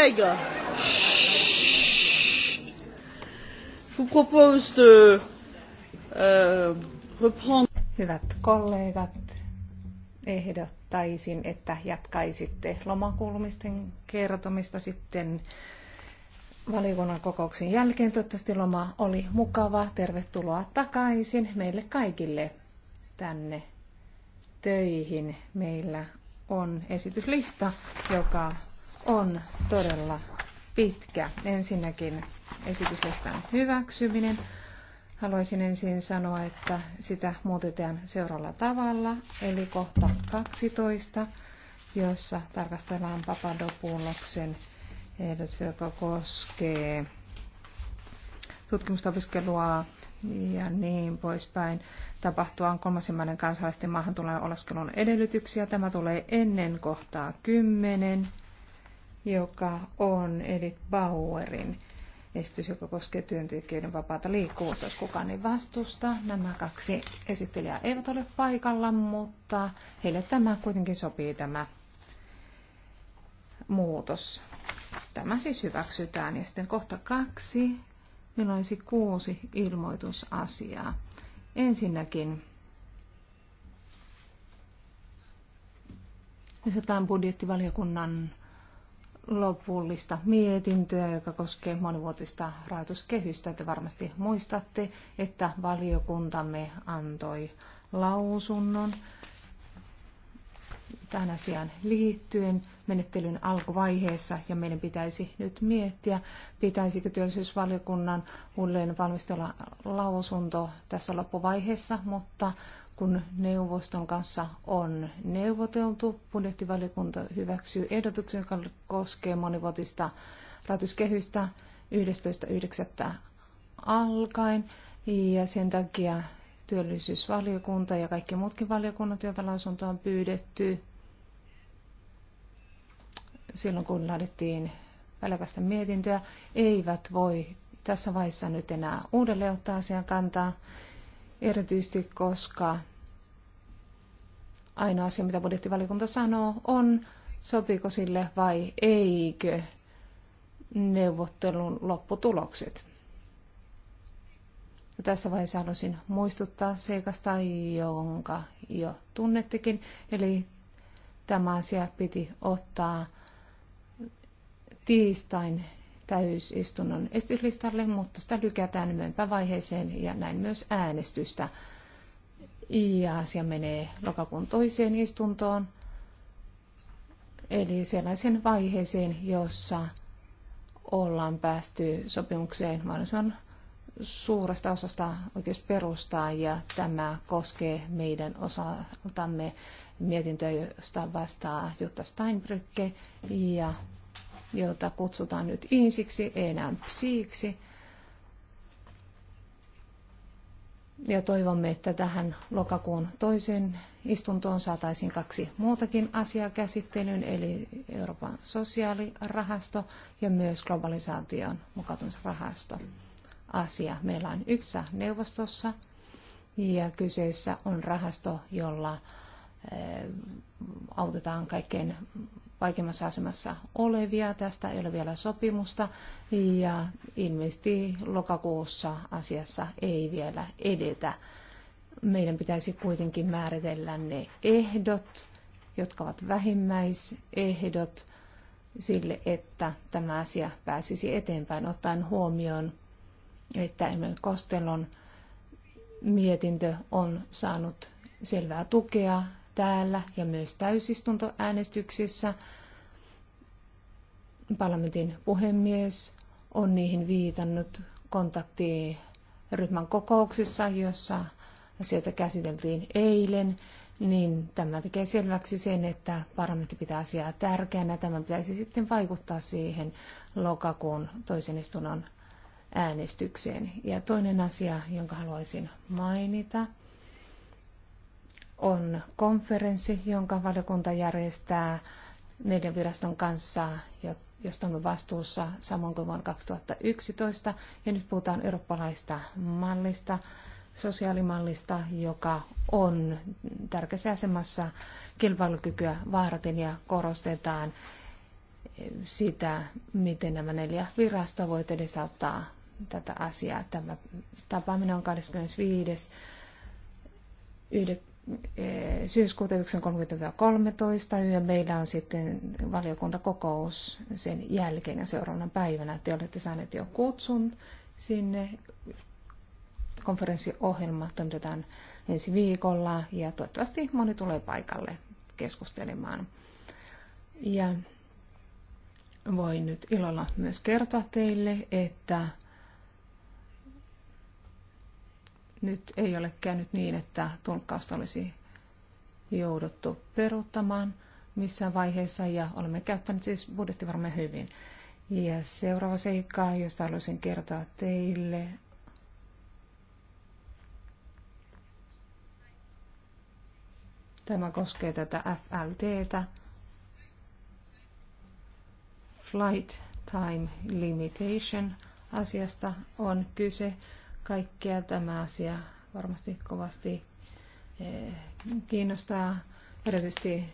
collègues, je vous propose de euh, reprendre. Hyvät kollegat, ehdottaisin, että jatkaisitte lomakulmisten kertomista sitten valiokunnan kokouksen jälkeen. Toivottavasti loma oli mukava. Tervetuloa takaisin meille kaikille tänne töihin. Meillä on esityslista, joka on todella pitkä. Ensinnäkin esityslistan hyväksyminen. Haluaisin ensin sanoa, että sitä muutetaan seuraavalla tavalla, eli kohta 12, jossa tarkastellaan Papadopouloksen ehdotus, joka koskee tutkimusopiskelua ja niin poispäin. Tapahtuaan kolmasimmainen kansalaisten maahantulon ja oleskelun edellytyksiä. Tämä tulee ennen kohtaa 10 joka on Edith Bauerin esitys, joka koskee työntekijöiden vapaata liikkuvuutta. Jos kukaan ei vastusta, nämä kaksi esittelijää eivät ole paikalla, mutta heille tämä kuitenkin sopii tämä muutos. Tämä siis hyväksytään. Ja sitten kohta kaksi. Meillä olisi kuusi ilmoitusasiaa. Ensinnäkin lisätään budjettivaliokunnan lopullista mietintöä, joka koskee monivuotista rahoituskehystä. Te varmasti muistatte, että valiokuntamme antoi lausunnon tämän asian liittyen menettelyn alkuvaiheessa ja meidän pitäisi nyt miettiä, pitäisikö työllisyysvaliokunnan uudelleen valmistella lausunto tässä loppuvaiheessa, mutta kun neuvoston kanssa on neuvoteltu, budjettivaliokunta hyväksyy ehdotuksen, joka koskee monivuotista rahoituskehystä 11.9. alkaen. Ja sen takia työllisyysvaliokunta ja kaikki muutkin valiokunnat, joilta lausunto on pyydetty, silloin kun laadittiin välikästä mietintöä, eivät voi tässä vaiheessa nyt enää uudelleen ottaa asian kantaa, erityisesti koska ainoa asia, mitä budjettivaliokunta sanoo, on sopiiko sille vai eikö neuvottelun lopputulokset. Ja tässä vaiheessa haluaisin muistuttaa seikasta, jonka jo tunnettekin, eli tämä asia piti ottaa tiistain täysistunnon esityslistalle, mutta sitä lykätään myöhempään vaiheeseen ja näin myös äänestystä ja asia menee lokakuun toiseen istuntoon, eli sellaiseen vaiheeseen, jossa ollaan päästy sopimukseen mahdollisimman suuresta osasta oikeusperustaa ja tämä koskee meidän osaltamme mietintöä, josta vastaa Jutta Steinbrücke ja jota kutsutaan nyt insiksi, enää psiiksi. ja toivomme, että tähän lokakuun toiseen istuntoon saataisiin kaksi muutakin asiaa käsittelyyn, eli Euroopan sosiaalirahasto ja myös globalisaation mukautumisrahasto asia. Meillä on yksi neuvostossa ja kyseessä on rahasto, jolla eh, autetaan kaikkein vaikeimmassa asemassa olevia. Tästä ei ole vielä sopimusta ja ilmeisesti lokakuussa asiassa ei vielä edetä. Meidän pitäisi kuitenkin määritellä ne ehdot, jotka ovat vähimmäisehdot sille, että tämä asia pääsisi eteenpäin, ottaen huomioon, että Emil Kostelon mietintö on saanut selvää tukea täällä ja myös täysistuntoäänestyksissä. Parlamentin puhemies on niihin viitannut kontaktiryhmän kokouksissa, jossa asioita käsiteltiin eilen, niin tämä tekee selväksi sen, että parlamentti pitää asiaa tärkeänä. Tämä pitäisi sitten vaikuttaa siihen lokakuun toisen istunnon äänestykseen. Ja toinen asia, jonka haluaisin mainita, on konferenssi, jonka valiokunta järjestää neljän viraston kanssa, josta on vastuussa samoin kuin vuonna 2011. Ja nyt puhutaan eurooppalaista mallista, sosiaalimallista, joka on tärkeässä asemassa kilpailukykyä vaaratin ja korostetaan sitä, miten nämä neljä virastoa voi edesauttaa tätä asiaa. Tämä tapaaminen on 25 syyskuuta 9.30-13 ja meillä on sitten valiokuntakokous sen jälkeen ja seuraavana päivänä. Te olette saaneet jo kutsun sinne. Konferenssiohjelma toimitetaan ensi viikolla ja toivottavasti moni tulee paikalle keskustelemaan. Ja voin nyt ilolla myös kertoa teille, että nyt ei ole käynyt niin, että tulkkausta olisi jouduttu peruuttamaan missään vaiheessa ja olemme käyttäneet siis varmaan hyvin. Ja seuraava seikka, josta haluaisin kertoa teille, Tämä koskee tätä FLTtä, Flight Time Limitation, asiasta on kyse kaikkea. Tämä asia varmasti kovasti eh, kiinnostaa. Erityisesti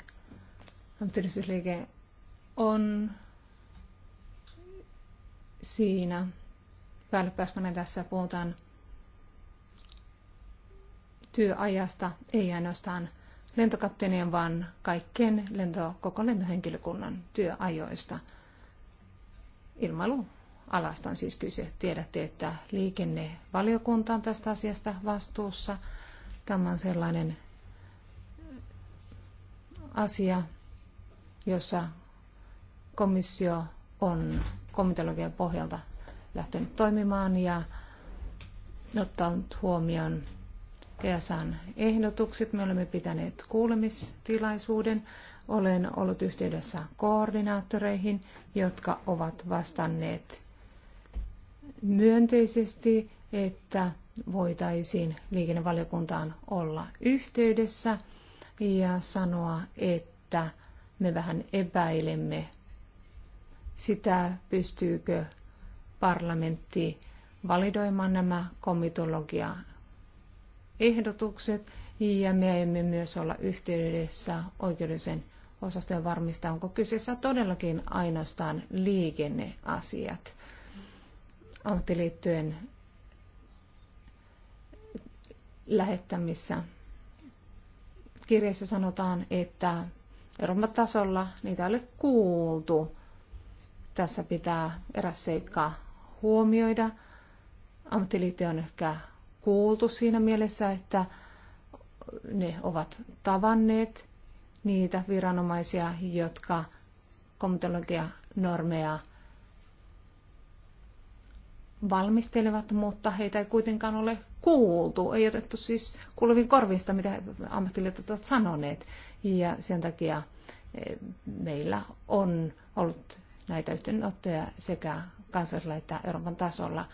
ammattiyhdistysliike on siinä päällypääsmänä tässä puhutaan työajasta, ei ainoastaan lentokapteenien, vaan kaikkien lento, koko lentohenkilökunnan työajoista. Ilmailu alasta on siis kyse. Tiedätte, että liikennevaliokunta on tästä asiasta vastuussa. Tämä on sellainen äh, asia, jossa komissio on komitologian pohjalta lähtenyt toimimaan ja ottanut huomioon ESAn ehdotukset. Me olemme pitäneet kuulemistilaisuuden. Olen ollut yhteydessä koordinaattoreihin, jotka ovat vastanneet myönteisesti, että voitaisiin liikennevaliokuntaan olla yhteydessä ja sanoa, että me vähän epäilemme sitä, pystyykö parlamentti validoimaan nämä komitologia ehdotukset ja me emme myös olla yhteydessä oikeudellisen osaston varmistaa, onko kyseessä todellakin ainoastaan liikenneasiat ammattiliittojen lähettämissä kirjeissä sanotaan, että Euroopan tasolla niitä ei ole kuultu. Tässä pitää eräs seikka huomioida. Ammattiliitto on ehkä kuultu siinä mielessä, että ne ovat tavanneet niitä viranomaisia, jotka komitologia normeja valmistelevat, mutta heitä ei kuitenkaan ole kuultu. Ei otettu siis kuuluvin korvista, mitä ammattilijat ovat sanoneet. Ja sen takia e, meillä on ollut näitä yhteydenottoja sekä kansallisella että Euroopan tasolla.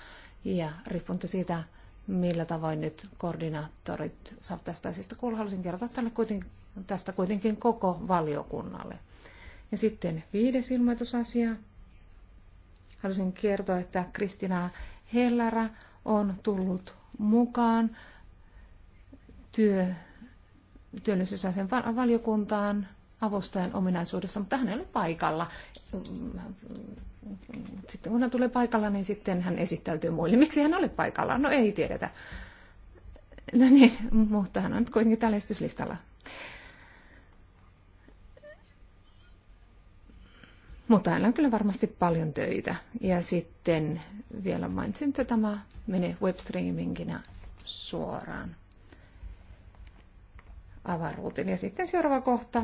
Ja riippumatta siitä, millä tavoin nyt koordinaattorit saavat tästä asiasta kuulla, haluaisin kertoa tälle kuitenkin, tästä kuitenkin koko valiokunnalle. Ja sitten viides ilmoitusasia Haluaisin kertoa, että Kristina Hellara on tullut mukaan työ, työllisyysasian valiokuntaan avustajan ominaisuudessa, mutta hän ei ole paikalla. Sitten kun hän tulee paikalla, niin sitten hän esittäytyy muille. Miksi hän ole paikalla? No ei tiedetä. No niin, mutta hän on nyt kuitenkin tällä Mutta täällä on kyllä varmasti paljon töitä. Ja sitten vielä mainitsin, että tämä menee webstreaminginä suoraan avaruuteen. Ja sitten seuraava kohta.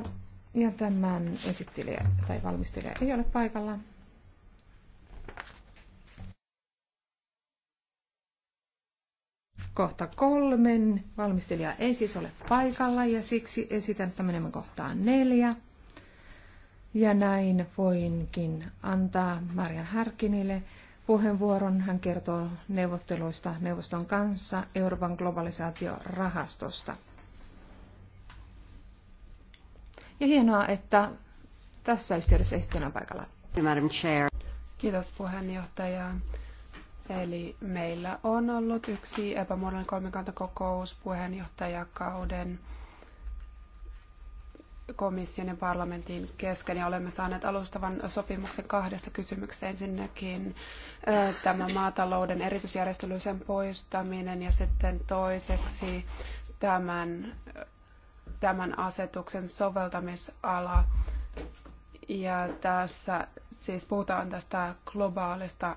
Ja tämän esittelijä tai valmistelija ei ole paikalla. Kohta kolmen. Valmistelija ei siis ole paikalla ja siksi esitän, että menemme kohtaan neljä. Ja näin voinkin antaa Marian Härkinille puheenvuoron. Hän kertoo neuvotteluista neuvoston kanssa Euroopan globalisaatiorahastosta. Ja hienoa, että tässä yhteydessä esitellään paikalla. Madam Chair. Kiitos puheenjohtaja. Eli meillä on ollut yksi epämuodollinen kolmikantakokous puheenjohtajakauden komission ja parlamentin kesken ja olemme saaneet alustavan sopimuksen kahdesta kysymyksestä. Ensinnäkin tämä maatalouden erityisjärjestely poistaminen ja sitten toiseksi tämän, tämän asetuksen soveltamisala. Ja tässä siis puhutaan tästä globaalista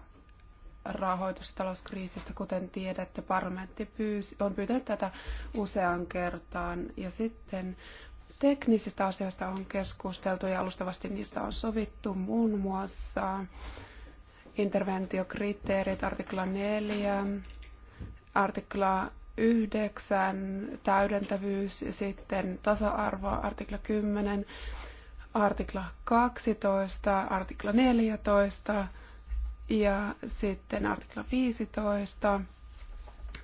rahoitus- ja talouskriisistä, kuten tiedätte, parlamentti pyysi, on pyytänyt tätä useaan kertaan. Ja sitten Teknisistä asioista on keskusteltu ja alustavasti niistä on sovittu muun muassa interventiokriteerit, artikla 4, artikla 9, täydentävyys sitten tasa-arvo, artikla 10, artikla 12, artikla 14 ja sitten artikla 15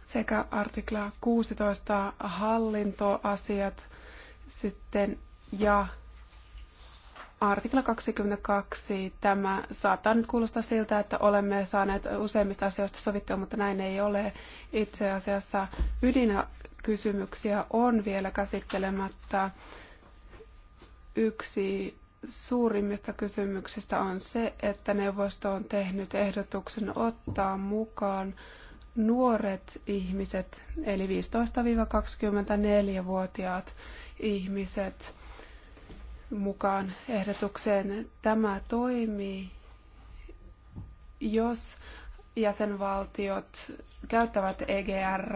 sekä artikla 16 hallintoasiat sitten ja artikla 22. Tämä saattaa nyt kuulostaa siltä, että olemme saaneet useimmista asioista sovittua, mutta näin ei ole. Itse asiassa ydinkysymyksiä on vielä käsittelemättä. Yksi suurimmista kysymyksistä on se, että neuvosto on tehnyt ehdotuksen ottaa mukaan nuoret ihmiset, eli 15-24-vuotiaat ihmiset mukaan ehdotukseen. Tämä toimii, jos jäsenvaltiot käyttävät EGR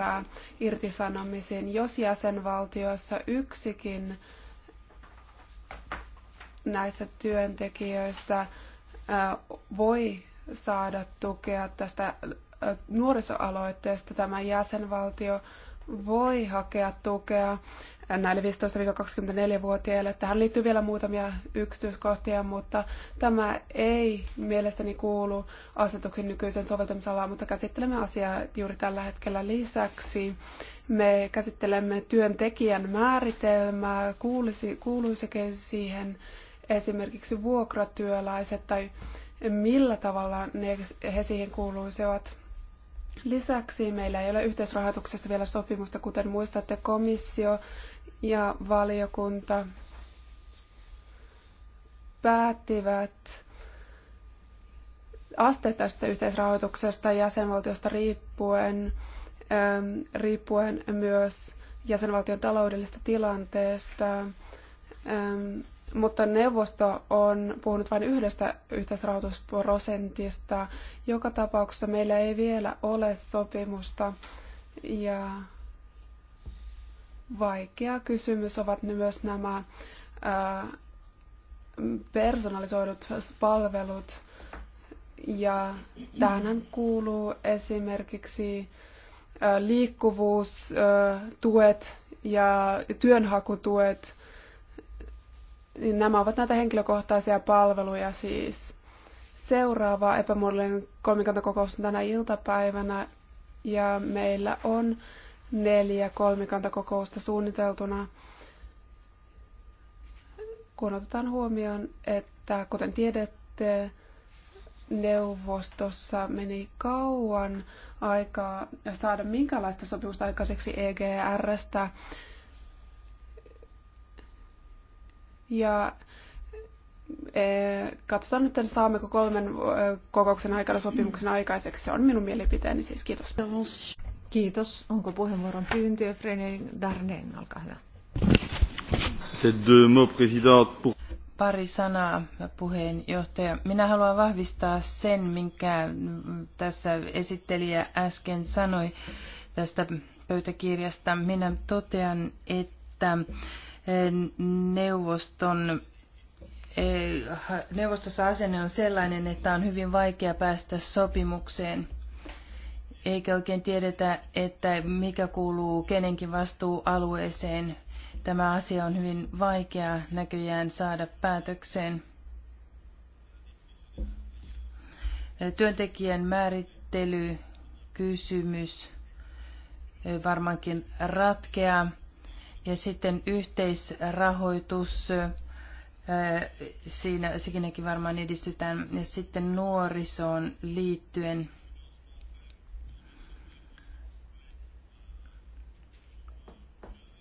irtisanomisiin, jos jäsenvaltiossa yksikin näistä työntekijöistä voi saada tukea tästä nuorisoaloitteesta tämä jäsenvaltio voi hakea tukea näille 15-24-vuotiaille. Tähän liittyy vielä muutamia yksityiskohtia, mutta tämä ei mielestäni kuulu asetuksen nykyisen soveltamisalaan, mutta käsittelemme asiaa juuri tällä hetkellä lisäksi. Me käsittelemme työntekijän määritelmää, kuulisi, kuuluisikin siihen esimerkiksi vuokratyöläiset tai millä tavalla ne, he siihen kuuluisivat. Lisäksi meillä ei ole yhteisrahoituksesta vielä sopimusta, kuten muistatte, komissio ja valiokunta päättivät asteittaisesta yhteisrahoituksesta jäsenvaltiosta riippuen, ähm, riippuen myös jäsenvaltion taloudellisesta tilanteesta. Ähm, mutta neuvosto on puhunut vain yhdestä yhteisrahoitusprosentista. Joka tapauksessa meillä ei vielä ole sopimusta ja vaikea kysymys ovat myös nämä ää, personalisoidut palvelut. Ja tähän kuuluu esimerkiksi liikkuvuustuet ja työnhakutuet – niin nämä ovat näitä henkilökohtaisia palveluja siis. Seuraava epämuodollinen kolmikantakokous on tänä iltapäivänä ja meillä on neljä kolmikantakokousta suunniteltuna, kun otetaan huomioon, että kuten tiedätte, neuvostossa meni kauan aikaa saada minkälaista sopimusta aikaiseksi EGRstä. Ja e, katsotaan nyt, saammeko kolmen e, kokouksen aikana sopimuksen aikaiseksi. Se on minun mielipiteeni siis. Kiitos. Kiitos. Onko puheenvuoron pyyntöjä? Frenin Darnen, olkaa hyvä. Pari sanaa, puheenjohtaja. Minä haluan vahvistaa sen, minkä tässä esittelijä äsken sanoi tästä pöytäkirjasta. Minä totean, että neuvoston eh, neuvostossa asenne on sellainen, että on hyvin vaikea päästä sopimukseen, eikä oikein tiedetä, että mikä kuuluu kenenkin vastuualueeseen. Tämä asia on hyvin vaikea näköjään saada päätökseen. Työntekijän määrittelykysymys eh, varmaankin ratkeaa ja sitten yhteisrahoitus, siinä sekinäkin varmaan edistytään. Ja sitten nuorisoon liittyen.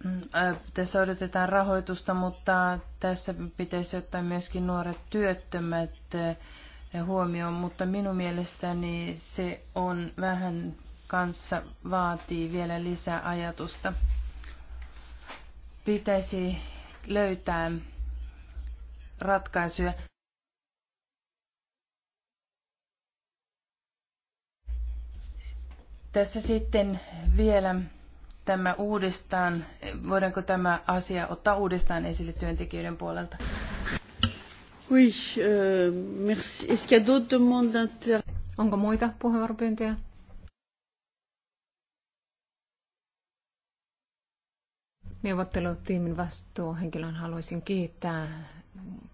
Mm, tässä odotetaan rahoitusta, mutta tässä pitäisi ottaa myöskin nuoret työttömät huomioon, mutta minun mielestäni se on vähän kanssa vaatii vielä lisää ajatusta pitäisi löytää ratkaisuja. Tässä sitten vielä tämä uudestaan, voidaanko tämä asia ottaa uudestaan esille työntekijöiden puolelta? Oui, euh, merci. Est-ce qu'il y a d'autres demandes Onko muita puheenvuoropyyntöjä? neuvottelutiimin vastuuhenkilön haluaisin kiittää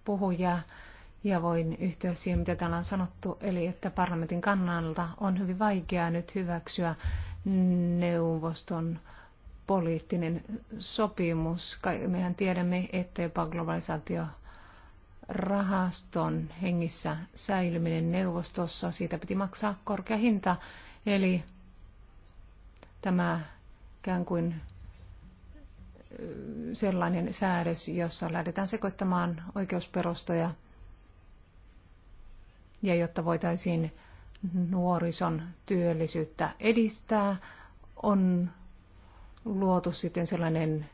puhuja ja voin yhtyä siihen, mitä täällä on sanottu, eli että parlamentin kannalta on hyvin vaikeaa nyt hyväksyä neuvoston poliittinen sopimus. Mehän tiedämme, että jopa globalisaatio rahaston hengissä säilyminen neuvostossa, siitä piti maksaa korkea hinta. Eli tämä ikään kuin sellainen säädös, jossa lähdetään sekoittamaan oikeusperustoja ja jotta voitaisiin nuorison työllisyyttä edistää, on luotu sitten sellainen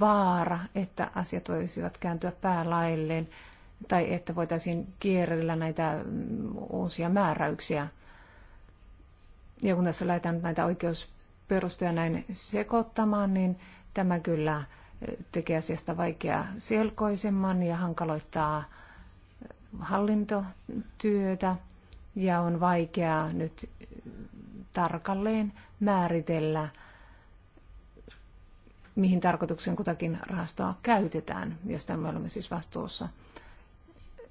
vaara, että asiat voisivat kääntyä päälailleen tai että voitaisiin kierrellä näitä uusia määräyksiä. Ja kun tässä lähdetään näitä oikeusperustoja näin sekoittamaan, niin Tämä kyllä eh, tekee asiasta vaikeaa selkoisemman ja hankaloittaa eh, hallintotyötä ja on vaikeaa nyt eh, tarkalleen määritellä, mihin tarkoituksen kutakin rahastoa käytetään, josta me olemme siis vastuussa.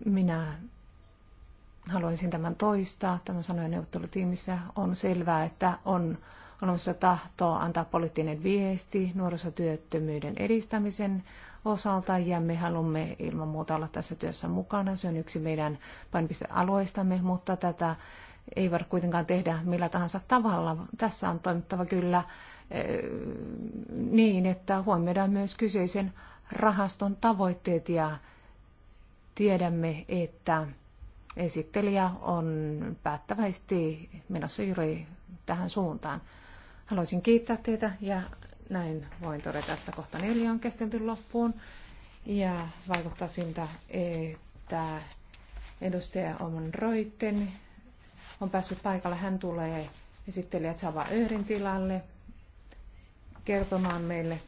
Minä haluaisin tämän toistaa, tämän sanoin neuvottelutiimissä. On selvää, että on on se tahto antaa poliittinen viesti nuorisotyöttömyyden edistämisen osalta ja me haluamme ilman muuta olla tässä työssä mukana. Se on yksi meidän painopistealueistamme, mutta tätä ei voida kuitenkaan tehdä millä tahansa tavalla. Tässä on toimittava kyllä eh, niin, että huomioidaan myös kyseisen rahaston tavoitteet ja tiedämme, että esittelijä on päättäväisesti menossa juuri tähän suuntaan. Haluaisin kiittää teitä ja näin voin todeta, että kohta neljä on kestelty loppuun. Ja vaikuttaa siltä, että edustaja Oman Roitten on päässyt paikalle. Hän tulee esittelijä Chava Öhrin tilalle kertomaan meille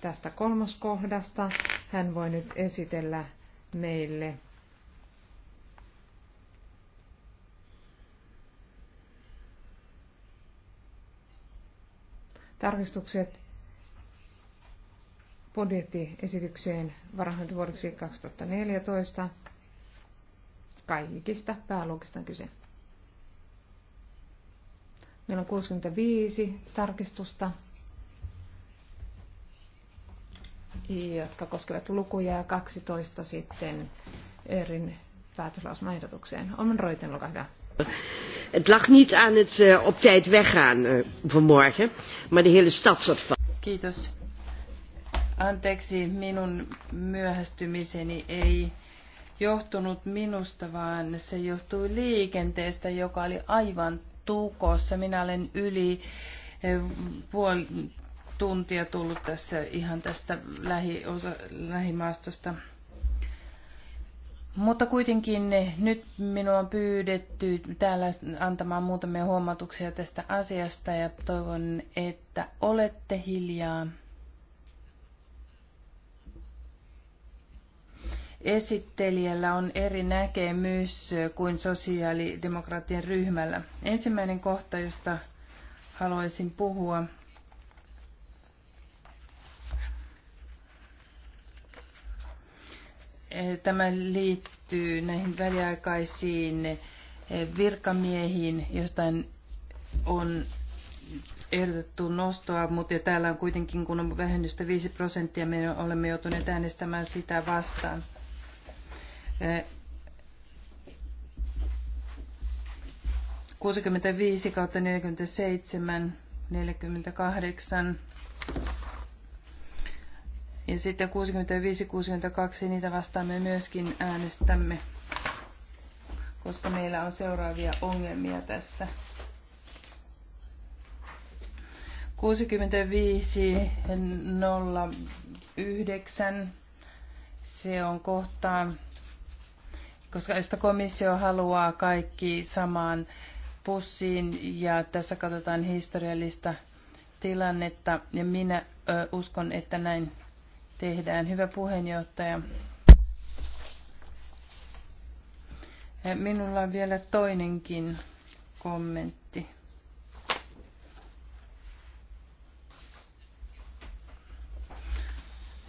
tästä kolmoskohdasta. Hän voi nyt esitellä meille tarkistukset budjettiesitykseen varainhoitovuodeksi 2014. Kaikista pääluokista on kyse. Meillä on 65 tarkistusta, jotka koskevat lukuja ja 12 sitten Örin päätöslausmaehdotukseen. Oman Roiten, olkaa hyvä. Het lag niet aan het uh, op tijd weggaan uh, vanmorgen, maar de hele stad zat vast. Kiitos. Anteeksi, minun myöhästymiseni ei johtunut minusta, vaan se johtui liikenteestä, joka oli aivan tukossa. Minä olen yli eh, puoli tuntia tullut tässä ihan tästä lähiosa, lähimaastosta. Mutta kuitenkin nyt minua on pyydetty täällä antamaan muutamia huomautuksia tästä asiasta ja toivon, että olette hiljaa. Esittelijällä on eri näkemys kuin sosiaalidemokraattien ryhmällä. Ensimmäinen kohta, josta haluaisin puhua, Eh, tämä liittyy näihin väliaikaisiin eh, virkamiehiin, jostain on ehdotettu nostoa, mutta täällä on kuitenkin, kun on vähennystä 5 prosenttia, me olemme joutuneet äänestämään sitä vastaan. 65 eh, kautta 47, 48 ja sitten 65-62, niitä me myöskin äänestämme, koska meillä on seuraavia ongelmia tässä. 65.09, se on kohtaan, koska josta komissio haluaa kaikki samaan pussiin ja tässä katsotaan historiallista tilannetta ja minä ö, uskon, että näin tehdään. Hyvä puheenjohtaja. Minulla on vielä toinenkin kommentti.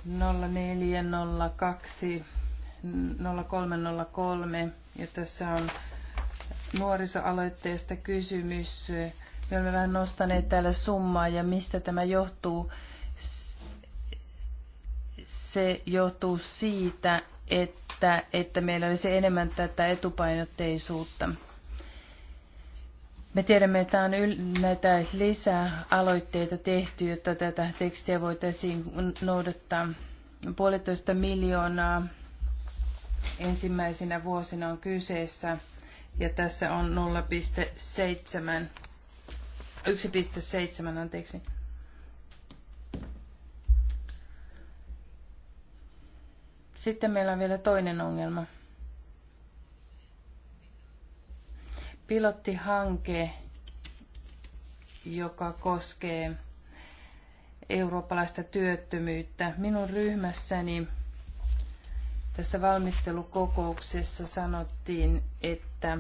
Nolla neljä, nolla kaksi, nolla kolme, nolla kolme. Ja tässä on nuorisoaloitteesta kysymys. Me olemme vähän nostaneet täällä summaa ja mistä tämä johtuu se johtuu siitä, että, että meillä olisi enemmän tätä etupainotteisuutta. Me tiedämme, että on yl- näitä lisäaloitteita tehty, jotta tätä tekstiä voitaisiin noudattaa. Puolitoista miljoonaa ensimmäisenä vuosina on kyseessä ja tässä on 0,7, 1,7 anteeksi. Sitten meillä on vielä toinen ongelma. Pilottihanke, joka koskee eurooppalaista työttömyyttä. Minun ryhmässäni tässä valmistelukokouksessa sanottiin, että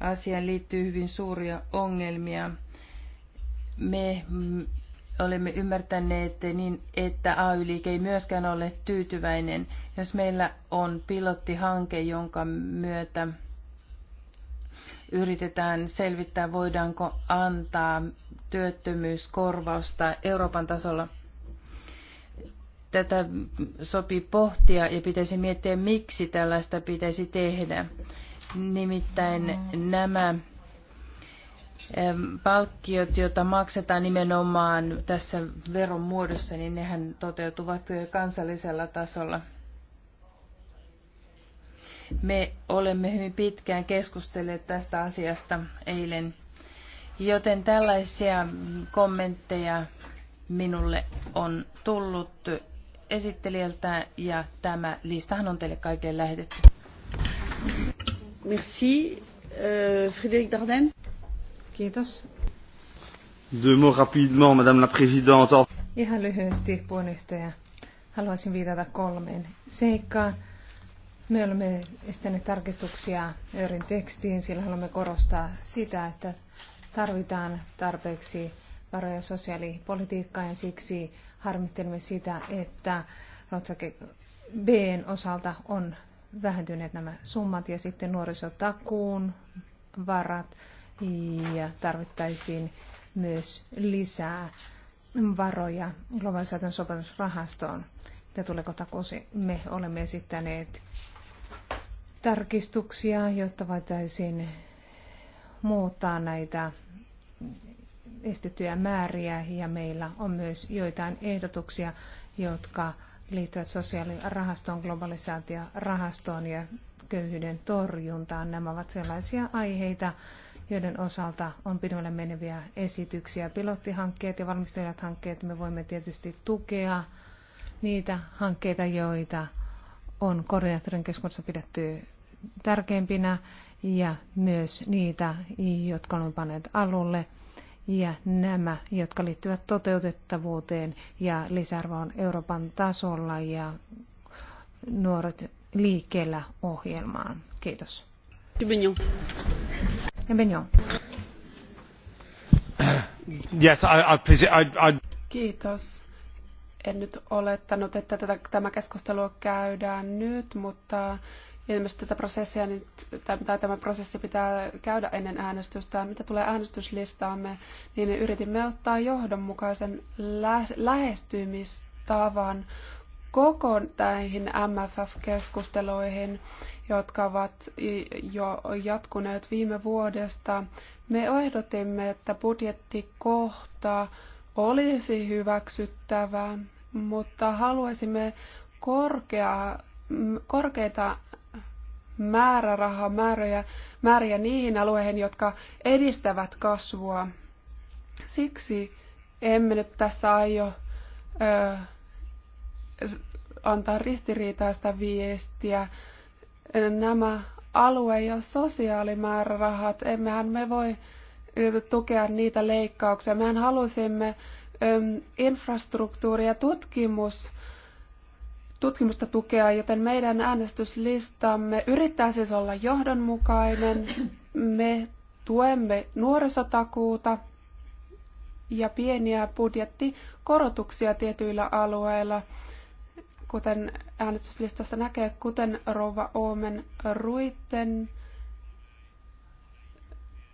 asiaan liittyy hyvin suuria ongelmia. Me olemme ymmärtäneet niin, että AY-liike ei myöskään ole tyytyväinen. Jos meillä on pilottihanke, jonka myötä yritetään selvittää, voidaanko antaa työttömyyskorvausta Euroopan tasolla. Tätä sopii pohtia ja pitäisi miettiä, miksi tällaista pitäisi tehdä. Nimittäin nämä palkkiot, joita maksetaan nimenomaan tässä veron muodossa, niin nehän toteutuvat kansallisella tasolla. Me olemme hyvin pitkään keskustelleet tästä asiasta eilen, joten tällaisia kommentteja minulle on tullut esittelijältä ja tämä listahan on teille kaikille lähetetty. Merci. Euh, Frédéric Dardenne. Kiitos. Deux mots rapidement, Madame la Présidente. Ihan lyhyesti, puheenjohtaja. Haluaisin viitata kolmeen seikkaan. Me olemme estäneet tarkistuksia Örin tekstiin, sillä haluamme korostaa sitä, että tarvitaan tarpeeksi varoja sosiaalipolitiikkaan ja siksi harmittelemme sitä, että B Bn osalta on vähentyneet nämä summat ja sitten nuorisotakuun varat ja tarvittaisiin myös lisää varoja globalisaation sopimusrahastoon. Mitä tuleeko kohta, me olemme esittäneet tarkistuksia, jotta voitaisiin muuttaa näitä estettyjä määriä ja meillä on myös joitain ehdotuksia, jotka liittyvät sosiaalirahastoon, globalisaatiorahastoon ja köyhyyden torjuntaan. Nämä ovat sellaisia aiheita, joiden osalta on pidemmälle meneviä esityksiä. Pilottihankkeet ja valmistelijat hankkeet me voimme tietysti tukea niitä hankkeita, joita on koordinaattorin keskuudessa pidetty tärkeimpinä ja myös niitä, jotka olemme panneet alulle ja nämä, jotka liittyvät toteutettavuuteen ja lisäarvoon Euroopan tasolla ja nuoret liikkeellä ohjelmaan. Kiitos. Kiitos. En nyt olettanut, että tätä, tämä keskustelu käydään nyt, mutta ilmeisesti tätä prosessia, niin, tai tämä prosessi pitää käydä ennen äänestystä. Mitä tulee äänestyslistaamme, niin yritimme ottaa johdonmukaisen lähestymistavan koko näihin MFF-keskusteluihin, jotka ovat jo jatkuneet viime vuodesta. Me ehdotimme, että budjettikohta olisi hyväksyttävä, mutta haluaisimme korkea, korkeita määrärahamääriä määriä niihin alueihin, jotka edistävät kasvua. Siksi emme nyt tässä aio ö, antaa ristiriitaista viestiä. Nämä alue- ja sosiaalimäärärahat, emmehän me voi tukea niitä leikkauksia. Mehän halusimme infrastruktuuri- ja tutkimus, tutkimusta tukea, joten meidän äänestyslistamme yrittää siis olla johdonmukainen. Me tuemme nuorisotakuuta ja pieniä budjettikorotuksia tietyillä alueilla kuten äänestyslistasta näkee, kuten Rova Oomen Ruitten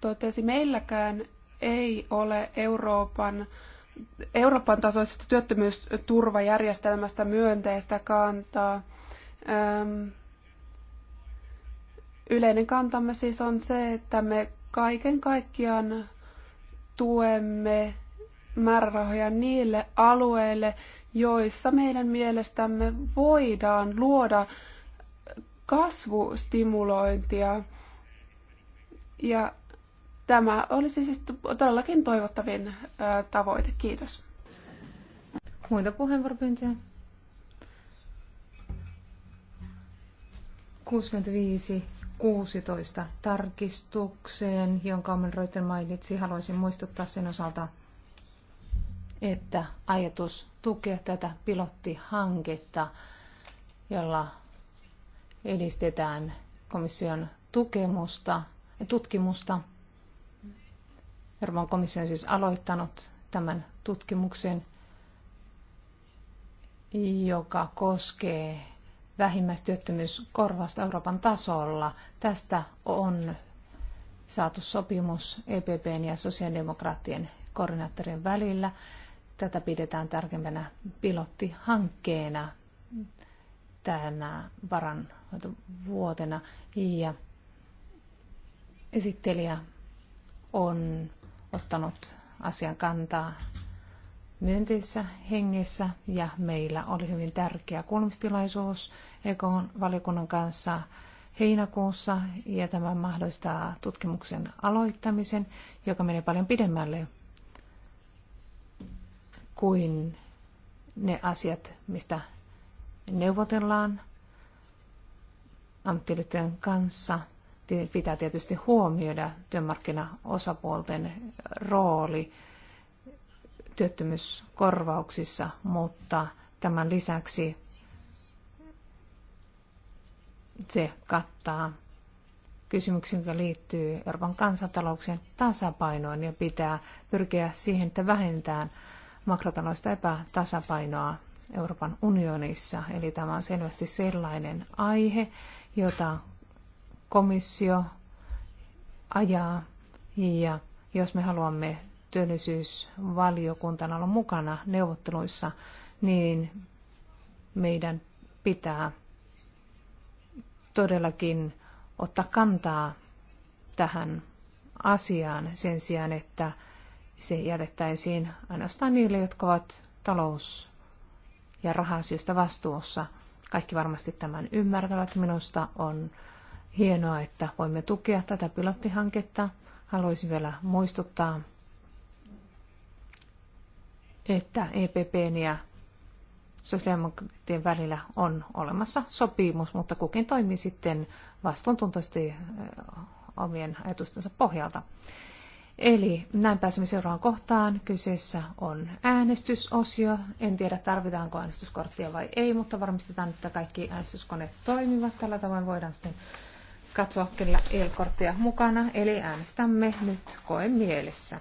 totesi, meilläkään ei ole Euroopan, Euroopan tasoisesta työttömyysturvajärjestelmästä myönteistä kantaa. Öm, yleinen kantamme siis on se, että me kaiken kaikkiaan tuemme määrärahoja niille alueille, joissa meidän mielestämme voidaan luoda kasvustimulointia. Ja tämä olisi siis todellakin toivottavin tavoite. Kiitos. Muita puheenvuoropyyntöjä? 65 16 tarkistukseen, jonka Amel Reuter mainitsi. Haluaisin muistuttaa sen osalta, että ajatus tukea tätä pilottihanketta, jolla edistetään komission tukemusta ja tutkimusta. Euroopan komissio on siis aloittanut tämän tutkimuksen, joka koskee vähimmäistyöttömyyskorvausta Euroopan tasolla. Tästä on saatu sopimus EPPn ja sosiaalidemokraattien koordinaattorien välillä. Tätä pidetään tärkeimpänä pilottihankkeena tänä varanhoitovuotena. Ja esittelijä on ottanut asian kantaa myönteisessä hengessä ja meillä oli hyvin tärkeä kuulemistilaisuus EKOn valiokunnan kanssa heinäkuussa ja tämä mahdollistaa tutkimuksen aloittamisen, joka menee paljon pidemmälle kuin ne asiat, mistä neuvotellaan ammattiliittojen kanssa. Pitää tietysti huomioida työmarkkinaosapuolten rooli työttömyyskorvauksissa, mutta tämän lisäksi se kattaa kysymyksiä, joka liittyy Euroopan kansantalouksien tasapainoon ja pitää pyrkiä siihen, että vähentää makrotaloista epätasapainoa Euroopan unionissa. Eli tämä on selvästi sellainen aihe, jota komissio ajaa ja jos me haluamme työllisyysvaliokuntana olla mukana neuvotteluissa, niin meidän pitää todellakin ottaa kantaa tähän asiaan sen sijaan, että se jätettäisiin ainoastaan niille, jotka ovat talous- ja raha vastuussa. Kaikki varmasti tämän ymmärtävät. Minusta on hienoa, että voimme tukea tätä pilottihanketta. Haluaisin vielä muistuttaa, että EPPn ja sosiaalidemokraattien välillä on olemassa sopimus, mutta kukin toimii sitten vastuuntuntoisesti omien ajatustensa pohjalta. Eli näin pääsemme seuraavaan kohtaan. Kyseessä on äänestysosio. En tiedä, tarvitaanko äänestyskorttia vai ei, mutta varmistetaan, että kaikki äänestyskoneet toimivat. Tällä tavoin voidaan sitten katsoa, kyllä e-korttia mukana. Eli äänestämme nyt koe mielessä.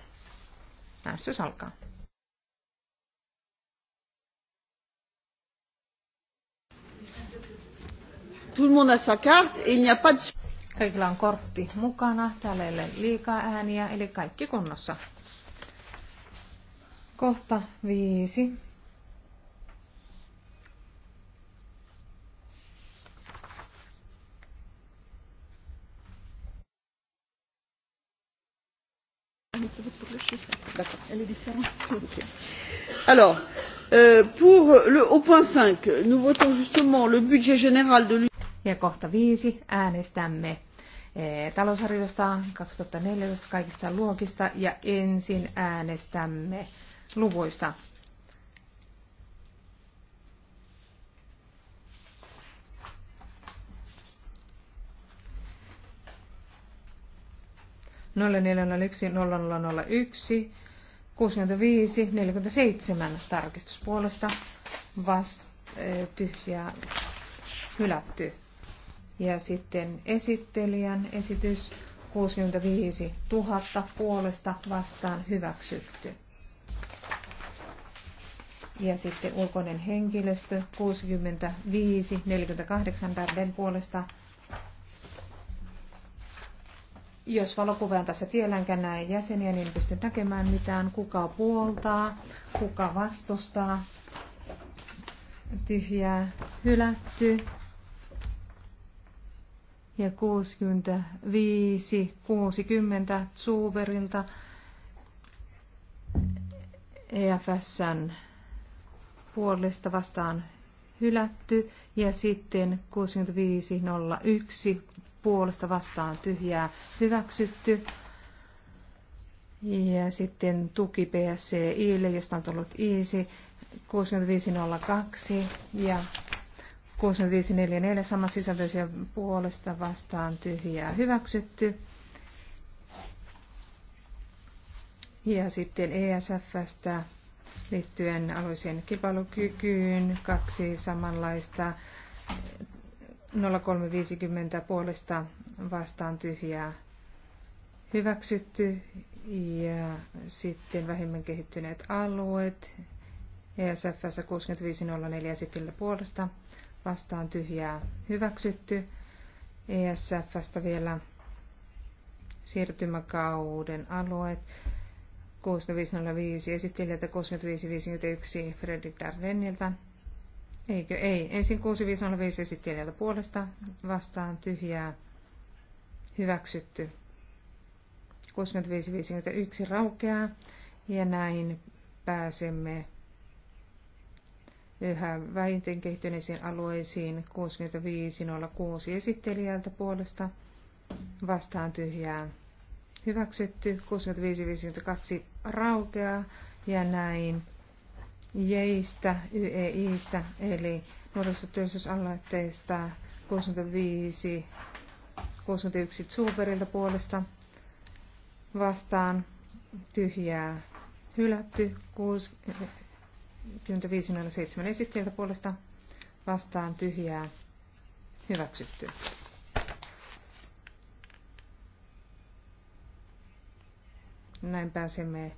Äänestys alkaa. Tout le monde a sa carte et il n'y a pas de... Kaikilla on kortti mukana. Täällä ei ole liikaa ääniä, eli kaikki kunnossa. Kohta viisi. Alors, euh, pour le, au point 5, nous votons justement le budget général de l'Union. Ja kohta viisi äänestämme talousarviosta 2014 kaikista luokista ja ensin äänestämme luvuista. nolla neljä nolla yksi nolla nolla nolla yksi 65, 47 tarkistuspuolesta vast, äh, tyhjää hylätty. Ja sitten esittelijän esitys 65 000 puolesta vastaan hyväksytty. Ja sitten ulkoinen henkilöstö 65 48 Darden puolesta. Jos valokuvaan tässä tielläänkään näe jäseniä, niin pysty näkemään mitään, kuka puoltaa, kuka vastustaa. Tyhjää hylätty ja 65, 60 Zuberilta EFSn puolesta vastaan hylätty ja sitten 6501 puolesta vastaan tyhjää hyväksytty. Ja sitten tuki PSCIlle, e josta on tullut IISI 6502 ja 6544 sama sisältöisiä puolesta vastaan tyhjää hyväksytty. Ja sitten ESFstä liittyen alueeseen kilpailukykyyn kaksi samanlaista 0350 puolesta vastaan tyhjää hyväksytty ja sitten vähemmän kehittyneet alueet ESFssä 6504 sitten puolesta vastaan tyhjää hyväksytty. ESFstä vielä siirtymäkauden alueet. 6505 esittelijältä 6551 Fredrik Dardenilta. Eikö ei? Ensin 6505 esittelijältä puolesta vastaan tyhjää hyväksytty. 6551 raukeaa ja näin pääsemme yhä vähiten kehittyneisiin alueisiin 6506 esittelijältä puolesta vastaan tyhjää hyväksytty, 6552 raukeaa ja näin JEIstä, YEIstä eli nuorisotyöllisyysaloitteesta 65 61 Zuberilta puolesta vastaan tyhjää hylätty 6, 75.07 esittäjältä puolesta vastaan tyhjää hyväksytty. Näin pääsemme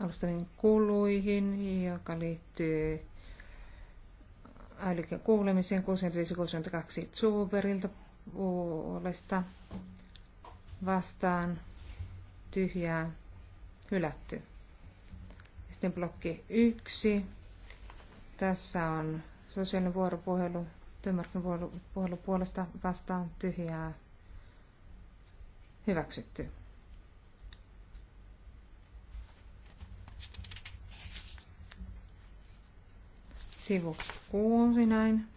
alustaviin kuluihin, joka liittyy älykkään kuulemiseen 65-62 Zuberilta puolesta vastaan tyhjää hylätty. Sitten blokki yksi. Tässä on sosiaalinen vuoropuhelu, työmarkkinapuhelu puolesta vastaan tyhjää hyväksytty. Sivu 6 näin.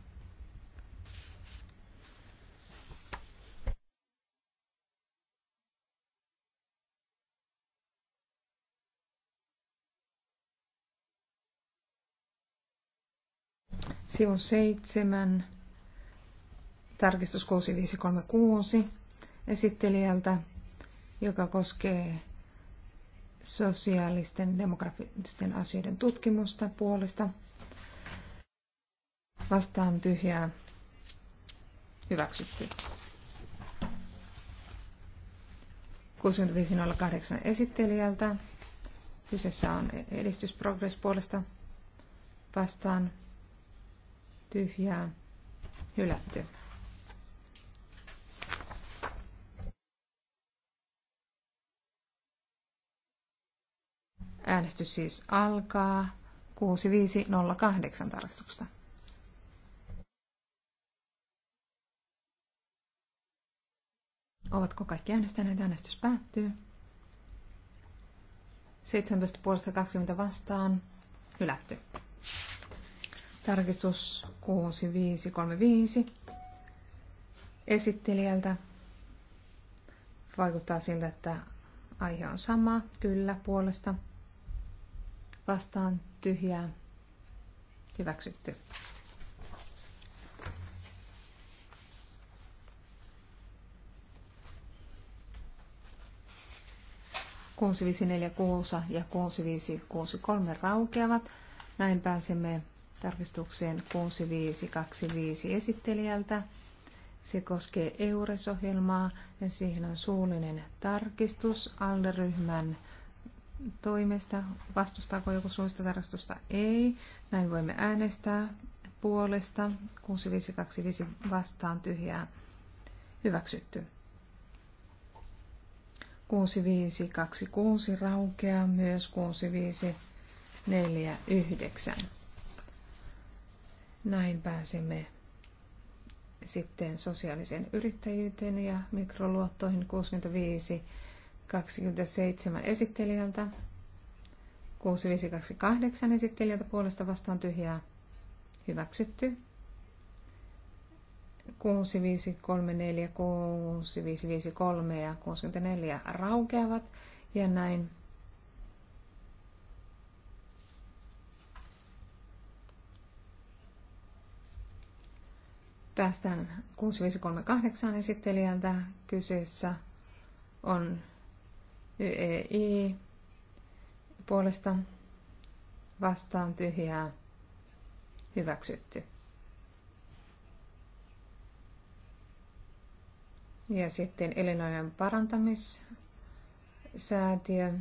Sivun 7, tarkistus 6536 esittelijältä, joka koskee sosiaalisten demografisten asioiden tutkimusta puolesta. Vastaan tyhjää. Hyväksytty. 6508 esittelijältä. Kyseessä on edistysprogress puolesta vastaan tyhjää, hylätty. Äänestys siis alkaa 6508 tarkastuksesta. Ovatko kaikki äänestäneet? Äänestys päättyy. 17 puolesta 20 vastaan. Hylätty. Tarkistus 6535 esittelijältä. Vaikuttaa siltä, että aihe on sama, kyllä, puolesta. Vastaan tyhjää. Hyväksytty. kuusi ja kuusi viisi kuusi kolme raukeavat. Näin pääsemme tarkistukseen 6525 esittelijältä. Se koskee EURES-ohjelmaa ja siihen on suullinen tarkistus alderyhmän toimesta. Vastustaako joku suullista tarkistusta? Ei. Näin voimme äänestää puolesta. 6525 vastaan tyhjää. Hyväksytty. 6526 raukeaa myös 6549. Näin pääsemme sitten sosiaaliseen yrittäjyyteen ja mikroluottoihin 65 27 esittelijältä, 6528 esittelijältä puolesta vastaan tyhjää hyväksytty. 6534, 6553 ja 64 raukeavat ja näin Päästään 6538 esittelijältä. Kyseessä on YEI puolesta vastaan tyhjää hyväksytty. Ja sitten Elinoiden parantamissäätiö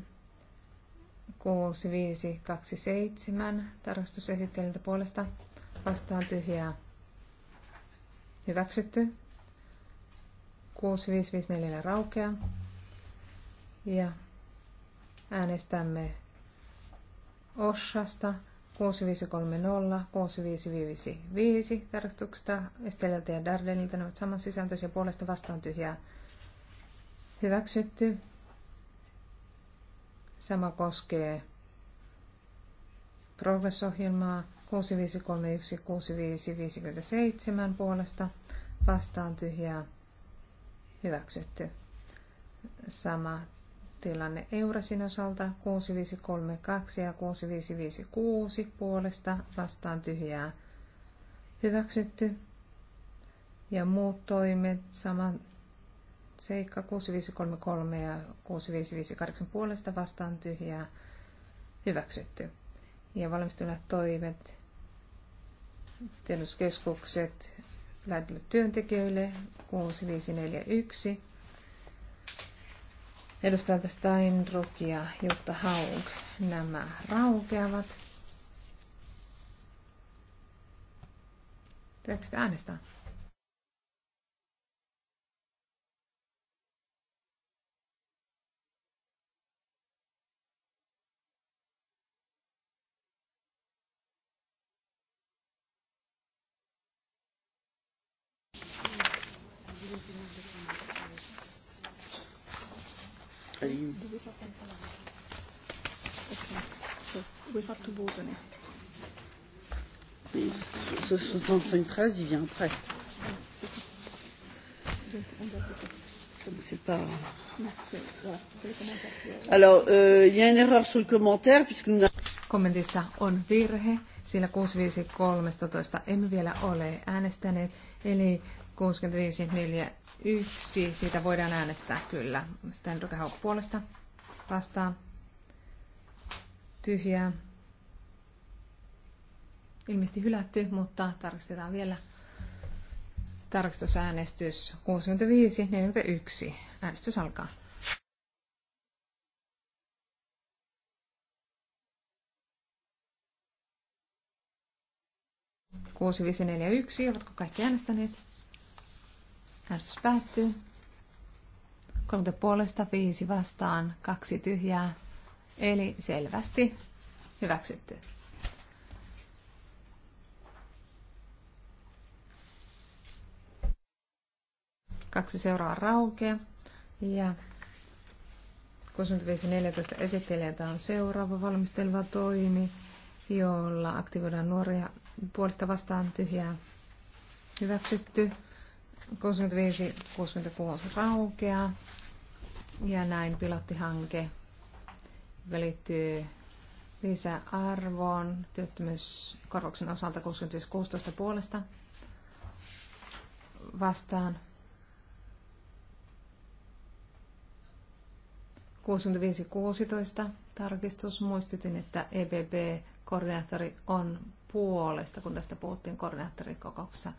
6527 tarkastusesittelijältä puolesta vastaan tyhjää Hyväksytty. 6554 raukea Ja äänestämme Oshasta 6530, 6555 tarkastuksesta Estelältä ja Dardenilta. Ne ovat samansisältöisiä puolesta vastaan tyhjää. Hyväksytty. Sama koskee progressohjelmaa 6531 6557 puolesta vastaan tyhjää hyväksytty. Sama tilanne Eurasin osalta 6532 ja 6556 puolesta vastaan tyhjää hyväksytty. Ja muut toimet sama seikka 6533 ja 6558 puolesta vastaan tyhjää hyväksytty. Ja valmistuneet toimet tiedotuskeskukset lähetetylle työntekijöille 6541. Edustajalta Steinruck ja Jutta Haug. Nämä raukeavat. Pitääkö sitä äänestää? Karim. Okay. So we have to vote on it. Mais ce 75 13 il vient après. C'est pas. Alors, euh, il y a une erreur sur le commentaire puisque nous. Kommentissa on virhe, sillä 653 en vielä ole äänestäneet, eli 65.41. Siitä voidaan äänestää kyllä. Sitten Hauk puolesta Vastaa Tyhjää. Ilmeisesti hylätty, mutta tarkistetaan vielä. Tarkistusäänestys 65.41. Äänestys alkaa. Kuusi, viisi, neljä, yksi. Ovatko kaikki äänestäneet? Äänestys päättyy. 30 puolesta, 5 vastaan, kaksi tyhjää. Eli selvästi hyväksytty. Kaksi seuraa raukea. Ja 65.14 esittelijältä on seuraava valmisteleva toimi, jolla aktivoidaan nuoria puolesta vastaan tyhjää hyväksytty. 65-66 raukeaa. Ja näin pilottihanke välittyy lisäarvoon työttömyyskorvauksen osalta 65-16 puolesta vastaan. 65-16 tarkistus. Muistutin, että EBB-koordinaattori on puolesta, kun tästä puhuttiin koordinaattorikokouksessa.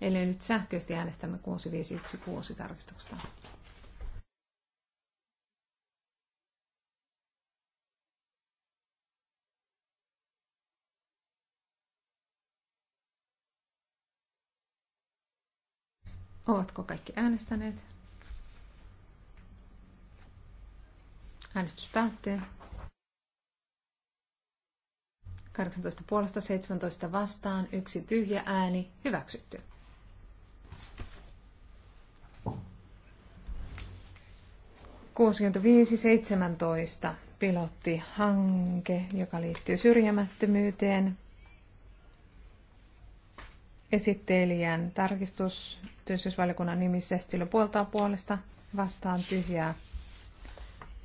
Eli nyt sähköisesti äänestämme 6516 tarkistuksesta. Ovatko kaikki äänestäneet? Äänestys päättyy. 18 puolesta 17 vastaan, yksi tyhjä ääni, hyväksytty. pilotti pilottihanke, joka liittyy syrjimättömyyteen. Esittelijän tarkistus työllisyysvaliokunnan nimissä Stilo puoltaa puolesta vastaan tyhjää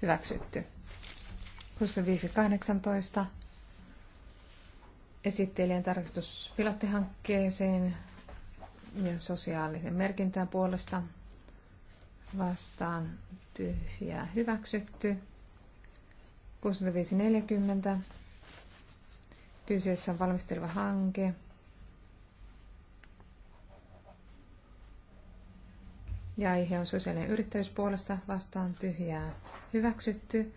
hyväksytty. kahdeksantoista esittelijän tarkistus pilottihankkeeseen ja sosiaalisen merkintään puolesta vastaan tyhjää hyväksytty. 6540. Kyseessä on valmisteleva hanke. Ja aihe on sosiaalinen yrittäjyys puolesta vastaan tyhjää hyväksytty.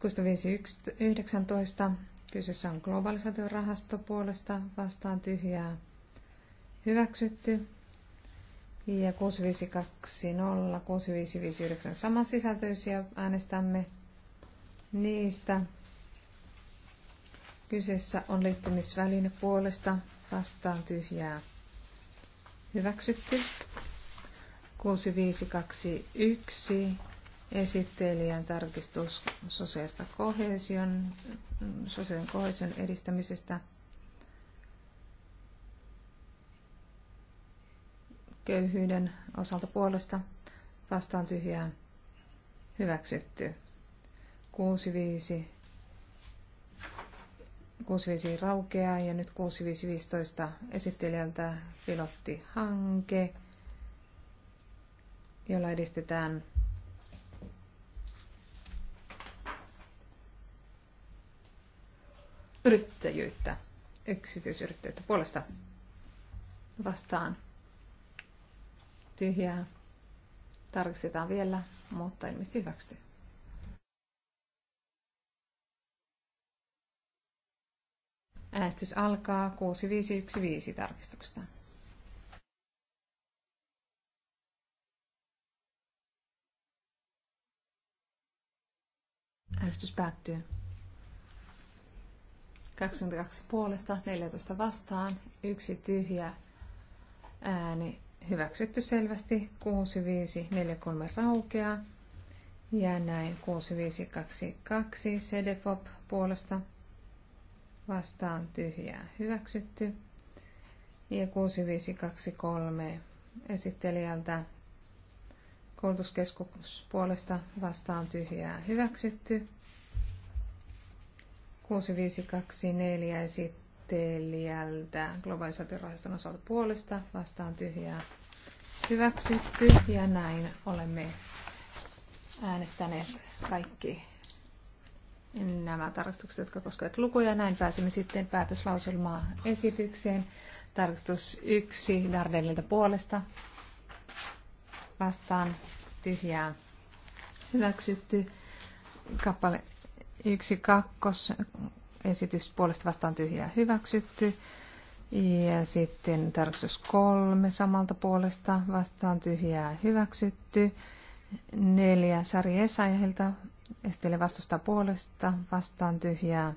6519. Kyseessä on globalisaation rahasto puolesta vastaan tyhjää hyväksytty ja 6520, 6559 samansisältöisiä äänestämme niistä. Kyseessä on liittymisväline puolesta vastaan tyhjää. Hyväksytty. 6521 esittelijän tarkistus sosiaalista kohesion, sosiaalisen kohesion edistämisestä köyhyyden osalta puolesta vastaan tyhjää hyväksytty. 65 65 raukeaa ja nyt 6515 esittelijältä pilottihanke, jolla edistetään yrittäjyyttä, yksityisyrittäjyyttä puolesta vastaan tyhjää. Tarkistetaan vielä, mutta ilmeisesti hyväksytty. Äänestys alkaa 6515 tarkistuksesta. Äänestys päättyy. 22 puolesta, 14 vastaan, yksi tyhjä ääni hyväksytty selvästi 6543 raukeaa ja näin 6522 CDFOP puolesta vastaan tyhjää hyväksytty ja 6523 esittelijältä koulutuskeskus puolesta vastaan tyhjää hyväksytty 6524 esittelijältä esittelijältä globalisaatiorahaston osalta puolesta vastaan tyhjää hyväksytty ja näin olemme äänestäneet kaikki nämä tarkastukset, jotka koskevat lukuja. Näin pääsemme sitten päätöslauselmaan esitykseen. Tarkastus yksi Dardellilta puolesta vastaan tyhjää hyväksytty. Kappale yksi kakkos esitys puolesta vastaan tyhjää hyväksytty. Ja sitten tarkistus kolme samalta puolesta vastaan tyhjää hyväksytty. Neljä Sari Esaihelta esteli vastusta puolesta vastaan tyhjää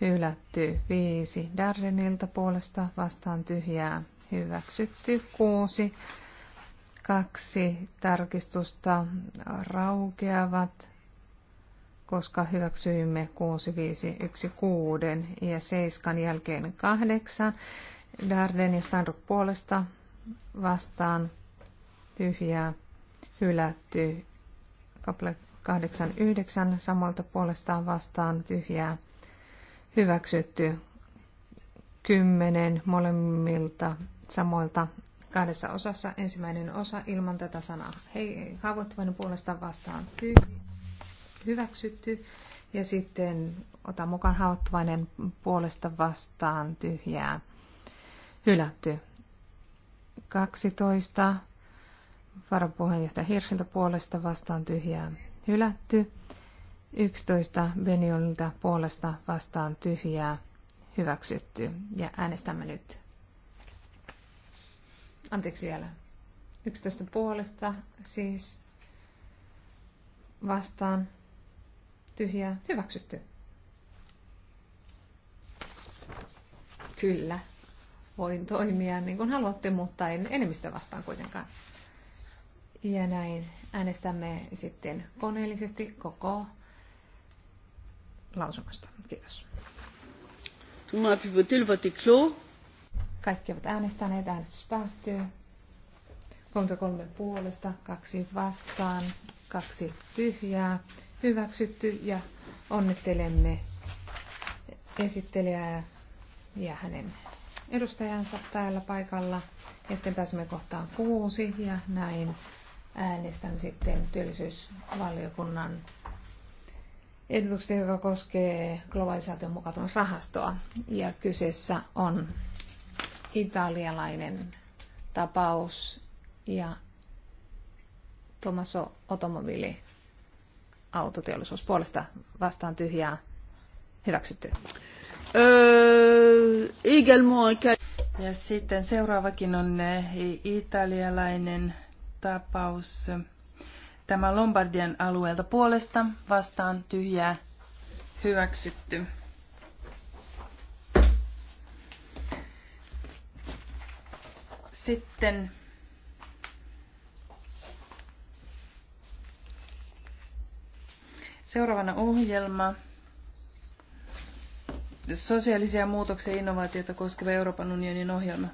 hylätty. Viisi Darrenilta puolesta vastaan tyhjää hyväksytty. Kuusi kaksi tarkistusta raukeavat koska hyväksyimme 6516 ja 7 jälkeen 8. Darden ja Standrup puolesta vastaan tyhjää hylätty. Kaple 89 samalta puolestaan vastaan tyhjää hyväksytty. 10 molemmilta samoilta kahdessa osassa. Ensimmäinen osa ilman tätä sanaa. Hei, haavoittuvainen puolestaan vastaan tyhjää hyväksytty. Ja sitten ota mukaan haavoittuvainen puolesta vastaan tyhjää hylätty. 12. Varapuheenjohtaja Hirsiltä puolesta vastaan tyhjää hylätty. 11. Benionilta puolesta vastaan tyhjää hyväksytty. Ja äänestämme nyt. Anteeksi vielä. 11 puolesta siis vastaan Tyhjää. Hyväksytty. Kyllä. Voin toimia niin kuin haluatte, mutta en enemmistö vastaan kuitenkaan. Ja näin äänestämme sitten koneellisesti koko lausumasta. Kiitos. Kaikki ovat äänestäneet. Äänestys päättyy. 33 puolesta, kaksi vastaan, kaksi tyhjää hyväksytty ja onnittelemme esittelijää ja hänen edustajansa täällä paikalla. Ja sitten pääsemme kohtaan kuusi ja näin äänestän sitten työllisyysvaliokunnan ehdotuksesta, joka koskee globalisaation mukautumisrahastoa. Ja kyseessä on italialainen tapaus ja Tomaso Automobili autoteollisuus puolesta vastaan tyhjää hyväksytty. Ja sitten seuraavakin on eh, italialainen tapaus. Tämä Lombardian alueelta puolesta vastaan tyhjää hyväksytty. Sitten Seuraavana ohjelma. Sosiaalisia muutoksia ja innovaatioita koskeva Euroopan unionin ohjelma.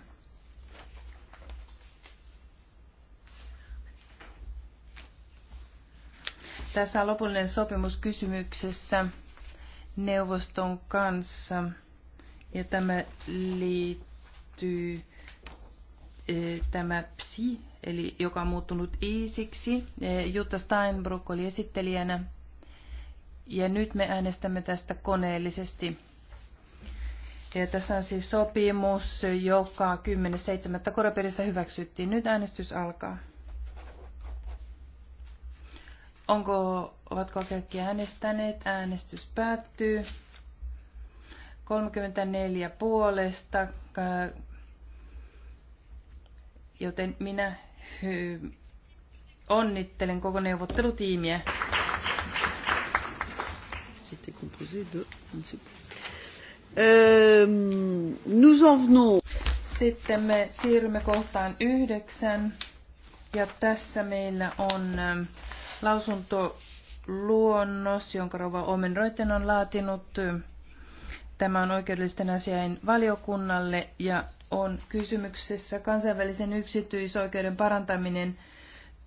Tässä on lopullinen sopimus kysymyksessä neuvoston kanssa. Ja tämä liittyy eh, tämä PSI, eli joka on muuttunut ISIksi. Eh, Jutta Steinbrock oli esittelijänä ja nyt me äänestämme tästä koneellisesti. Ja tässä on siis sopimus, joka 10.7. koraperissä hyväksyttiin. Nyt äänestys alkaa. Onko, ovatko kaikki äänestäneet? Äänestys päättyy. 34 puolesta, joten minä onnittelen koko neuvottelutiimiä projet de... Je ne sais plus. Euh, nous en venons. Sitten me siirrymme kohtaan yhdeksän. Ja tässä meillä on ähm, lausuntoluonnos, jonka Rova Omen on laatinut. Tämä on oikeudellisten asiain valiokunnalle ja on kysymyksessä kansainvälisen yksityisoikeuden parantaminen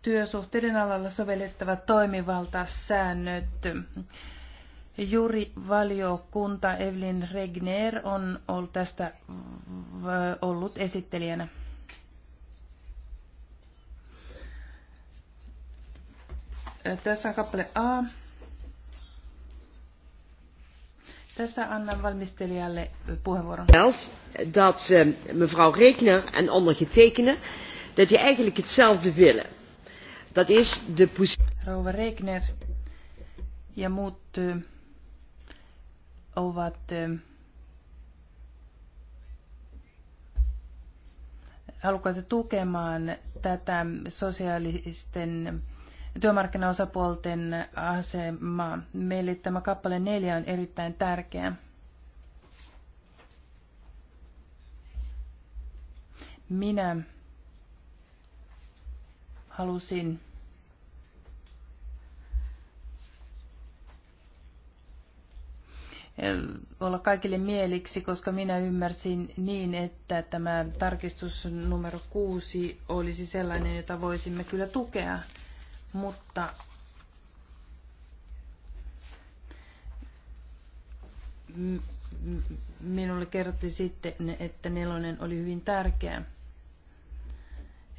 työsuhteiden alalla sovellettavat toimivaltasäännöt. säännöt. Juuri valiokunta Evelyn Regner on ollut tästä ollut esittelijänä. Tässä on kappale A. Tässä annan valmistelijalle puheenvuoron. Dat eh, mevrouw Regner en ondergetekende dat je eigenlijk hetzelfde willen. Dat is de Rouva Regner ja muut eh, ovat halukkaita tukemaan tätä sosiaalisten työmarkkinaosapuolten asemaa. Meille tämä kappale neljä on erittäin tärkeä. Minä halusin Eh, olla kaikille mieliksi, koska minä ymmärsin niin, että tämä tarkistus numero kuusi olisi sellainen, jota voisimme kyllä tukea, mutta minulle kerrottiin sitten, että nelonen oli hyvin tärkeä.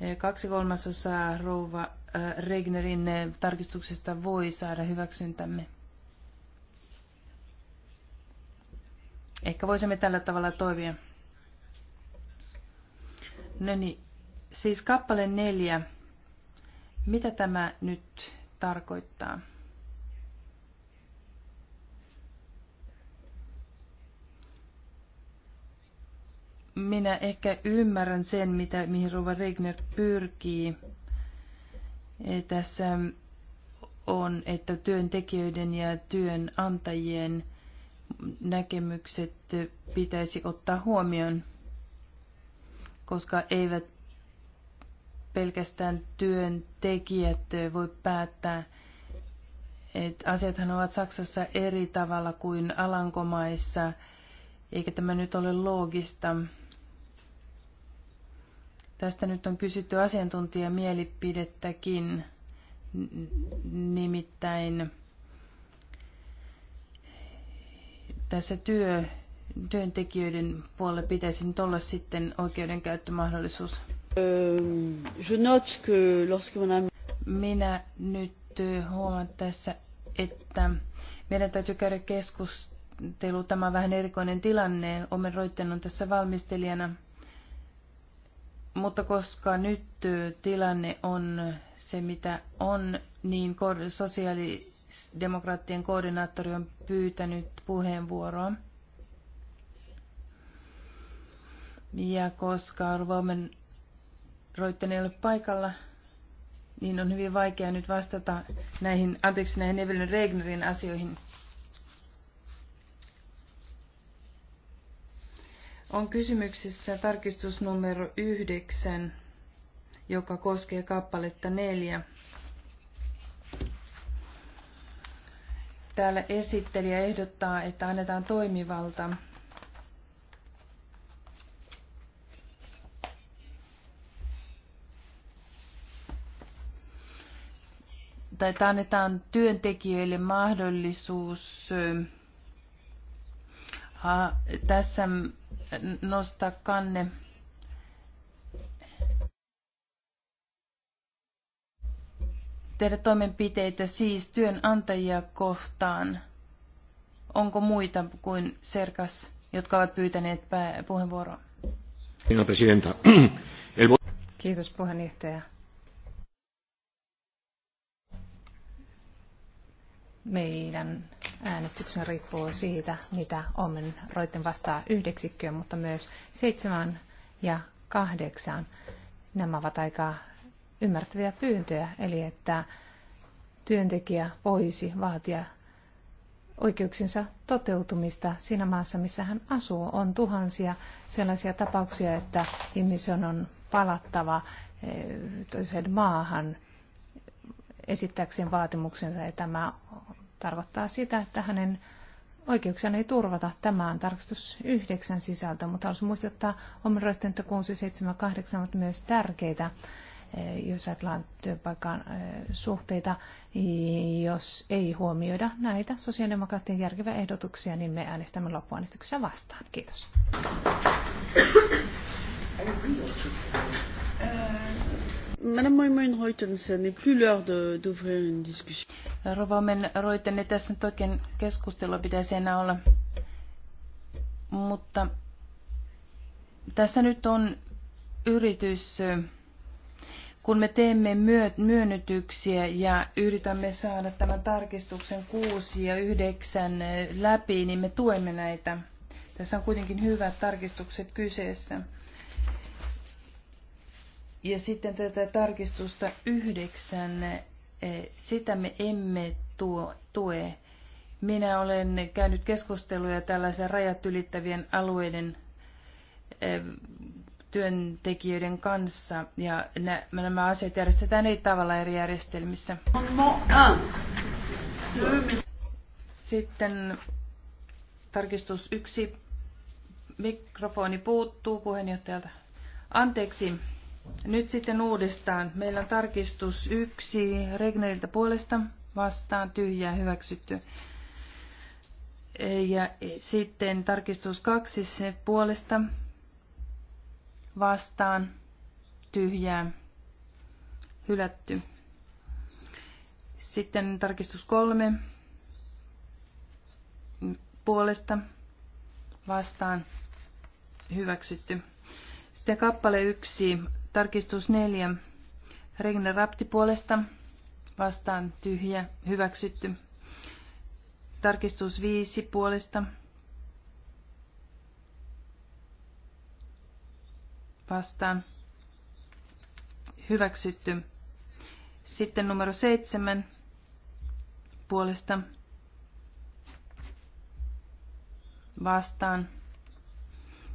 Eh, kaksi kolmasosaa rouva eh, Regnerin tarkistuksesta voi saada hyväksyntämme. Ehkä voisimme tällä tavalla toimia. No niin, siis kappale neljä. Mitä tämä nyt tarkoittaa? minä ehkä ymmärrän sen, mitä, mihin Ruva Regner pyrkii. E, tässä on, että työntekijöiden ja työnantajien näkemykset pitäisi ottaa huomioon, koska eivät pelkästään työntekijät voi päättää. että asiathan ovat Saksassa eri tavalla kuin Alankomaissa, eikä tämä nyt ole loogista. Tästä nyt on kysytty asiantuntijamielipidettäkin, nimittäin tässä työ, työntekijöiden puolella pitäisi nyt olla sitten oikeudenkäyttömahdollisuus? Euh, je note que lorsque Minä nyt huomaan tässä, että meidän täytyy käydä keskustelu. Tämä on vähän erikoinen tilanne. Omen Roitten on tässä valmistelijana. Mutta koska nyt tilanne on se, mitä on, niin sosiaali- demokraattien koordinaattori on pyytänyt puheenvuoroa. Ja koska Ruomen Roitten ei ole paikalla, niin on hyvin vaikea nyt vastata näihin, anteeksi, näihin Evelyn Regnerin asioihin. On kysymyksessä tarkistus numero yhdeksän, joka koskee kappaletta neljä. Täällä esittelijä ehdottaa, että annetaan toimivalta tai annetaan työntekijöille mahdollisuus äh, ha, tässä nostaa kanne tehdä toimenpiteitä siis työnantajia kohtaan? Onko muita kuin Serkas, jotka ovat pyytäneet puheenvuoroa? Kiitos puheenjohtaja. meidän äänestyksemme riippuu siitä, mitä Omen Roitten vastaa yhdeksikköön, mutta myös seitsemän ja kahdeksan. Nämä ovat aika ymmärtäviä pyyntöjä, eli että työntekijä voisi vaatia oikeuksinsa toteutumista siinä maassa, missä hän asuu. On tuhansia sellaisia tapauksia, että ihmisen on palattava eh, toiseen maahan esittääkseen vaatimuksensa, ja tämä tarkoittaa sitä, että hänen oikeuksiaan ei turvata. Tämä on tarkastus yhdeksän sisältö, mutta haluaisin muistuttaa oman 6, 7, 8 ovat myös tärkeitä Eh, jos ajatellaan työpaikan eh, suhteita, jos ei huomioida näitä sosiaalidemokraattien järkeviä ehdotuksia, niin me äänestämme loppuäänestyksessä vastaan. Kiitos. Eh, Madame Moimoin Reuten, ce n'est plus l'heure d'ouvrir une discussion. Rova Reuten, ei tässä nyt oikein keskustelua pitäisi enää olla. Mutta tässä nyt on yritys kun me teemme myönnytyksiä ja yritämme saada tämän tarkistuksen 6 ja 9 läpi, niin me tuemme näitä. Tässä on kuitenkin hyvät tarkistukset kyseessä. Ja sitten tätä tarkistusta 9, sitä me emme tuo, tue. Minä olen käynyt keskusteluja tällaisen rajat ylittävien alueiden työntekijöiden kanssa ja nämä asiat järjestetään eri tavalla eri järjestelmissä. Sitten tarkistus yksi. Mikrofoni puuttuu puheenjohtajalta. Anteeksi. Nyt sitten uudestaan. Meillä on tarkistus yksi Regneriltä puolesta vastaan tyhjää hyväksytty. Ja sitten tarkistus kaksi se puolesta vastaan tyhjää hylätty. Sitten tarkistus kolme puolesta vastaan hyväksytty. Sitten kappale yksi, tarkistus neljä, regner Rapti puolesta vastaan tyhjä hyväksytty. Tarkistus viisi puolesta vastaan hyväksytty. Sitten numero seitsemän puolesta vastaan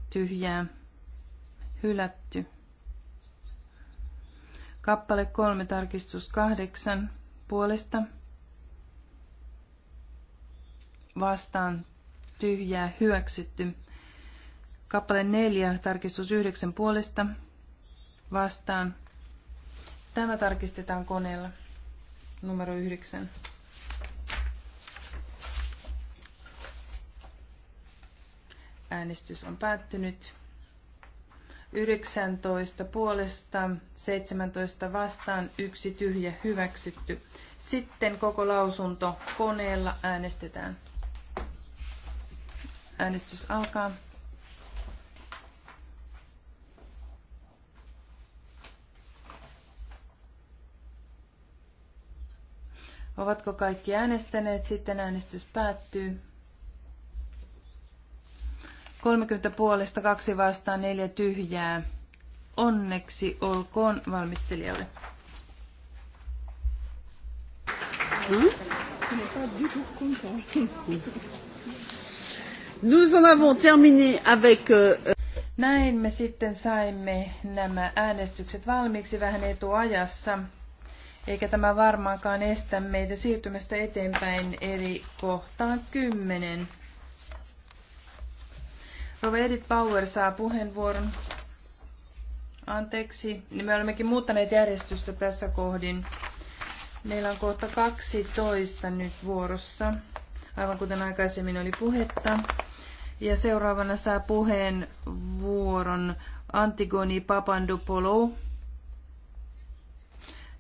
tyhjää hylätty. Kappale kolme tarkistus kahdeksan puolesta vastaan tyhjää hyväksytty. Kappale 4, tarkistus 9 puolesta vastaan. Tämä tarkistetaan koneella. Numero 9. Äänestys on päättynyt. 19 puolesta, 17 vastaan, yksi tyhjä hyväksytty. Sitten koko lausunto koneella äänestetään. Äänestys alkaa. Ovatko kaikki äänestäneet? Sitten äänestys päättyy. 30 puolesta, kaksi vastaan, neljä tyhjää. Onneksi olkoon valmistelijalle. Nous en avons terminé avec euh, näin me sitten saimme nämä äänestykset valmiiksi vähän etuajassa eikä tämä varmaankaan estä meitä siirtymästä eteenpäin, eri kohtaan Kymmenen. Rova Edith Power saa puheenvuoron. Anteeksi, niin me olemmekin muuttaneet järjestystä tässä kohdin. Meillä on kohta 12 nyt vuorossa, aivan kuten aikaisemmin oli puhetta. Ja seuraavana saa puheenvuoron Antigoni Papandopoulou.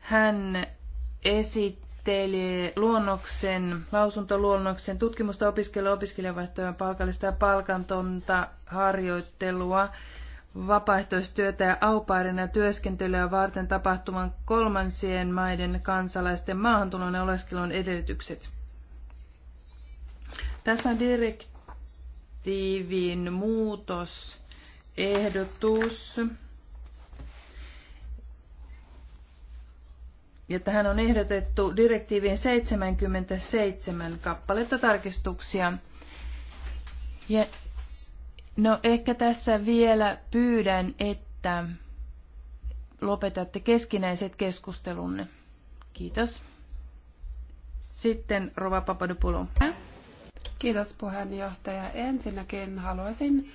Hän esittelee luonnoksen, lausuntoluonnoksen tutkimusta opiskelua, opiskelijavaihtojen palkallista ja palkantonta harjoittelua, vapaaehtoistyötä ja aupairina työskentelyä varten tapahtuvan kolmansien maiden kansalaisten maahantulon ja oleskelun edellytykset. Tässä on direktiivin muutosehdotus. ja tähän on ehdotettu direktiivin 77 kappaletta tarkistuksia. Ja, no ehkä tässä vielä pyydän, että lopetatte keskinäiset keskustelunne. Kiitos. Sitten Rova Papadopoulou. Kiitos puheenjohtaja. Ensinnäkin haluaisin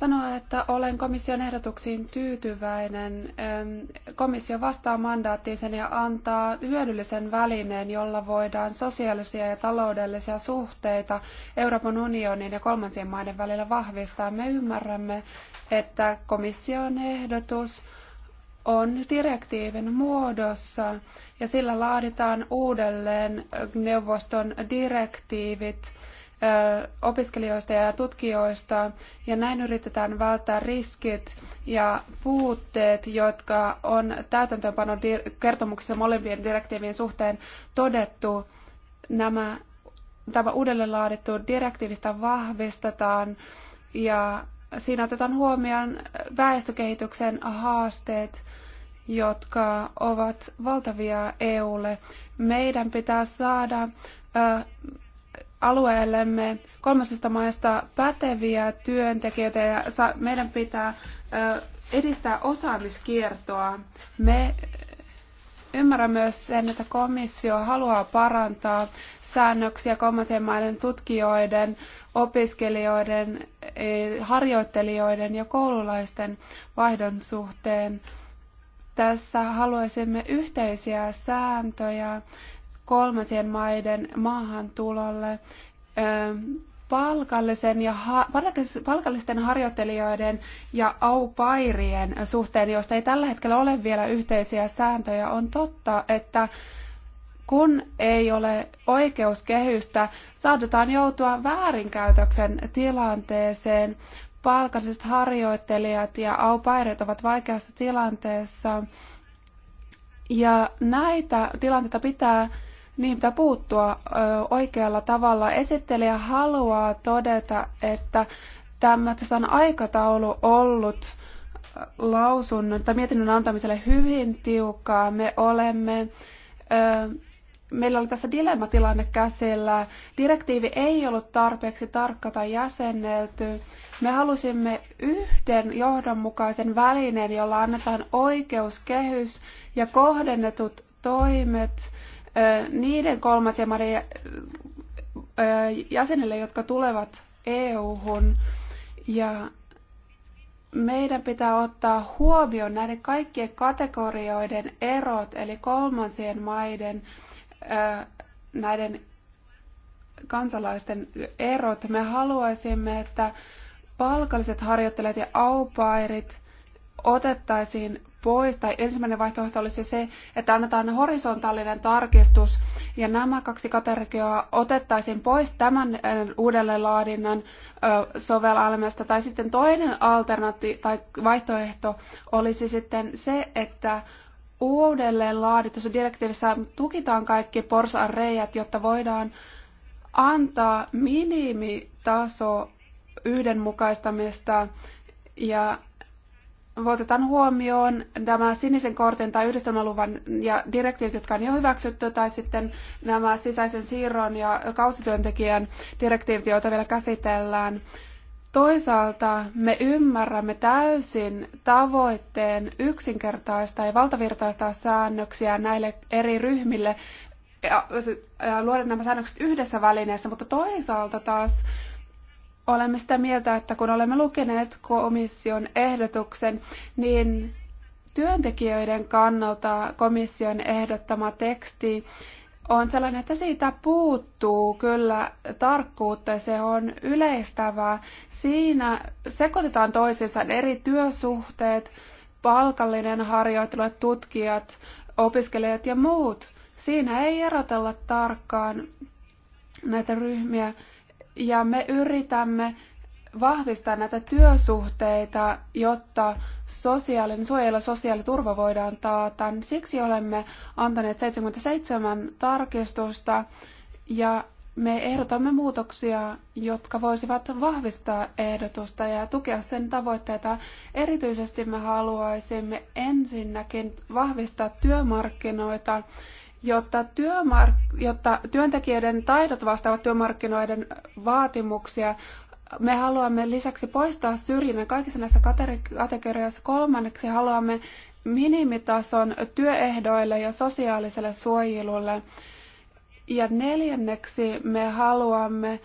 sanoa, että olen komission ehdotuksiin tyytyväinen. Komissio vastaa mandaattiinsa ja antaa hyödyllisen välineen, jolla voidaan sosiaalisia ja taloudellisia suhteita Euroopan unionin ja kolmansien maiden välillä vahvistaa. Me ymmärrämme, että komission ehdotus on direktiivin muodossa ja sillä laaditaan uudelleen neuvoston direktiivit – opiskelijoista ja tutkijoista, ja näin yritetään välttää riskit ja puutteet, jotka on täytäntöönpanon kertomuksessa molempien direktiivien suhteen todettu. Nämä, tämä uudelleen laadittu direktiivistä vahvistetaan ja siinä otetaan huomioon väestökehityksen haasteet, jotka ovat valtavia EUlle. Meidän pitää saada alueellemme kolmasesta maista päteviä työntekijöitä ja meidän pitää edistää osaamiskiertoa. Me ymmärrän myös sen, että komissio haluaa parantaa säännöksiä kolmansien maiden tutkijoiden, opiskelijoiden, e, harjoittelijoiden ja koululaisten vaihdon suhteen. Tässä haluaisimme yhteisiä sääntöjä kolmasien maiden maahantulolle palkallisen ja ha, palkallisten harjoittelijoiden ja aupairien suhteen, joista ei tällä hetkellä ole vielä yhteisiä sääntöjä, on totta, että kun ei ole oikeuskehystä, saatetaan joutua väärinkäytöksen tilanteeseen. Palkalliset harjoittelijat ja aupairit ovat vaikeassa tilanteessa. Ja näitä tilanteita pitää niin pitää puuttua ö, oikealla tavalla. Esittelijä haluaa todeta, että tämä tässä on aikataulu ollut lausunnon tai mietinnön antamiselle hyvin tiukkaa. Me olemme, ö, meillä oli tässä dilemmatilanne käsillä. Direktiivi ei ollut tarpeeksi tarkka tai jäsennelty. Me halusimme yhden johdonmukaisen välineen, jolla annetaan oikeuskehys ja kohdennetut toimet niiden kolmansien maiden jäsenille, jotka tulevat EU-hun. Ja meidän pitää ottaa huomioon näiden kaikkien kategorioiden erot, eli kolmansien maiden näiden kansalaisten erot. Me haluaisimme, että palkalliset harjoittelijat ja aupairit otettaisiin pois, tai ensimmäinen vaihtoehto olisi se, että annetaan horisontaalinen tarkistus, ja nämä kaksi kategoriaa otettaisiin pois tämän eh, uudelleenlaadinnan sovellelmasta. tai sitten toinen tai vaihtoehto olisi sitten se, että uudelleen direktiivissä tukitaan kaikki porsaan reijät, jotta voidaan antaa minimitaso yhdenmukaistamista ja otetaan huomioon nämä sinisen kortin tai yhdistelmäluvan ja direktiivit, jotka on jo hyväksytty, tai sitten nämä sisäisen siirron ja kausityöntekijän direktiivit, joita vielä käsitellään. Toisaalta me ymmärrämme täysin tavoitteen yksinkertaista ja valtavirtaistaa säännöksiä näille eri ryhmille ja, ja luoda nämä säännökset yhdessä välineessä, mutta toisaalta taas olemme sitä mieltä, että kun olemme lukeneet komission ehdotuksen, niin työntekijöiden kannalta komission ehdottama teksti on sellainen, että siitä puuttuu kyllä tarkkuutta, se on yleistävää. Siinä sekoitetaan toisiinsa eri työsuhteet, palkallinen harjoittelu, tutkijat, opiskelijat ja muut. Siinä ei erotella tarkkaan näitä ryhmiä. Ja me yritämme vahvistaa näitä työsuhteita, jotta sosiaalinen suojelu ja sosiaaliturva voidaan taata. Siksi olemme antaneet 77 tarkistusta ja me ehdotamme muutoksia, jotka voisivat vahvistaa ehdotusta ja tukea sen tavoitteita. Erityisesti me haluaisimme ensinnäkin vahvistaa työmarkkinoita jotta, työmark- jotta työntekijöiden taidot vastaavat työmarkkinoiden vaatimuksia. Me haluamme lisäksi poistaa syrjinnän kaikissa näissä kategorioissa. Kolmanneksi haluamme minimitason työehdoille ja sosiaaliselle suojelulle. Ja neljänneksi me haluamme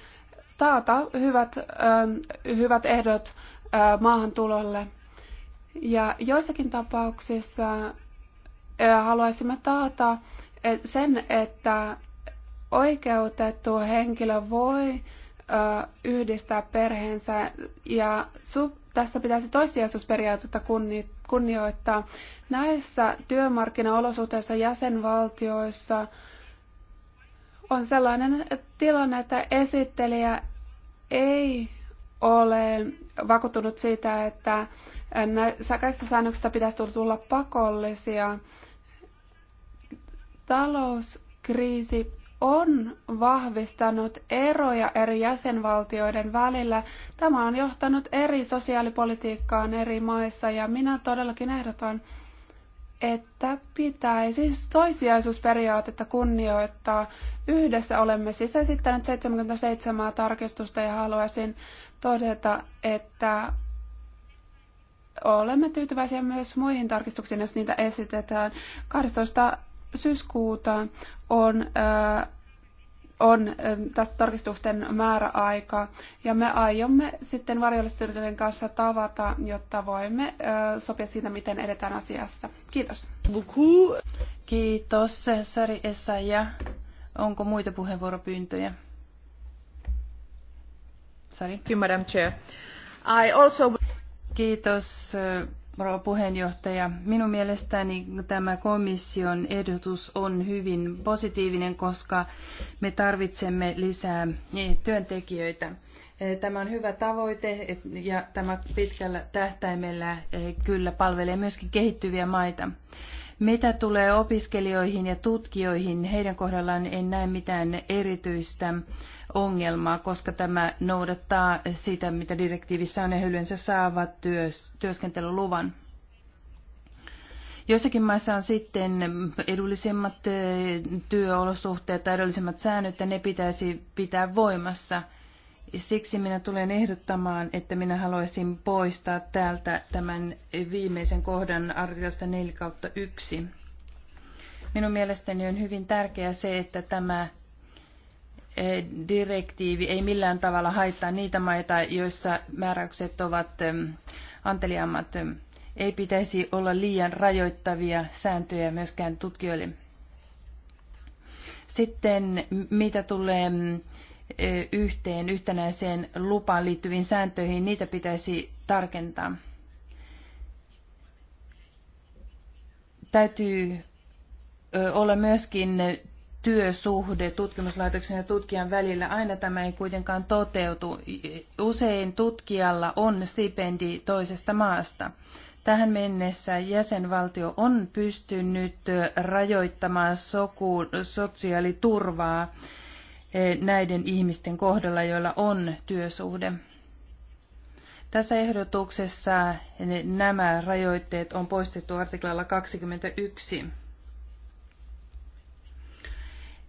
taata hyvät, ö, ähm, hyvät ehdot ö, äh, maahantulolle. Ja joissakin tapauksissa ö, äh, haluaisimme taata sen, että oikeutettu henkilö voi yhdistää perheensä ja tässä pitäisi toissijaisuusperiaatetta kunnioittaa. Näissä työmarkkinaolosuhteissa jäsenvaltioissa on sellainen tilanne, että esittelijä ei ole vakuuttunut siitä, että näissä säännöksistä pitäisi tulla pakollisia. Talouskriisi on vahvistanut eroja eri jäsenvaltioiden välillä. Tämä on johtanut eri sosiaalipolitiikkaan eri maissa ja minä todellakin ehdotan, että pitäisi toisiaisuusperiaatetta kunnioittaa. Yhdessä olemme siis esittäneet 77 tarkistusta ja haluaisin todeta, että olemme tyytyväisiä myös muihin tarkistuksiin, jos niitä esitetään. 12 syyskuuta on, äh, on äh, tarkistusten määräaika ja me aiomme sitten varjollisten kanssa tavata, jotta voimme äh, sopia siitä, miten edetään asiassa. Kiitos. Kiitos Sari Essaija. Onko muita puheenvuoropyyntöjä? Sari. Madam Chair. I also... Kiitos rouva puheenjohtaja. Minun mielestäni tämä komission ehdotus on hyvin positiivinen, koska me tarvitsemme lisää e, työntekijöitä. E, tämä on hyvä tavoite ja tämä pitkällä tähtäimellä e, kyllä palvelee myöskin kehittyviä maita. Mitä tulee opiskelijoihin ja tutkijoihin, heidän kohdallaan en näe mitään erityistä ongelmaa, koska tämä noudattaa sitä, mitä direktiivissä on, ja he yleensä saavat työs, työskentelyluvan. Joissakin maissa on sitten edullisemmat työolosuhteet tai edullisemmat säännöt, ja ne pitäisi pitää voimassa – siksi minä tulen ehdottamaan, että minä haluaisin poistaa täältä tämän viimeisen kohdan artiklasta 4 kautta 1. Minun mielestäni on hyvin tärkeää se, että tämä eh, direktiivi ei millään tavalla haittaa niitä maita, joissa määräykset ovat eh, anteliaammat. Ei pitäisi olla liian rajoittavia sääntöjä myöskään tutkijoille. Sitten mitä tulee mm, yhteen yhtenäiseen lupaan liittyviin sääntöihin, niitä pitäisi tarkentaa. Täytyy olla myöskin työsuhde tutkimuslaitoksen ja tutkijan välillä. Aina tämä ei kuitenkaan toteutu. Usein tutkijalla on stipendi toisesta maasta. Tähän mennessä jäsenvaltio on pystynyt rajoittamaan soku, sosiaaliturvaa Eh, näiden ihmisten kohdalla, joilla on työsuhde. Tässä ehdotuksessa nämä rajoitteet on poistettu artiklalla 21.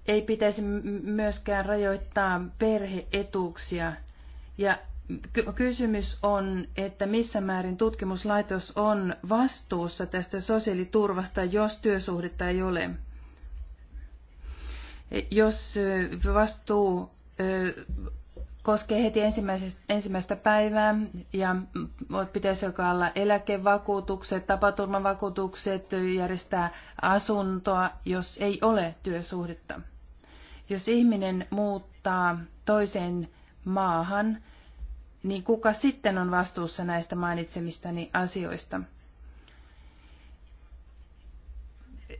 Ei pitäisi myöskään rajoittaa perheetuuksia. Ja kysymys on, että missä määrin tutkimuslaitos on vastuussa tästä sosiaaliturvasta, jos työsuhdetta ei ole. Jos vastuu koskee heti ensimmäistä päivää ja pitäisi olla eläkevakuutukset, tapaturmavakuutukset, järjestää asuntoa, jos ei ole työsuhdetta. Jos ihminen muuttaa toiseen maahan, niin kuka sitten on vastuussa näistä mainitsemistani asioista?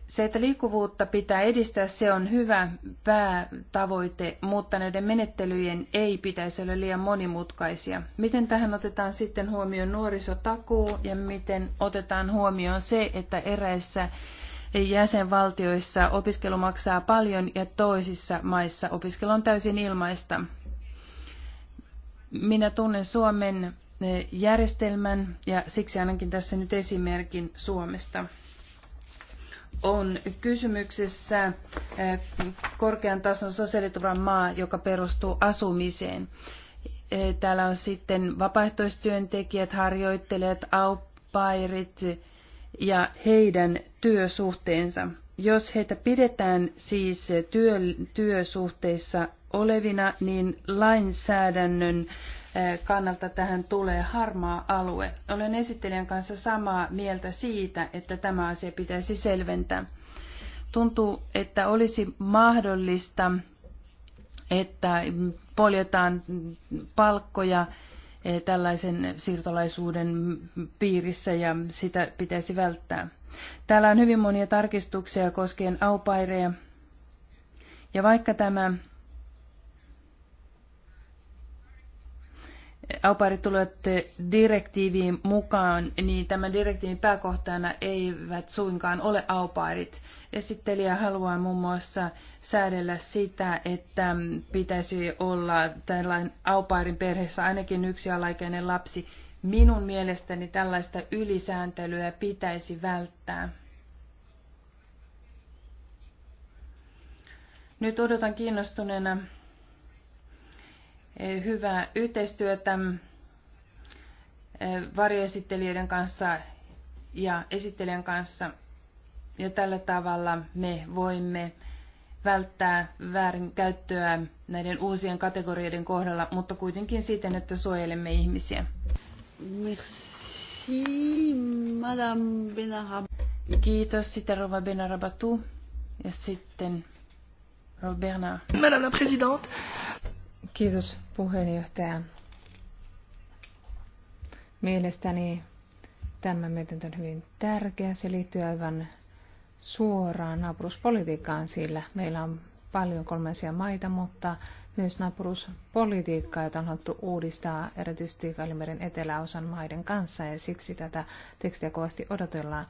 Se, että liikkuvuutta pitää edistää, se on hyvä päätavoite, mutta näiden menettelyjen ei pitäisi olla liian monimutkaisia. Miten tähän otetaan sitten huomioon nuorisotakuu ja miten otetaan huomioon se, että eräissä jäsenvaltioissa opiskelu maksaa paljon ja toisissa maissa opiskelu on täysin ilmaista. Minä tunnen Suomen eh, järjestelmän ja siksi ainakin tässä nyt esimerkin Suomesta on kysymyksessä eh, korkean tason sosiaaliturvan maa, joka perustuu asumiseen. Eh, täällä on sitten vapaaehtoistyöntekijät, harjoittelijat, auppairit ja heidän työsuhteensa. Jos heitä pidetään siis työ, työsuhteissa olevina, niin lainsäädännön kannalta tähän tulee harmaa alue. Olen esittelijän kanssa samaa mieltä siitä, että tämä asia pitäisi selventää. Tuntuu, että olisi mahdollista, että poljetaan palkkoja tällaisen siirtolaisuuden piirissä ja sitä pitäisi välttää. Täällä on hyvin monia tarkistuksia koskien aupaireja. Ja vaikka tämä Auparit tulevat direktiiviin mukaan, niin tämän direktiivin pääkohtana eivät suinkaan ole auparit. Esittelijä haluaa muun muassa säädellä sitä, että pitäisi olla tällainen aupairin perheessä ainakin yksi alaikäinen lapsi. Minun mielestäni tällaista ylisääntelyä pitäisi välttää. Nyt odotan kiinnostuneena hyvää yhteistyötä varjoesittelijöiden kanssa ja esittelijän kanssa. Ja tällä tavalla me voimme välttää väärinkäyttöä näiden uusien kategorioiden kohdalla, mutta kuitenkin siten, että suojelemme ihmisiä. Merci, Madame Benarab. Kiitos. Sitten Rova Benarabatu ja sitten Rova Bernard. Madame la Présidente. Kiitos puheenjohtaja. Mielestäni tämä mietintö on hyvin tärkeä. Se liittyy aivan suoraan naapuruspolitiikkaan, sillä meillä on paljon kolmansia maita, mutta myös naapuruspolitiikkaa, jota on haluttu uudistaa erityisesti Välimeren eteläosan maiden kanssa, ja siksi tätä tekstiä kovasti odotellaan.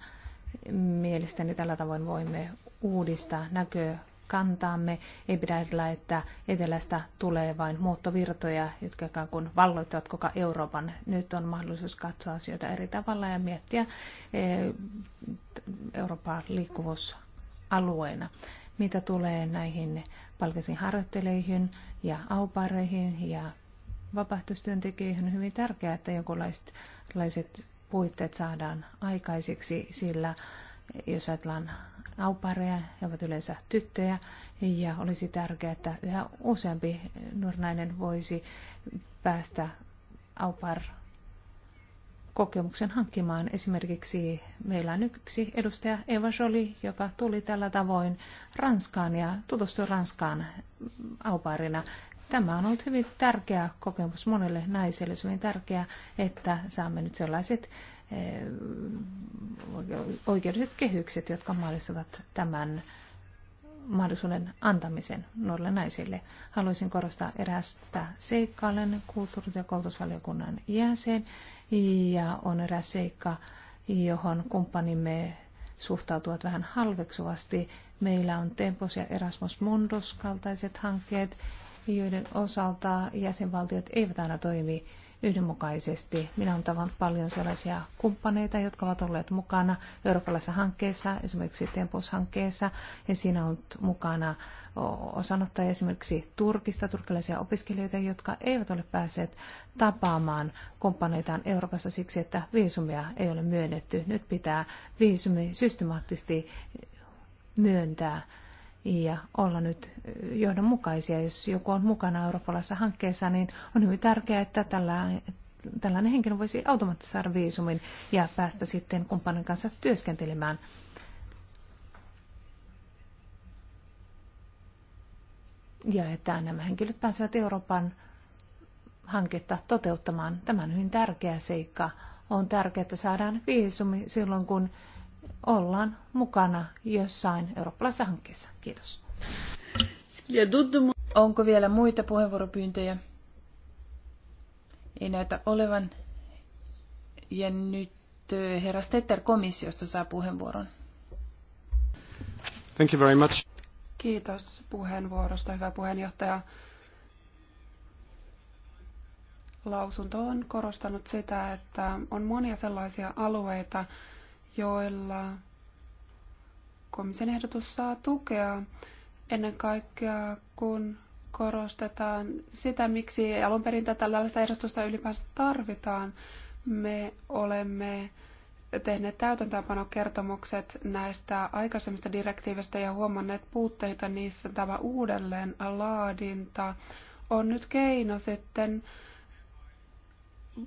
Mielestäni tällä tavoin voimme uudistaa näkö kantaamme. Ei pidä edellä, että etelästä tulee vain muuttovirtoja, jotka ikään kuin valloittavat koko Euroopan. Nyt on mahdollisuus katsoa asioita eri tavalla ja miettiä eh, Euroopan liikkuvuusalueena. Mitä tulee näihin palkisiin harjoitteleihin ja aupareihin ja vapaaehtoistyöntekijöihin on hyvin tärkeää, että jonkinlaiset puitteet saadaan aikaiseksi, sillä jos ajatellaan aupareja, he ovat yleensä tyttöjä, ja olisi tärkeää, että yhä useampi nuornainen voisi päästä aupar kokemuksen hankkimaan. Esimerkiksi meillä on yksi edustaja Eva Joli, joka tuli tällä tavoin Ranskaan ja tutustui Ranskaan auparina. Tämä on ollut hyvin tärkeä kokemus monelle naiselle. Se on hyvin tärkeää, että saamme nyt sellaiset Eh, oikeudelliset kehykset, jotka mahdollistavat tämän mahdollisuuden antamisen nuorille naisille. Haluaisin korostaa erästä seikkaa, olen kulttuuri- ja koulutusvaliokunnan jäsen ja on eräs seikka, johon kumppanimme suhtautuvat vähän halveksuvasti. Meillä on Tempos ja Erasmus Mundus kaltaiset hankkeet, joiden osalta jäsenvaltiot eivät aina toimi yhdenmukaisesti. Minä olen tavannut paljon sellaisia kumppaneita, jotka ovat olleet mukana eurooppalaisessa hankkeessa, esimerkiksi Tempus-hankkeessa, ja siinä on ollut mukana osanottaja esimerkiksi Turkista, turkilaisia opiskelijoita, jotka eivät ole päässeet tapaamaan kumppaneitaan Euroopassa siksi, että viisumia ei ole myönnetty. Nyt pitää viisumi systemaattisesti myöntää ja olla nyt johdonmukaisia. Jos joku on mukana eurooppalaisessa hankkeessa, niin on hyvin tärkeää, että tällä, tällainen henkilö voisi automaattisesti saada viisumin ja päästä sitten kumppanin kanssa työskentelemään. Ja että nämä henkilöt pääsevät Euroopan hanketta toteuttamaan. Tämä on hyvin tärkeä seikka. On tärkeää, että saadaan viisumi silloin, kun ollaan mukana jossain eurooppalaisessa hankkeessa. Kiitos. Onko vielä muita puheenvuoropyyntöjä? Ei näytä olevan. Ja nyt eh, herra Stetter komissiosta saa puheenvuoron. Thank you very much. Kiitos puheenvuorosta, hyvä puheenjohtaja. Lausunto on korostanut sitä, että on monia sellaisia alueita, joilla komission ehdotus saa tukea ennen kaikkea, kun korostetaan sitä, miksi alun perin tällaista ehdotusta ylipäänsä tarvitaan. Me olemme tehneet täytäntöönpanokertomukset näistä aikaisemmista direktiivistä ja huomanneet puutteita niissä. Tämä uudelleen laadinta on nyt keino sitten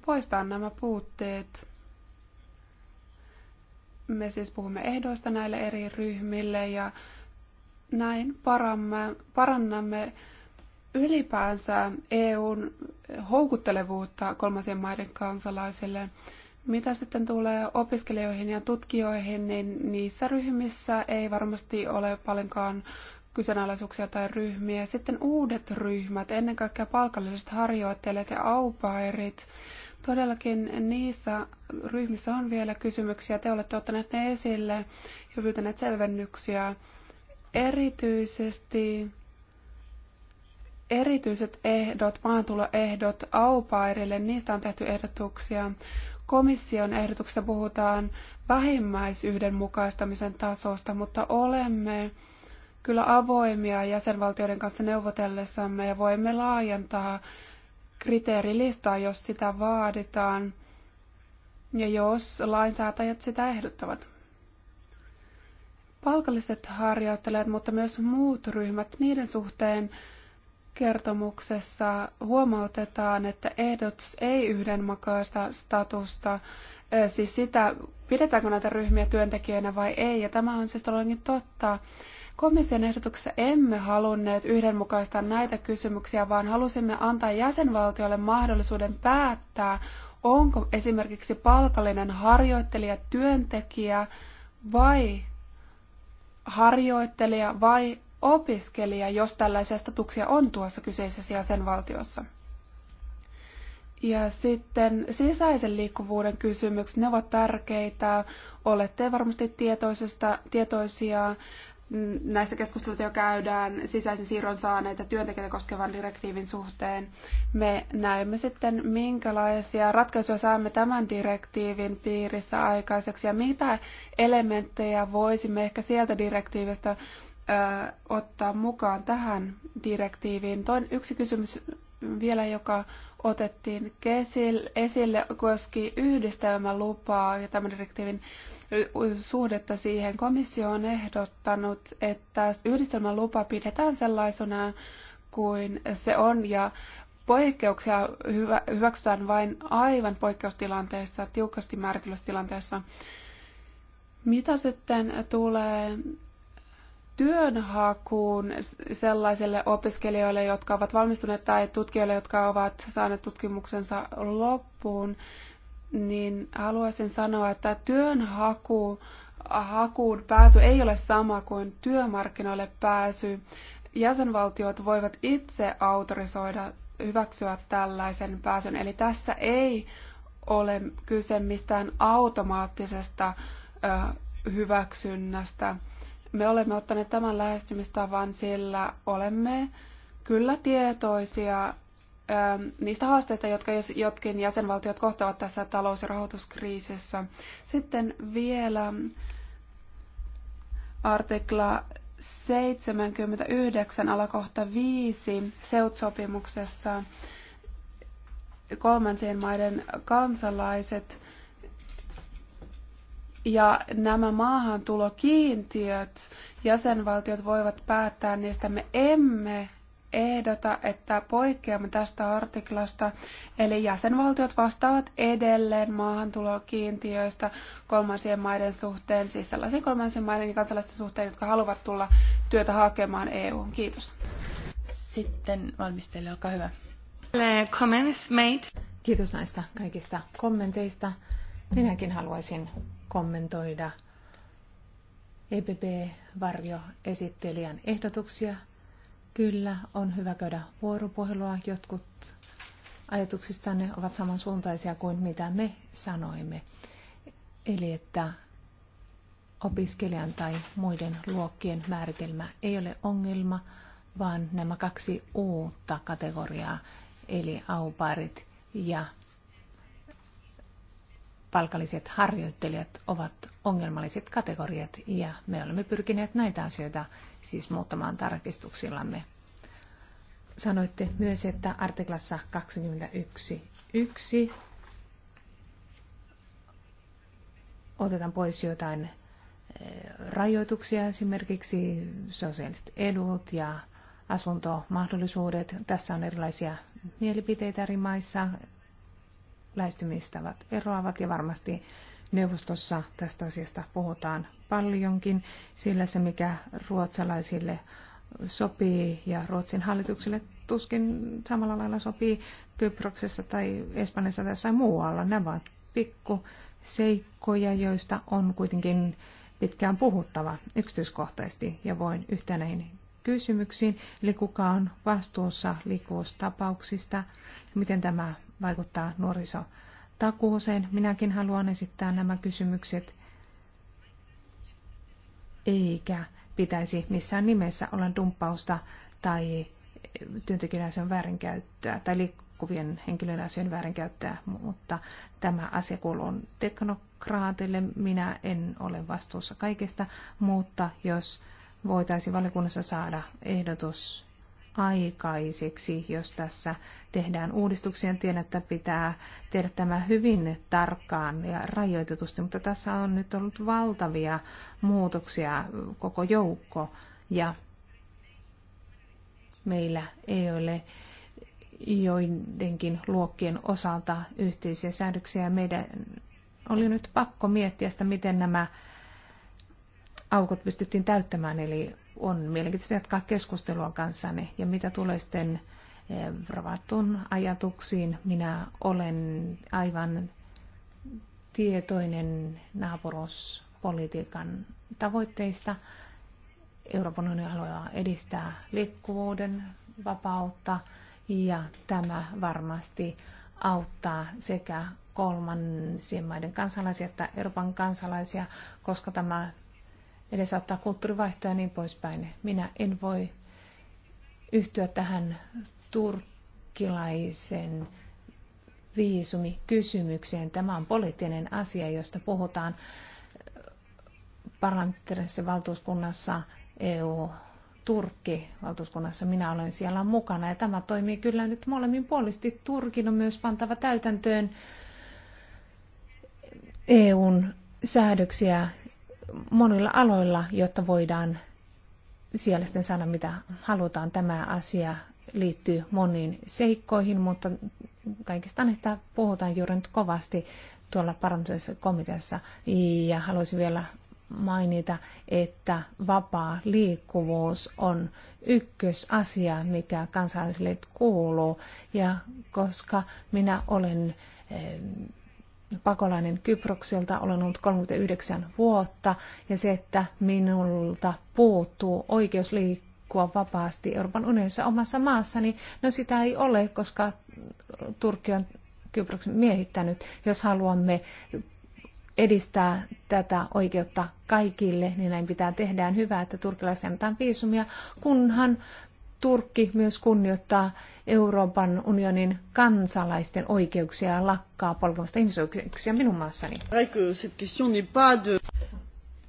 poistaa nämä puutteet. Me siis puhumme ehdoista näille eri ryhmille ja näin paramme, parannamme ylipäänsä EUn houkuttelevuutta kolmansien maiden kansalaisille. Mitä sitten tulee opiskelijoihin ja tutkijoihin, niin niissä ryhmissä ei varmasti ole paljonkaan kyseenalaisuuksia tai ryhmiä. Sitten uudet ryhmät, ennen kaikkea palkalliset harjoittelijat ja aupairit. Todellakin niissä ryhmissä on vielä kysymyksiä. Te olette ottaneet ne esille ja pyytäneet selvennyksiä. Erityisesti erityiset ehdot, maahantuloehdot aupairille, niistä on tehty ehdotuksia. Komission ehdotuksessa puhutaan vähimmäisyhdenmukaistamisen tasosta, mutta olemme kyllä avoimia jäsenvaltioiden kanssa neuvotellessamme ja voimme laajentaa kriteerilistaa, jos sitä vaaditaan ja jos lainsäätäjät sitä ehdottavat. Palkalliset harjoittelijat, mutta myös muut ryhmät, niiden suhteen kertomuksessa huomautetaan, että ehdotus ei yhdenmukaista statusta, siis sitä, pidetäänkö näitä ryhmiä työntekijöinä vai ei, ja tämä on siis todellakin totta. Komission ehdotuksessa emme halunneet yhdenmukaistaa näitä kysymyksiä, vaan halusimme antaa jäsenvaltioille mahdollisuuden päättää, onko esimerkiksi palkallinen harjoittelija työntekijä vai harjoittelija vai opiskelija, jos tällaisia statuksia on tuossa kyseisessä jäsenvaltiossa. Ja sitten sisäisen liikkuvuuden kysymykset, ne ovat tärkeitä. Olette varmasti tietoisista, tietoisia Mm, näistä keskusteluissa jo käydään sisäisen siirron saaneita työntekijöitä koskevan direktiivin suhteen. Me näemme sitten, minkälaisia ratkaisuja saamme tämän direktiivin piirissä aikaiseksi ja mitä elementtejä voisimme ehkä sieltä direktiivistä ö, ottaa mukaan tähän direktiiviin. Toinen yksi kysymys vielä, joka otettiin esille, koski yhdistelmälupaa ja tämän direktiivin ö, suhdetta siihen. Komissio on ehdottanut, että yhdistelmälupa pidetään sellaisena kuin se on ja poikkeuksia hyvä, hyväksytään vain aivan poikkeustilanteissa, tiukasti määritellyssä tilanteessa. Mitä sitten tulee työnhakuun sellaisille opiskelijoille, jotka ovat valmistuneet tai tutkijoille, jotka ovat saaneet tutkimuksensa loppuun, niin haluaisin sanoa, että työnhaku hakuun pääsy ei ole sama kuin työmarkkinoille pääsy. Jäsenvaltiot voivat itse autorisoida hyväksyä tällaisen pääsyn. Eli tässä ei ole kyse mistään automaattisesta ö, hyväksynnästä. Me olemme ottaneet tämän lähestymistavan, sillä olemme kyllä tietoisia Ähm, niistä haasteista, jotka jotkin jäsenvaltiot kohtavat tässä talous- ja rahoituskriisissä. Sitten vielä artikla 79 alakohta 5 SEUT-sopimuksessa kolmansien maiden kansalaiset ja nämä maahantulokiintiöt, jäsenvaltiot voivat päättää niistä. Me emme ehdota, että poikkeamme tästä artiklasta, eli jäsenvaltiot vastaavat edelleen maahantulokiintiöistä kolmansien maiden suhteen, siis sellaisiin kolmansien maiden kansalaisten suhteen, jotka haluavat tulla työtä hakemaan EU:hun. Kiitos. Sitten valmistelija, olkaa hyvä. Comments made. Kiitos näistä kaikista kommenteista. Minäkin haluaisin kommentoida EPP-varjoesittelijän ehdotuksia Kyllä, on hyvä käydä vuoropuhelua. Jotkut ajatuksistanne ovat samansuuntaisia kuin mitä me sanoimme. Eli että opiskelijan tai muiden luokkien määritelmä ei ole ongelma, vaan nämä kaksi uutta kategoriaa, eli auparit ja palkalliset harjoittelijat ovat ongelmalliset kategoriat ja me olemme pyrkineet näitä asioita siis muuttamaan tarkistuksillamme. Sanoitte myös, että artiklassa 21.1 otetaan pois jotain eh, rajoituksia, esimerkiksi sosiaaliset edut ja asuntomahdollisuudet. Tässä on erilaisia mielipiteitä eri maissa lähestymistavat eroavat ja varmasti neuvostossa tästä asiasta puhutaan paljonkin, sillä se mikä ruotsalaisille sopii ja Ruotsin hallitukselle tuskin samalla lailla sopii Kyproksessa tai Espanjassa tai jossain muualla. Nämä ovat pikkuseikkoja, joista on kuitenkin pitkään puhuttava yksityiskohtaisesti ja voin yhtä näihin kysymyksiin, eli kuka on vastuussa liikkuvuustapauksista, miten tämä vaikuttaa nuorisotakuuseen. Minäkin haluan esittää nämä kysymykset, eikä pitäisi missään nimessä olla dumppausta tai työntekijäläisen väärinkäyttöä tai liikkuvien henkilöiden asioiden väärinkäyttöä, mutta tämä asia kuuluu teknokraatille. Minä en ole vastuussa kaikesta, mutta jos voitaisiin valiokunnassa saada ehdotus aikaiseksi, jos tässä tehdään uudistuksia. Tiedän, että pitää tehdä tämä hyvin tarkkaan ja rajoitetusti, mutta tässä on nyt ollut valtavia muutoksia koko joukko ja meillä ei ole joidenkin luokkien osalta yhteisiä säädöksiä. Meidän oli nyt pakko miettiä sitä, miten nämä aukot pystyttiin täyttämään, eli on mielenkiintoista jatkaa keskustelua kanssanne. Ja mitä tulee sitten eh, ravatun ajatuksiin, minä olen aivan tietoinen naapuruspolitiikan tavoitteista. Euroopan unioni haluaa edistää liikkuvuuden vapautta ja tämä varmasti auttaa sekä kolmansien maiden kansalaisia että Euroopan kansalaisia, koska tämä edesauttaa kulttuurivaihtoa ja niin poispäin. Minä en voi yhtyä tähän turkkilaisen viisumikysymykseen. Tämä on poliittinen asia, josta puhutaan parlamenttisessa valtuuskunnassa EU Turkki valtuuskunnassa. Minä olen siellä mukana ja tämä toimii kyllä nyt molemmin puolesti. Turkin on myös pantava täytäntöön EUn säädöksiä monilla aloilla, jotta voidaan siellä sitten saada mitä halutaan. Tämä asia liittyy moniin seikkoihin, mutta kaikista näistä puhutaan juuri nyt kovasti tuolla parantuisessa komiteassa. Ja haluaisin vielä mainita, että vapaa liikkuvuus on ykkösasia, mikä kansalaisille kuuluu. Ja koska minä olen pakolainen Kyprokselta, olen ollut 39 vuotta, ja se, että minulta puuttuu oikeus liikkua vapaasti Euroopan unionissa omassa maassani, no sitä ei ole, koska Turkki on Kyproksen miehittänyt. Jos haluamme edistää tätä oikeutta kaikille, niin näin pitää tehdä. On hyvä, että turkilaisia annetaan viisumia, kunhan Turkki myös kunnioittaa Euroopan unionin kansalaisten oikeuksia ja lakkaa polkemasta ihmisoikeuksia minun maassani.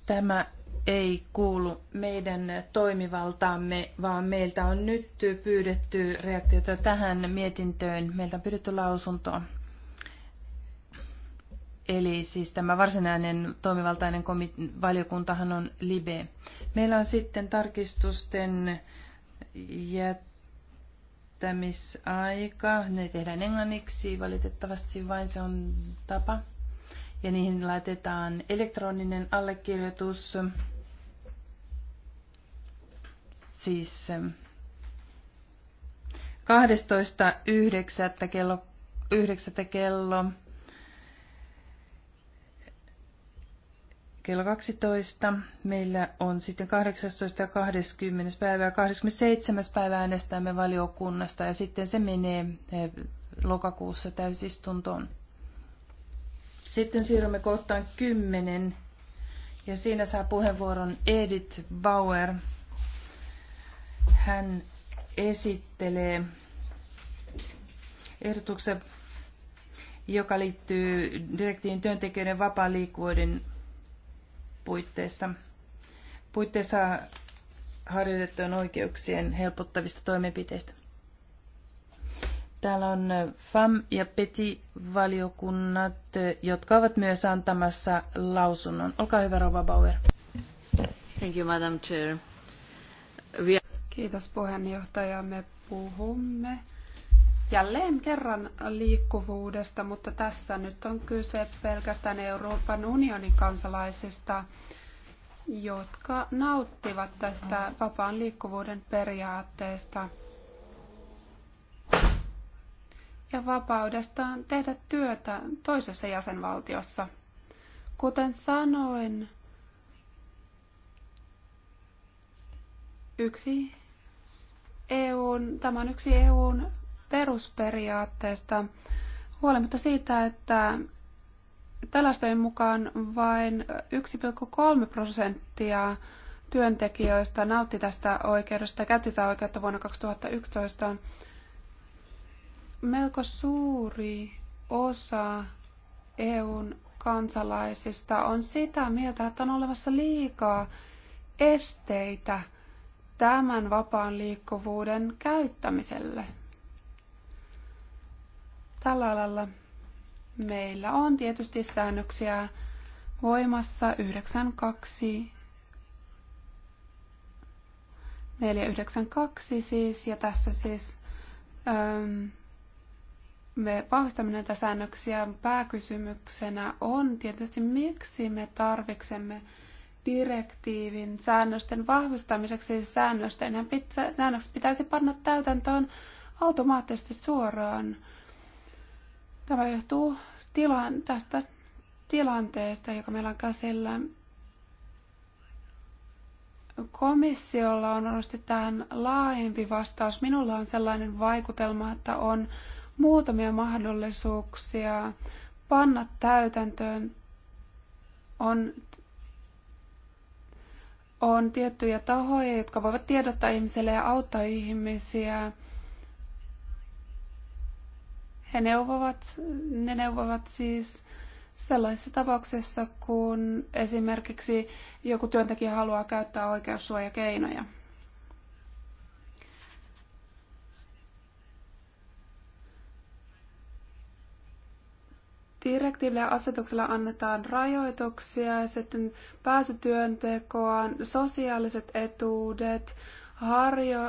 Tämä ei kuulu meidän toimivaltaamme, vaan meiltä on nyt pyydetty reaktiota tähän mietintöön. Meiltä on pyydetty lausuntoa. Eli siis tämä varsinainen toimivaltainen valiokuntahan on LIBE. Meillä on sitten tarkistusten jättämisaika, ne tehdään englanniksi, valitettavasti vain se on tapa. Ja niihin laitetaan elektroninen allekirjoitus, siis 12.9. Ähm, kello 9. kello kello 12. Meillä on sitten 18. ja 20. päivä ja 27. päivä äänestämme valiokunnasta ja sitten se menee eh, lokakuussa täysistuntoon. Sitten siirrymme kohtaan 10 ja siinä saa puheenvuoron Edith Bauer. Hän esittelee ehdotuksen, joka liittyy direktiin työntekijöiden vapaan liikkuvuuden puitteista. Puitteissa harjoitettujen oikeuksien helpottavista toimenpiteistä. Täällä on FAM ja PETI-valiokunnat, jotka ovat myös antamassa lausunnon. Olkaa hyvä, Rova Bauer. Thank you, Madam Chair. Kiitos puheenjohtaja. Me puhumme jälleen kerran liikkuvuudesta, mutta tässä nyt on kyse pelkästään Euroopan unionin kansalaisista, jotka nauttivat tästä vapaan liikkuvuuden periaatteesta ja vapaudestaan tehdä työtä toisessa jäsenvaltiossa. Kuten sanoin, yksi EUn, tämä on yksi EUn perusperiaatteesta, huolimatta siitä, että tällaisten mukaan vain 1,3 prosenttia työntekijöistä nautti tästä oikeudesta ja käytti tätä oikeutta vuonna 2011 melko suuri osa EUn kansalaisista on sitä mieltä, että on olemassa liikaa esteitä tämän vapaan liikkuvuuden käyttämiselle. Tällä alalla meillä on tietysti säännöksiä voimassa 92 492 siis, ja tässä siis äm, me vahvistamme näitä säännöksiä pääkysymyksenä on tietysti, miksi me tarvitsemme direktiivin säännösten vahvistamiseksi, siis säännösten pitä, säännökset pitäisi panna täytäntöön automaattisesti suoraan. Tämä johtuu tilan, tästä tilanteesta, joka meillä on käsillä. Komissiolla on onnistu tähän laajempi vastaus. Minulla on sellainen vaikutelma, että on muutamia mahdollisuuksia panna täytäntöön. On, on tiettyjä tahoja, jotka voivat tiedottaa ihmisille ja auttaa ihmisiä he neuvovat, ne neuvovat siis sellaisessa tapauksessa, kun esimerkiksi joku työntekijä haluaa käyttää oikeussuojakeinoja. Direktiivillä asetuksella annetaan rajoituksia ja sitten pääsytyöntekoon, sosiaaliset etuudet, harjo,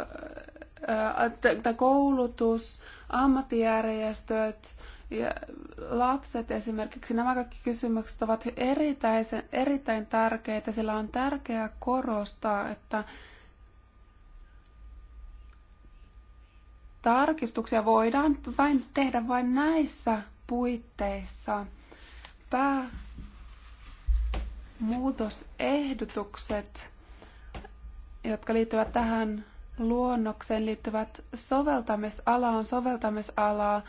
tai koulutus, ammattijärjestöt, ja lapset esimerkiksi, nämä kaikki kysymykset ovat erittäin, erittäin tärkeitä, sillä on tärkeää korostaa, että tarkistuksia voidaan vain tehdä vain näissä puitteissa. Päämuutosehdotukset jotka liittyvät tähän luonnokseen, liittyvät soveltamisalaan. Soveltamisalaa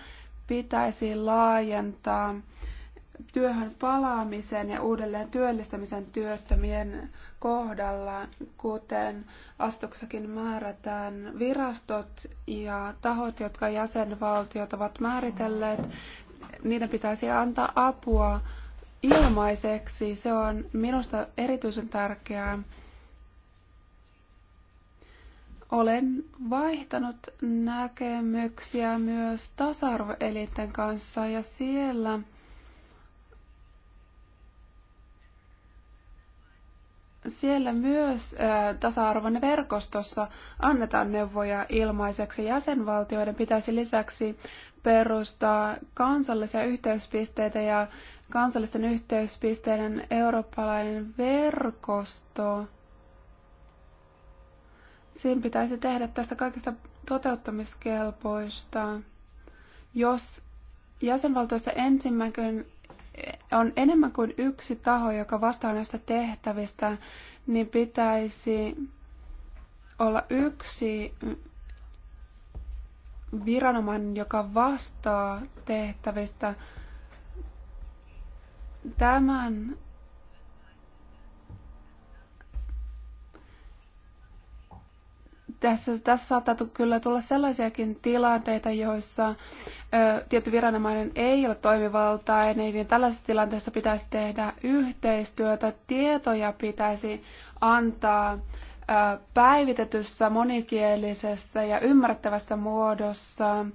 pitäisi laajentaa työhön palaamisen ja uudelleen työllistämisen työttömien kohdalla, kuten astuksakin määrätään virastot ja tahot, jotka jäsenvaltiot ovat määritelleet, niiden pitäisi antaa apua ilmaiseksi. Se on minusta erityisen tärkeää. Olen vaihtanut näkemyksiä myös tasa-arvoelinten kanssa ja siellä siellä myös tasa-arvon verkostossa annetaan neuvoja ilmaiseksi. Jäsenvaltioiden pitäisi lisäksi perustaa kansallisia yhteyspisteitä ja kansallisten yhteyspisteiden eurooppalainen verkosto. Sen pitäisi tehdä tästä kaikista toteuttamiskelpoista. Jos jäsenvaltioissa ensimmäinen on enemmän kuin yksi taho, joka vastaa näistä tehtävistä, niin pitäisi olla yksi viranomainen, joka vastaa tehtävistä. Tämän tässä, tässä saattaa kyllä tulla sellaisiakin tilanteita, joissa ö, tietty viranomainen ei ole toimivaltainen, niin tällaisessa tilanteessa pitäisi tehdä yhteistyötä. Tietoja pitäisi antaa ö, päivitetyssä, monikielisessä ja ymmärrettävässä muodossa.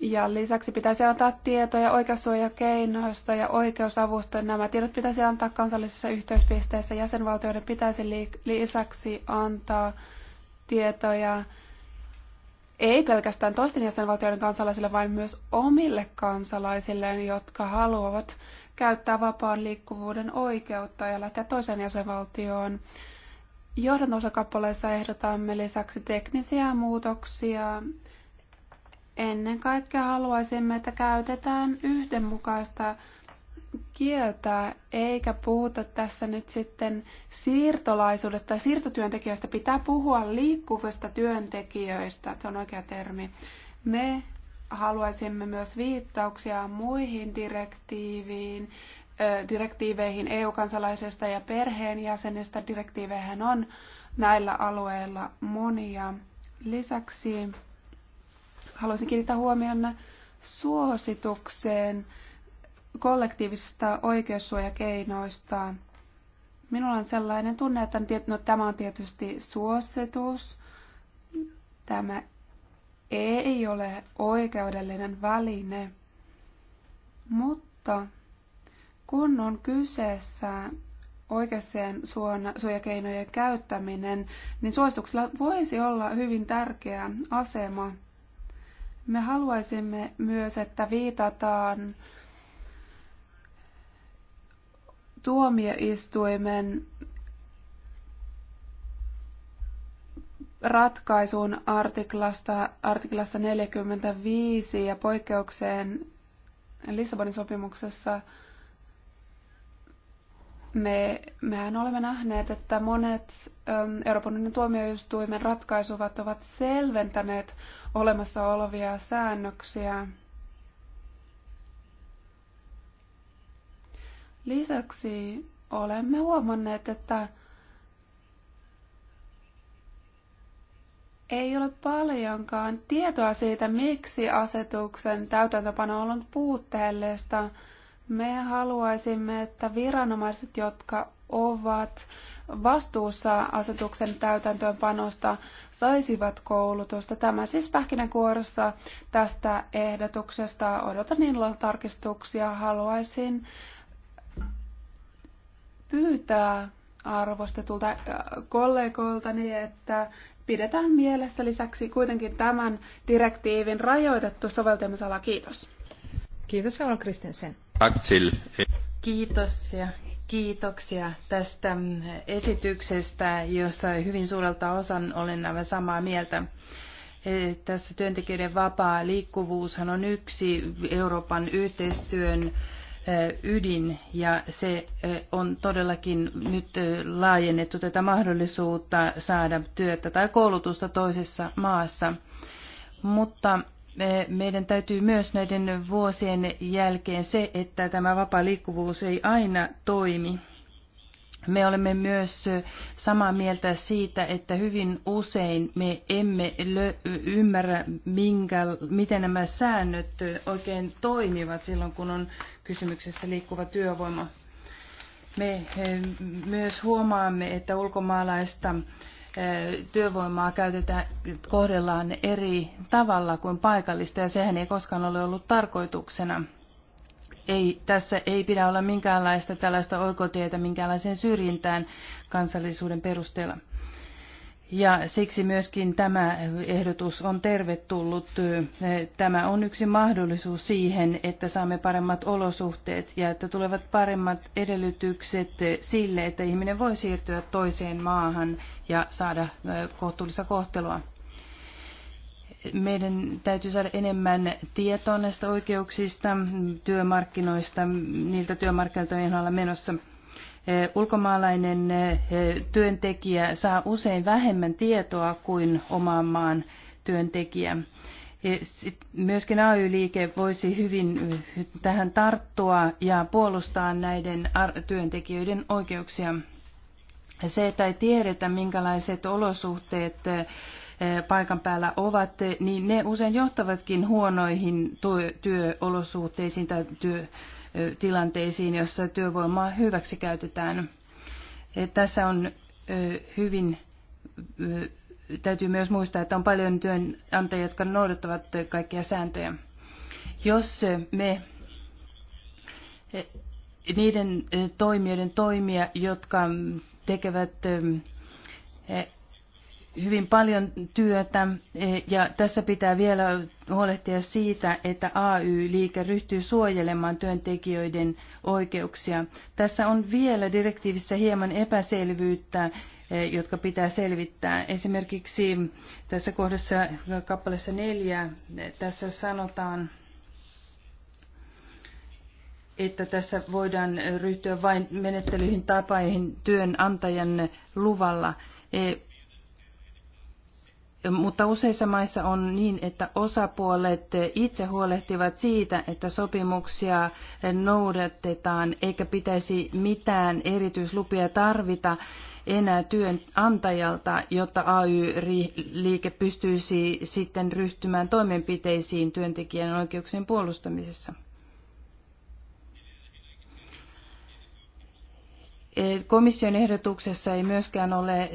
Ja lisäksi pitäisi antaa tietoja oikeussuojakeinoista ja oikeusavusta. Nämä tiedot pitäisi antaa kansallisissa yhteyspisteissä. Jäsenvaltioiden pitäisi lisäksi antaa tietoja ei pelkästään toisten jäsenvaltioiden kansalaisille, vaan myös omille kansalaisille, jotka haluavat käyttää vapaan liikkuvuuden oikeutta ja lähteä toiseen jäsenvaltioon. Johdantosakappaleessa ehdotamme lisäksi teknisiä muutoksia. Ennen kaikkea haluaisimme, että käytetään yhdenmukaista kieltää, eikä puhuta tässä nyt sitten siirtolaisuudesta tai siirtotyöntekijöistä. Pitää puhua liikkuvista työntekijöistä, se on oikea termi. Me haluaisimme myös viittauksia muihin direktiiviin, direktiiveihin EU-kansalaisesta ja perheenjäsenestä. Direktiiveihän on näillä alueilla monia. Lisäksi haluaisin kiinnittää huomionne suositukseen kollektiivisista oikeussuojakeinoista. Minulla on sellainen tunne, että no, tämä on tietysti suositus. Tämä ei ole oikeudellinen väline, mutta kun on kyseessä oikeaan suojakeinojen käyttäminen, niin suosituksella voisi olla hyvin tärkeä asema. Me haluaisimme myös, että viitataan tuomioistuimen ratkaisuun artiklasta, artiklassa 45 ja poikkeukseen Lissabonin sopimuksessa me, mehän olemme nähneet, että monet ähm, Euroopan unionin tuomioistuimen ratkaisuvat ovat selventäneet olemassa olevia säännöksiä. Lisäksi olemme huomanneet, että ei ole paljonkaan tietoa siitä, miksi asetuksen täytäntöpano on ollut puutteellista. Me haluaisimme, että viranomaiset, jotka ovat vastuussa asetuksen täytäntöönpanosta, saisivat koulutusta. Tämä siis pähkinäkuorossa tästä ehdotuksesta. Odotan innolla tarkistuksia. Haluaisin pyytää arvostetulta äh, kollegoiltani, että pidetään mielessä lisäksi kuitenkin tämän direktiivin rajoitettu soveltamisala. Kiitos. Kiitos, Ola Kristensen. Kiitos ja kiitoksia tästä mm, esityksestä, jossa hyvin suurelta osan olen aivan samaa mieltä. E, tässä työntekijöiden vapaa liikkuvuushan on yksi Euroopan yhteistyön ydin ja se on todellakin nyt laajennettu tätä mahdollisuutta saada työtä tai koulutusta toisessa maassa. Mutta meidän täytyy myös näiden vuosien jälkeen se, että tämä vapaa liikkuvuus ei aina toimi. Me olemme myös samaa mieltä siitä, että hyvin usein me emme ymmärrä, minkä, miten nämä säännöt oikein toimivat silloin, kun on kysymyksessä liikkuva työvoima. Me eh, myös huomaamme, että ulkomaalaista eh, työvoimaa käytetään, kohdellaan eri tavalla kuin paikallista, ja sehän ei koskaan ole ollut tarkoituksena ei, tässä ei pidä olla minkäänlaista tällaista oikotietä minkäänlaiseen syrjintään kansallisuuden perusteella. Ja siksi myöskin tämä ehdotus on tervetullut. Tämä on yksi mahdollisuus siihen, että saamme paremmat olosuhteet ja että tulevat paremmat edellytykset sille, että ihminen voi siirtyä toiseen maahan ja saada kohtuullista kohtelua meidän täytyy saada enemmän tietoa näistä oikeuksista työmarkkinoista, niiltä työmarkkinoilta on ollaan menossa. Eh, ulkomaalainen eh, työntekijä saa usein vähemmän tietoa kuin oman maan työntekijä. Eh, myöskin AY-liike voisi hyvin tähän tarttua ja puolustaa näiden työntekijöiden oikeuksia. Se, että ei tiedetä, minkälaiset olosuhteet paikan päällä ovat, niin ne usein johtavatkin huonoihin työolosuhteisiin tai työtilanteisiin, jossa työvoimaa hyväksi käytetään. E, tässä on hyvin täytyy myös muistaa, että on paljon työnantajia, jotka noudattavat kaikkia sääntöjä. Jos me e, niiden e, toimijoiden toimia, jotka tekevät hyvin paljon työtä eh, ja tässä pitää vielä huolehtia siitä, että AY-liike ryhtyy suojelemaan työntekijöiden oikeuksia. Tässä on vielä direktiivissä hieman epäselvyyttä, eh, jotka pitää selvittää. Esimerkiksi tässä kohdassa kappaleessa neljä eh, tässä sanotaan, että tässä voidaan ryhtyä vain menettelyihin tapaihin työnantajan luvalla mutta useissa maissa on niin, että osapuolet itse huolehtivat siitä, että sopimuksia noudatetaan, eikä pitäisi mitään erityislupia tarvita enää työnantajalta, jotta AY-liike pystyisi sitten ryhtymään toimenpiteisiin työntekijän oikeuksien puolustamisessa. Komission ehdotuksessa ei myöskään ole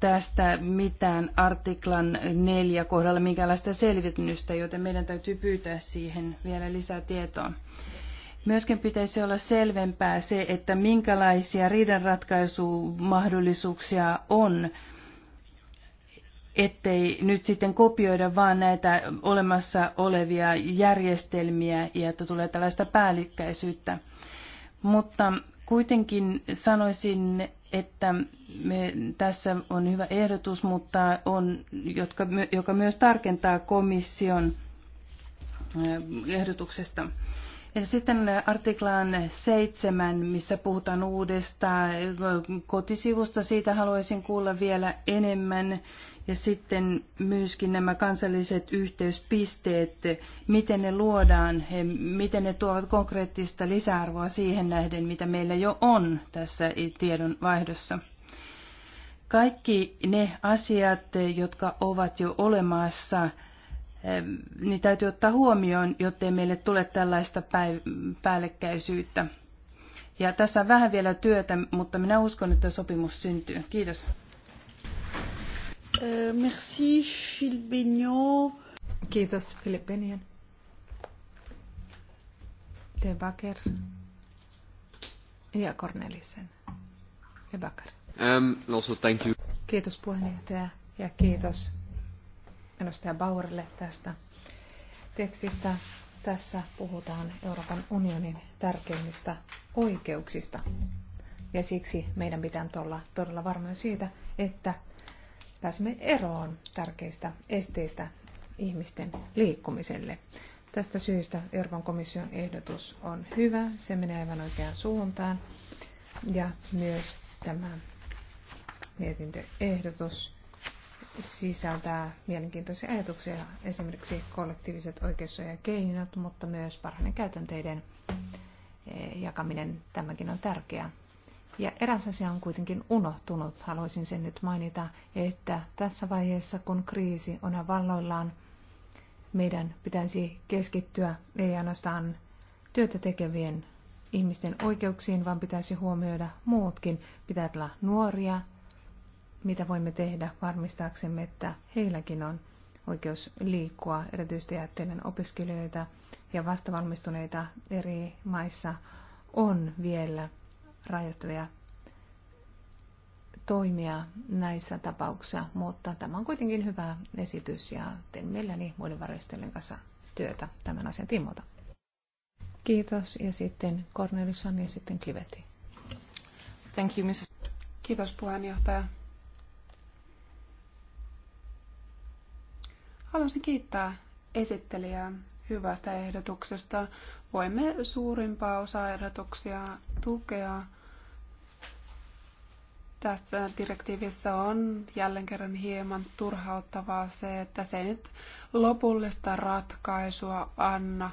tästä mitään artiklan 4 kohdalla minkäänlaista selvitystä, joten meidän täytyy pyytää siihen vielä lisää tietoa. Myöskin pitäisi olla selvempää se, että minkälaisia riidanratkaisumahdollisuuksia on, ettei nyt sitten kopioida vaan näitä olemassa olevia järjestelmiä ja että tulee tällaista päällikkäisyyttä. Mutta Kuitenkin sanoisin, että me, tässä on hyvä ehdotus, mutta on, jotka, joka myös tarkentaa komission eh, ehdotuksesta. Ja sitten artiklaan seitsemän, missä puhutaan uudesta eh, kotisivusta, siitä haluaisin kuulla vielä enemmän ja sitten myöskin nämä kansalliset yhteyspisteet, miten ne luodaan, miten ne tuovat konkreettista lisäarvoa siihen nähden, mitä meillä jo on tässä tiedonvaihdossa. Kaikki ne asiat, jotka ovat jo olemassa, eh, niin täytyy ottaa huomioon, jottei meille tule tällaista päällekkäisyyttä. Ja tässä on vähän vielä työtä, mutta minä uskon, että sopimus syntyy. Kiitos. Eh, merci, Kiitos, Filipinien. Debaker ja Cornelissen. Debaker. Um, also thank you. Kiitos puheenjohtaja ja kiitos edustaja Bauerille tästä tekstistä. Tässä puhutaan Euroopan unionin tärkeimmistä oikeuksista. Ja siksi meidän pitää olla todella varmoja siitä, että pääsemme eroon tärkeistä esteistä ihmisten liikkumiselle. Tästä syystä Euroopan komission ehdotus on hyvä, se menee aivan oikeaan suuntaan. Ja myös tämä mietintöehdotus sisältää mielenkiintoisia ajatuksia, esimerkiksi kollektiiviset oikeussuojakeinot, mutta myös parhaiden käytänteiden eh, jakaminen. Tämäkin on tärkeää. Ja eräs asia on kuitenkin unohtunut, haluaisin sen nyt mainita, että tässä vaiheessa, kun kriisi on valloillaan, meidän pitäisi keskittyä ei ainoastaan työtä tekevien ihmisten oikeuksiin, vaan pitäisi huomioida muutkin. Pitää olla nuoria, mitä voimme tehdä varmistaaksemme, että heilläkin on oikeus liikkua, erityisesti ajattelen opiskelijoita ja vastavalmistuneita eri maissa on vielä rajoittavia toimia näissä tapauksissa, mutta tämä on kuitenkin hyvä esitys ja teen mielelläni muiden varjostelijoiden kanssa työtä tämän asian tiimoilta. Kiitos ja sitten Cornelisson ja sitten Kliveti. Thank you, Mrs. Kiitos puheenjohtaja. Haluaisin kiittää esittelijää hyvästä ehdotuksesta. Voimme suurimpaa osaa ehdotuksia tukea. Tässä direktiivissä on jälleen kerran hieman turhauttavaa se, että se ei nyt lopullista ratkaisua anna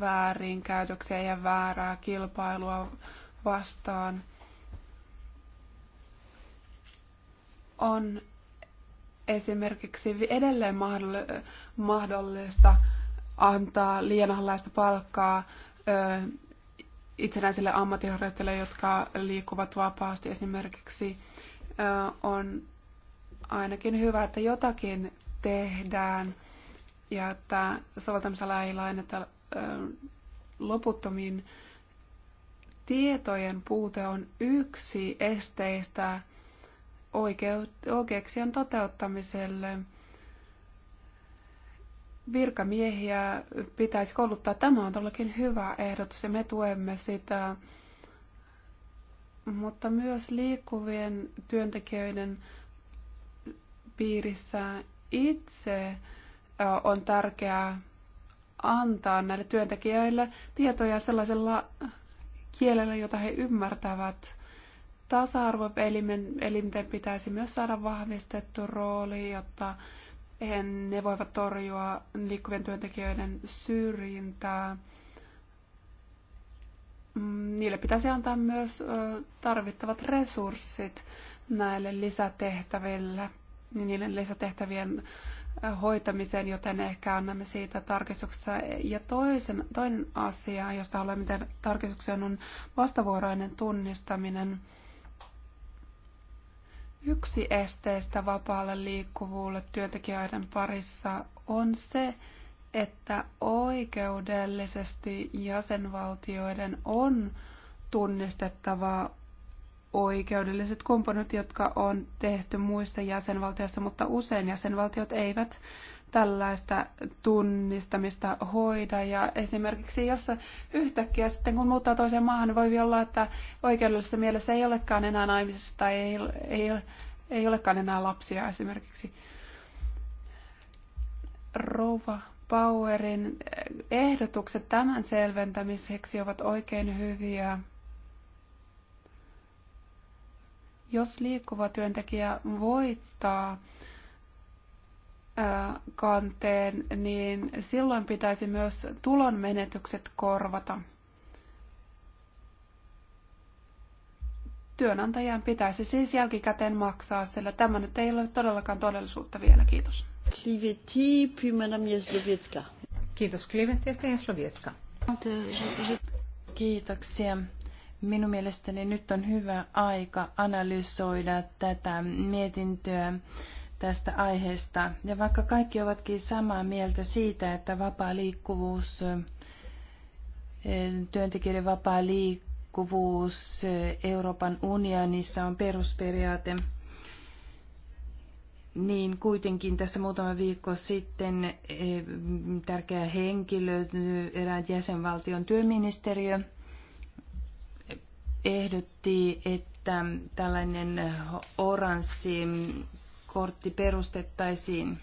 väärinkäytöksiä ja väärää kilpailua vastaan. On esimerkiksi edelleen mahdollista antaa liian alhaista palkkaa itsenäisille ammattiharjoittajille, jotka liikkuvat vapaasti esimerkiksi, on ainakin hyvä, että jotakin tehdään ja että soveltamisella ei lainata loputtomiin. Tietojen puute on yksi esteistä oikeuksien toteuttamiselle – virkamiehiä pitäisi kouluttaa. Tämä on todellakin hyvä ehdotus ja me tuemme sitä. Mutta myös liikkuvien työntekijöiden piirissä itse on tärkeää antaa näille työntekijöille tietoja sellaisella kielellä, jota he ymmärtävät. tasa arvoelimen pitäisi myös saada vahvistettu rooli, jotta ne voivat torjua liikkuvien työntekijöiden syrjintää. Mm, niille pitäisi antaa myös tarvittavat resurssit näille lisätehtäville, niin niiden lisätehtävien hoitamiseen, joten ehkä annamme siitä tarkistuksessa. Ja toisen, toinen asia, josta haluamme tehdä tarkistuksen, on vastavuoroinen tunnistaminen. Yksi esteistä vapaalle liikkuvuudelle työntekijöiden parissa on se, että oikeudellisesti jäsenvaltioiden on tunnistettava oikeudelliset komponentit, jotka on tehty muissa jäsenvaltioissa, mutta usein jäsenvaltiot eivät tällaista tunnistamista hoida. Ja esimerkiksi jos yhtäkkiä sitten kun muuttaa toiseen maahan, niin voi olla, että oikeudellisessa mielessä ei olekaan enää naimisessa tai ei, ei, ei olekaan enää lapsia esimerkiksi. Rouva Powerin ehdotukset tämän selventämiseksi ovat oikein hyviä. Jos liikkuva työntekijä voittaa, kanteen, niin silloin pitäisi myös tulon menetykset korvata. Työnantajan pitäisi siis jälkikäteen maksaa, sillä tämä nyt ei ole todellakaan todellisuutta vielä. Kiitos. Kliveti, puis Madame Kiitos Kliveti ja Jaslovietska. Kiitoksia. Minun mielestäni nyt on hyvä aika analysoida tätä mietintöä tästä aiheesta. Ja vaikka kaikki ovatkin samaa mieltä siitä, että vapaa liikkuvuus, työntekijöiden vapaa liikkuvuus Euroopan unionissa on perusperiaate, niin kuitenkin tässä muutama viikko sitten tärkeä henkilö, erään jäsenvaltion työministeriö, ehdotti, että tällainen oranssi kortti perustettaisiin.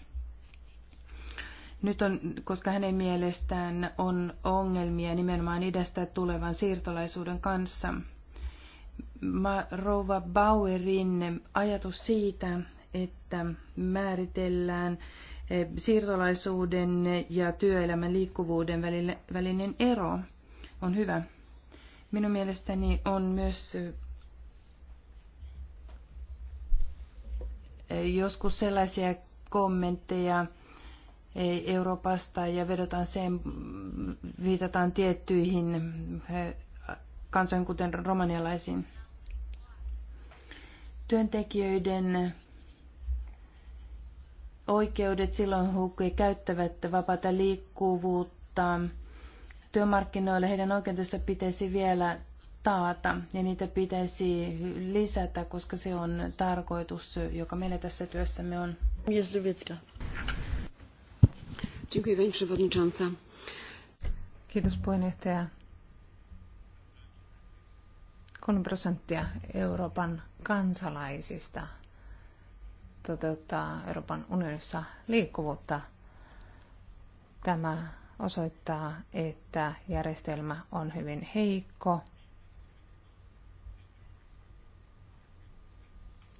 Nyt on, koska hänen mielestään on ongelmia nimenomaan idästä tulevan siirtolaisuuden kanssa. ma Rouva Bauerin ajatus siitä, että määritellään e, siirtolaisuuden ja työelämän liikkuvuuden välinen ero on hyvä. Minun mielestäni on myös joskus sellaisia kommentteja Euroopasta ja vedotaan sen, viitataan tiettyihin kansoihin, kuten romanialaisiin. Työntekijöiden oikeudet silloin, kun he käyttävät vapaata liikkuvuutta työmarkkinoilla heidän oikeutensa pitäisi vielä taata ja niitä pitäisi lisätä, koska se on tarkoitus, joka meillä tässä työssämme on. Kiitos puheenjohtaja. 3 prosenttia Euroopan kansalaisista toteuttaa Euroopan unionissa liikkuvuutta. Tämä osoittaa, että järjestelmä on hyvin heikko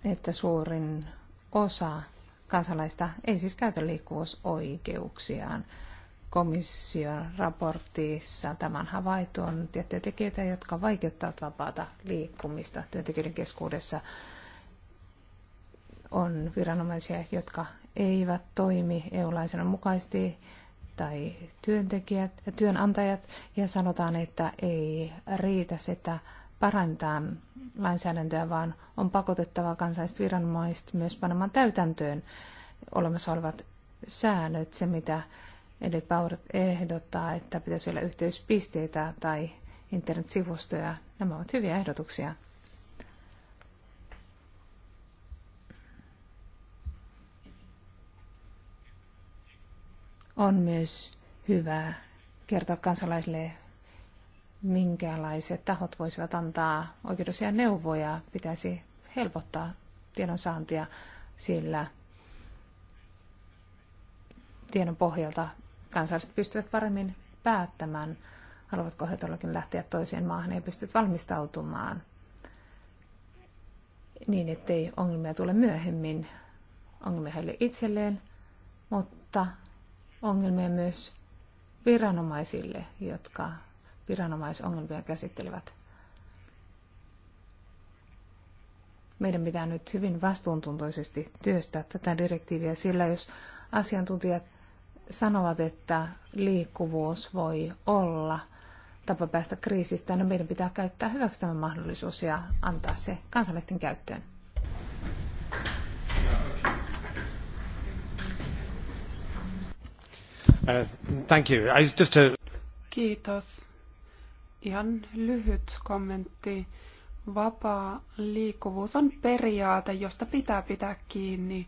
että suurin osa kansalaista ei siis käytä liikkuvuusoikeuksiaan. Komission raportissa tämän havaitu on tiettyjä tekijöitä, jotka vaikeuttavat vapaata liikkumista työntekijöiden keskuudessa. On viranomaisia, jotka eivät toimi EU-lainsäädännön mukaisesti tai työntekijät ja työnantajat ja sanotaan, että ei riitä sitä. että parantaa lainsäädäntöä, vaan on pakotettava kansalliset viranomaiset myös panemaan täytäntöön olemassa olevat säännöt, se mitä Edith Bauer ehdottaa, että pitäisi olla yhteyspisteitä tai internetsivustoja. Nämä ovat hyviä ehdotuksia. On myös hyvä kertoa kansalaisille minkälaiset tahot voisivat antaa oikeudellisia neuvoja. Pitäisi helpottaa tiedonsaantia, sillä tiedon pohjalta kansalaiset pystyvät paremmin päättämään, haluavatko he todellakin lähteä toiseen maahan ja pystyvät valmistautumaan niin, ettei ongelmia tule myöhemmin ongelmia heille itselleen, mutta ongelmia myös viranomaisille, jotka viranomaisongelmia käsittelevät. Meidän pitää nyt hyvin vastuuntuntoisesti työstää tätä direktiiviä, sillä jos asiantuntijat sanovat, että liikkuvuus voi olla tapa päästä kriisistä, niin meidän pitää käyttää hyväksi tämä mahdollisuus ja antaa se kansalaisten käyttöön. Uh, uh, Kiitos. Ihan lyhyt kommentti. Vapaa liikkuvuus on periaate, josta pitää pitää kiinni.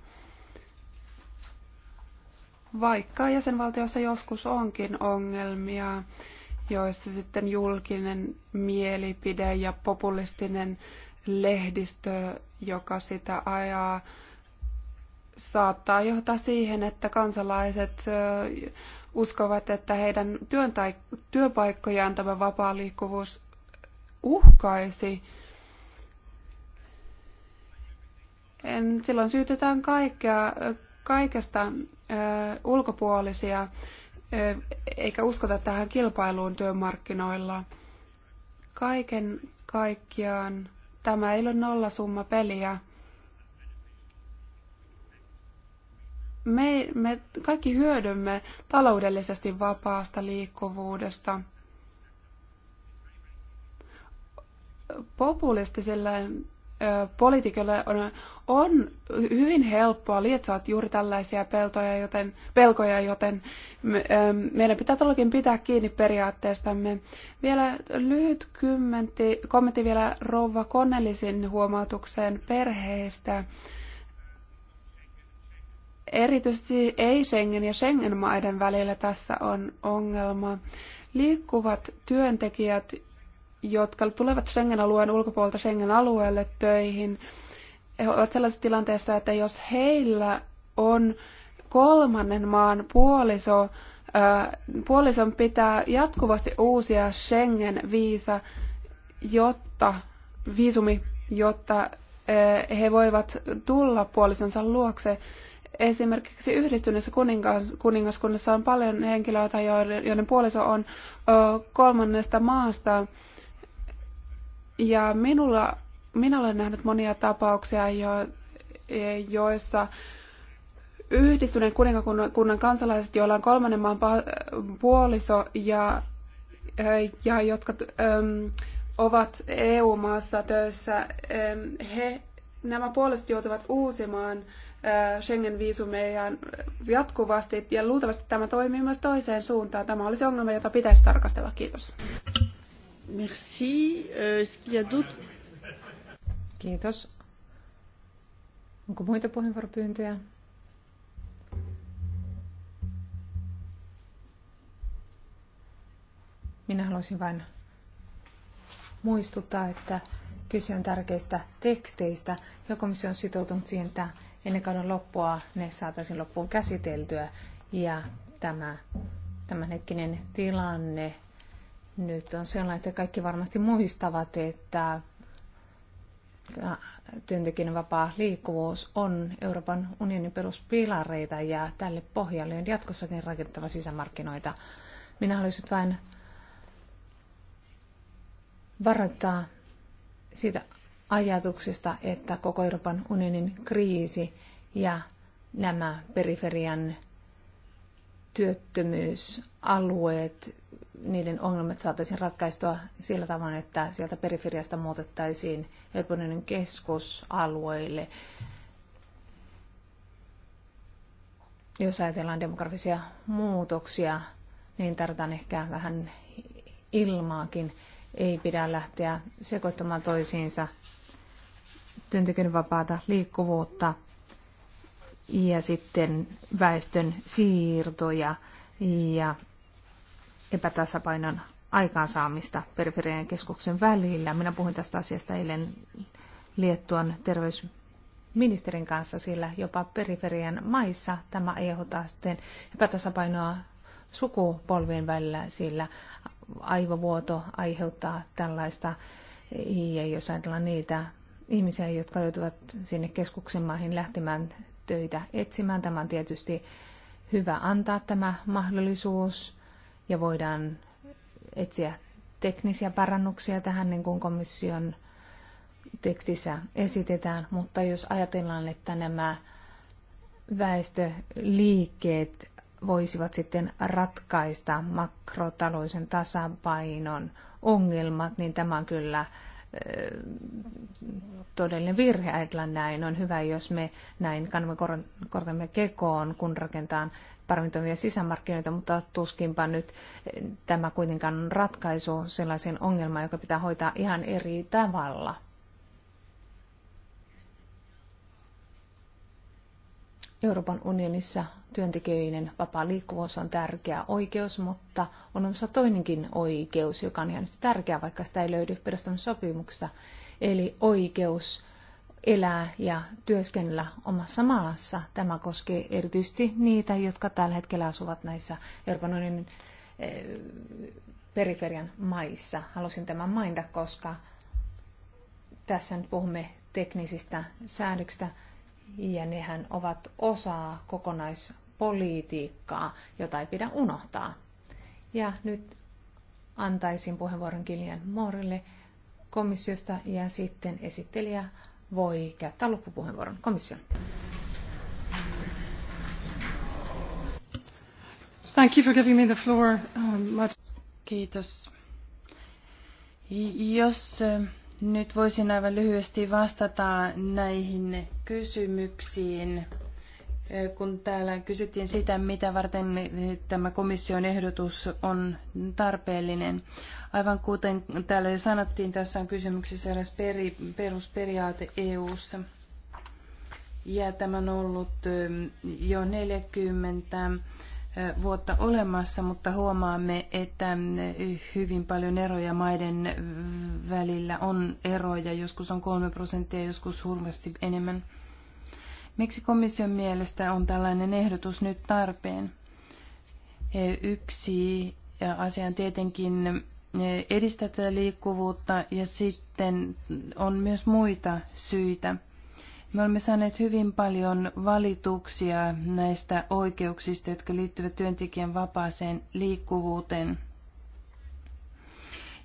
Vaikka jäsenvaltiossa joskus onkin ongelmia, joissa sitten julkinen mielipide ja populistinen lehdistö, joka sitä ajaa, saattaa johtaa siihen, että kansalaiset uskovat, että heidän työn tai, työpaikkojaan tämä vapaa liikkuvuus uhkaisi. En, silloin syytetään kaikkea, kaikesta ö, ulkopuolisia, ö, eikä uskota tähän kilpailuun työmarkkinoilla. Kaiken kaikkiaan tämä ei ole nollasumma peliä me, me kaikki hyödymme taloudellisesti vapaasta liikkuvuudesta. Populistisille poliitikoille on, on hyvin helppoa lietsoa juuri tällaisia peltoja, joten, pelkoja, joten me, meidän pitää todellakin pitää kiinni periaatteestamme. Vielä lyhyt kymmenti kommentti vielä rouva Konnellisin huomautukseen perheestä. Erityisesti ei-Schengen ja Schengen-maiden välillä tässä on ongelma. Liikkuvat työntekijät, jotka tulevat Schengen-alueen ulkopuolelta Schengen-alueelle töihin, ovat sellaisessa tilanteessa, että jos heillä on kolmannen maan puoliso, puolison pitää jatkuvasti uusia Schengen-viisa, jotta, viisumi, jotta he voivat tulla puolisonsa luokse. Esimerkiksi yhdistyneessä kuningaskunnassa on paljon henkilöitä, joiden puoliso on kolmannesta maasta. Ja minulla, minä olen nähnyt monia tapauksia, jo, joissa yhdistyneen kuningakunnan kansalaiset, joilla on kolmannen maan puoliso ja, ja jotka äm, ovat EU-maassa töissä, äm, he, nämä puolisot joutuvat uusimaan Äh, Schengen-viisumeiaan äh, jatkuvasti ja luultavasti tämä toimii myös toiseen suuntaan. Tämä olisi ongelma, jota pitäisi tarkastella. Kiitos. Merci. Äh, Kiitos. Onko muita puheenvuoropyyntöjä? Minä haluaisin vain muistuttaa, että kyse on tärkeistä teksteistä ja komissio on sitoutunut siihen, että ennen kauden loppua ne saataisiin loppuun käsiteltyä ja tämä tämänhetkinen tilanne nyt on sellainen, että kaikki varmasti muistavat, että työntekijän vapaa liikkuvuus on Euroopan unionin peruspilareita ja tälle pohjalle on jatkossakin rakennettava sisämarkkinoita. Minä haluaisin vain varoittaa siitä ajatuksesta, että koko Euroopan unionin kriisi ja nämä periferian työttömyysalueet, niiden ongelmat saataisiin ratkaistua sillä tavoin, että sieltä periferiasta muutettaisiin Euroopan unionin keskusalueille. Jos ajatellaan demografisia muutoksia, niin tarvitaan ehkä vähän ilmaakin. Ei pidä lähteä sekoittamaan toisiinsa – työntekijän vapaata liikkuvuutta ja sitten väestön siirtoja ja epätasapainon aikaansaamista periferian keskuksen välillä. Minä puhuin tästä asiasta eilen Liettuan terveysministerin kanssa, sillä jopa periferian maissa tämä aiheuttaa sitten epätasapainoa sukupolvien välillä, sillä aivovuoto aiheuttaa tällaista ja jos ajatellaan niitä ihmisiä, jotka joutuvat sinne keskuksen maihin lähtemään töitä etsimään. Tämä on tietysti hyvä antaa tämä mahdollisuus ja voidaan etsiä teknisiä parannuksia tähän, niin kuin komission tekstissä esitetään, mutta jos ajatellaan, että nämä väestöliikkeet voisivat sitten ratkaista makrotaloisen tasapainon ongelmat, niin tämä on kyllä todellinen virhe ajatella näin. On hyvä, jos me näin kannamme kortemme kekoon, kun rakentaan parvintomia sisämarkkinoita, mutta tuskinpa nyt tämä kuitenkaan on ratkaisu sellaiseen ongelmaan, joka pitää hoitaa ihan eri tavalla. Euroopan unionissa työntekijöiden vapaa liikkuvuus on tärkeä oikeus, mutta on olemassa toinenkin oikeus, joka on ihan tärkeä, vaikka sitä ei löydy perustamissopimuksesta, eli oikeus elää ja työskennellä omassa maassa. Tämä koskee erityisesti niitä, jotka tällä hetkellä asuvat näissä Euroopan unionin eh, periferian maissa. Halusin tämän mainita, koska tässä nyt puhumme teknisistä säädöksistä, ja nehän ovat osa kokonaispolitiikkaa, jota ei pidä unohtaa. Ja nyt antaisin puheenvuoron Kilian Moorille komissiosta ja sitten esittelijä voi käyttää loppupuheenvuoron komission. Thank you for giving me the floor. Um, Kiitos. Jos nyt voisin aivan lyhyesti vastata näihin kysymyksiin, kun täällä kysyttiin sitä, mitä varten tämä komission ehdotus on tarpeellinen. Aivan kuten täällä jo sanottiin, tässä on kysymyksessä eräs peri, perusperiaate EU:ssa. Ja tämä on ollut jo 40 vuotta olemassa, mutta huomaamme, että hyvin paljon eroja maiden välillä on eroja. Joskus on 3 prosenttia, joskus hurmasti enemmän. Miksi komission mielestä on tällainen ehdotus nyt tarpeen? Yksi asia on tietenkin edistää tätä liikkuvuutta ja sitten on myös muita syitä – me olemme saaneet hyvin paljon valituksia näistä oikeuksista, jotka liittyvät työntekijän vapaaseen liikkuvuuteen.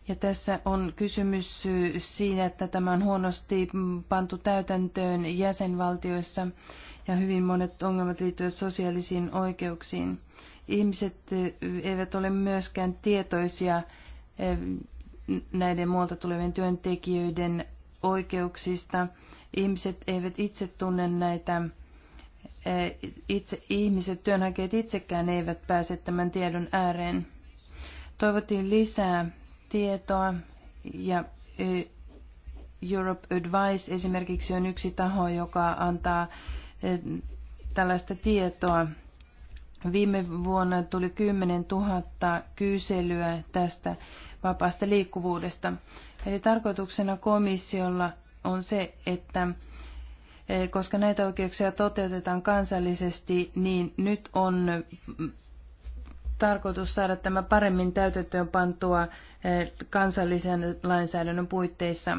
Ja tässä on kysymys siinä, että tämä on huonosti pantu täytäntöön jäsenvaltioissa ja hyvin monet ongelmat liittyvät sosiaalisiin oikeuksiin. Ihmiset eivät ole myöskään tietoisia eh, näiden muualta tulevien työntekijöiden oikeuksista Ihmiset eivät itse tunne näitä, e, itse, ihmiset, työnhakijat itsekään eivät pääse tämän tiedon ääreen. Toivottiin lisää tietoa ja e, Europe Advice esimerkiksi on yksi taho, joka antaa e, tällaista tietoa. Viime vuonna tuli 10 000 kyselyä tästä vapaasta liikkuvuudesta. Eli tarkoituksena komissiolla on se, että eh, koska näitä oikeuksia toteutetaan kansallisesti, niin nyt on mm, tarkoitus saada tämä paremmin täytettyön pantua eh, kansallisen lainsäädännön puitteissa.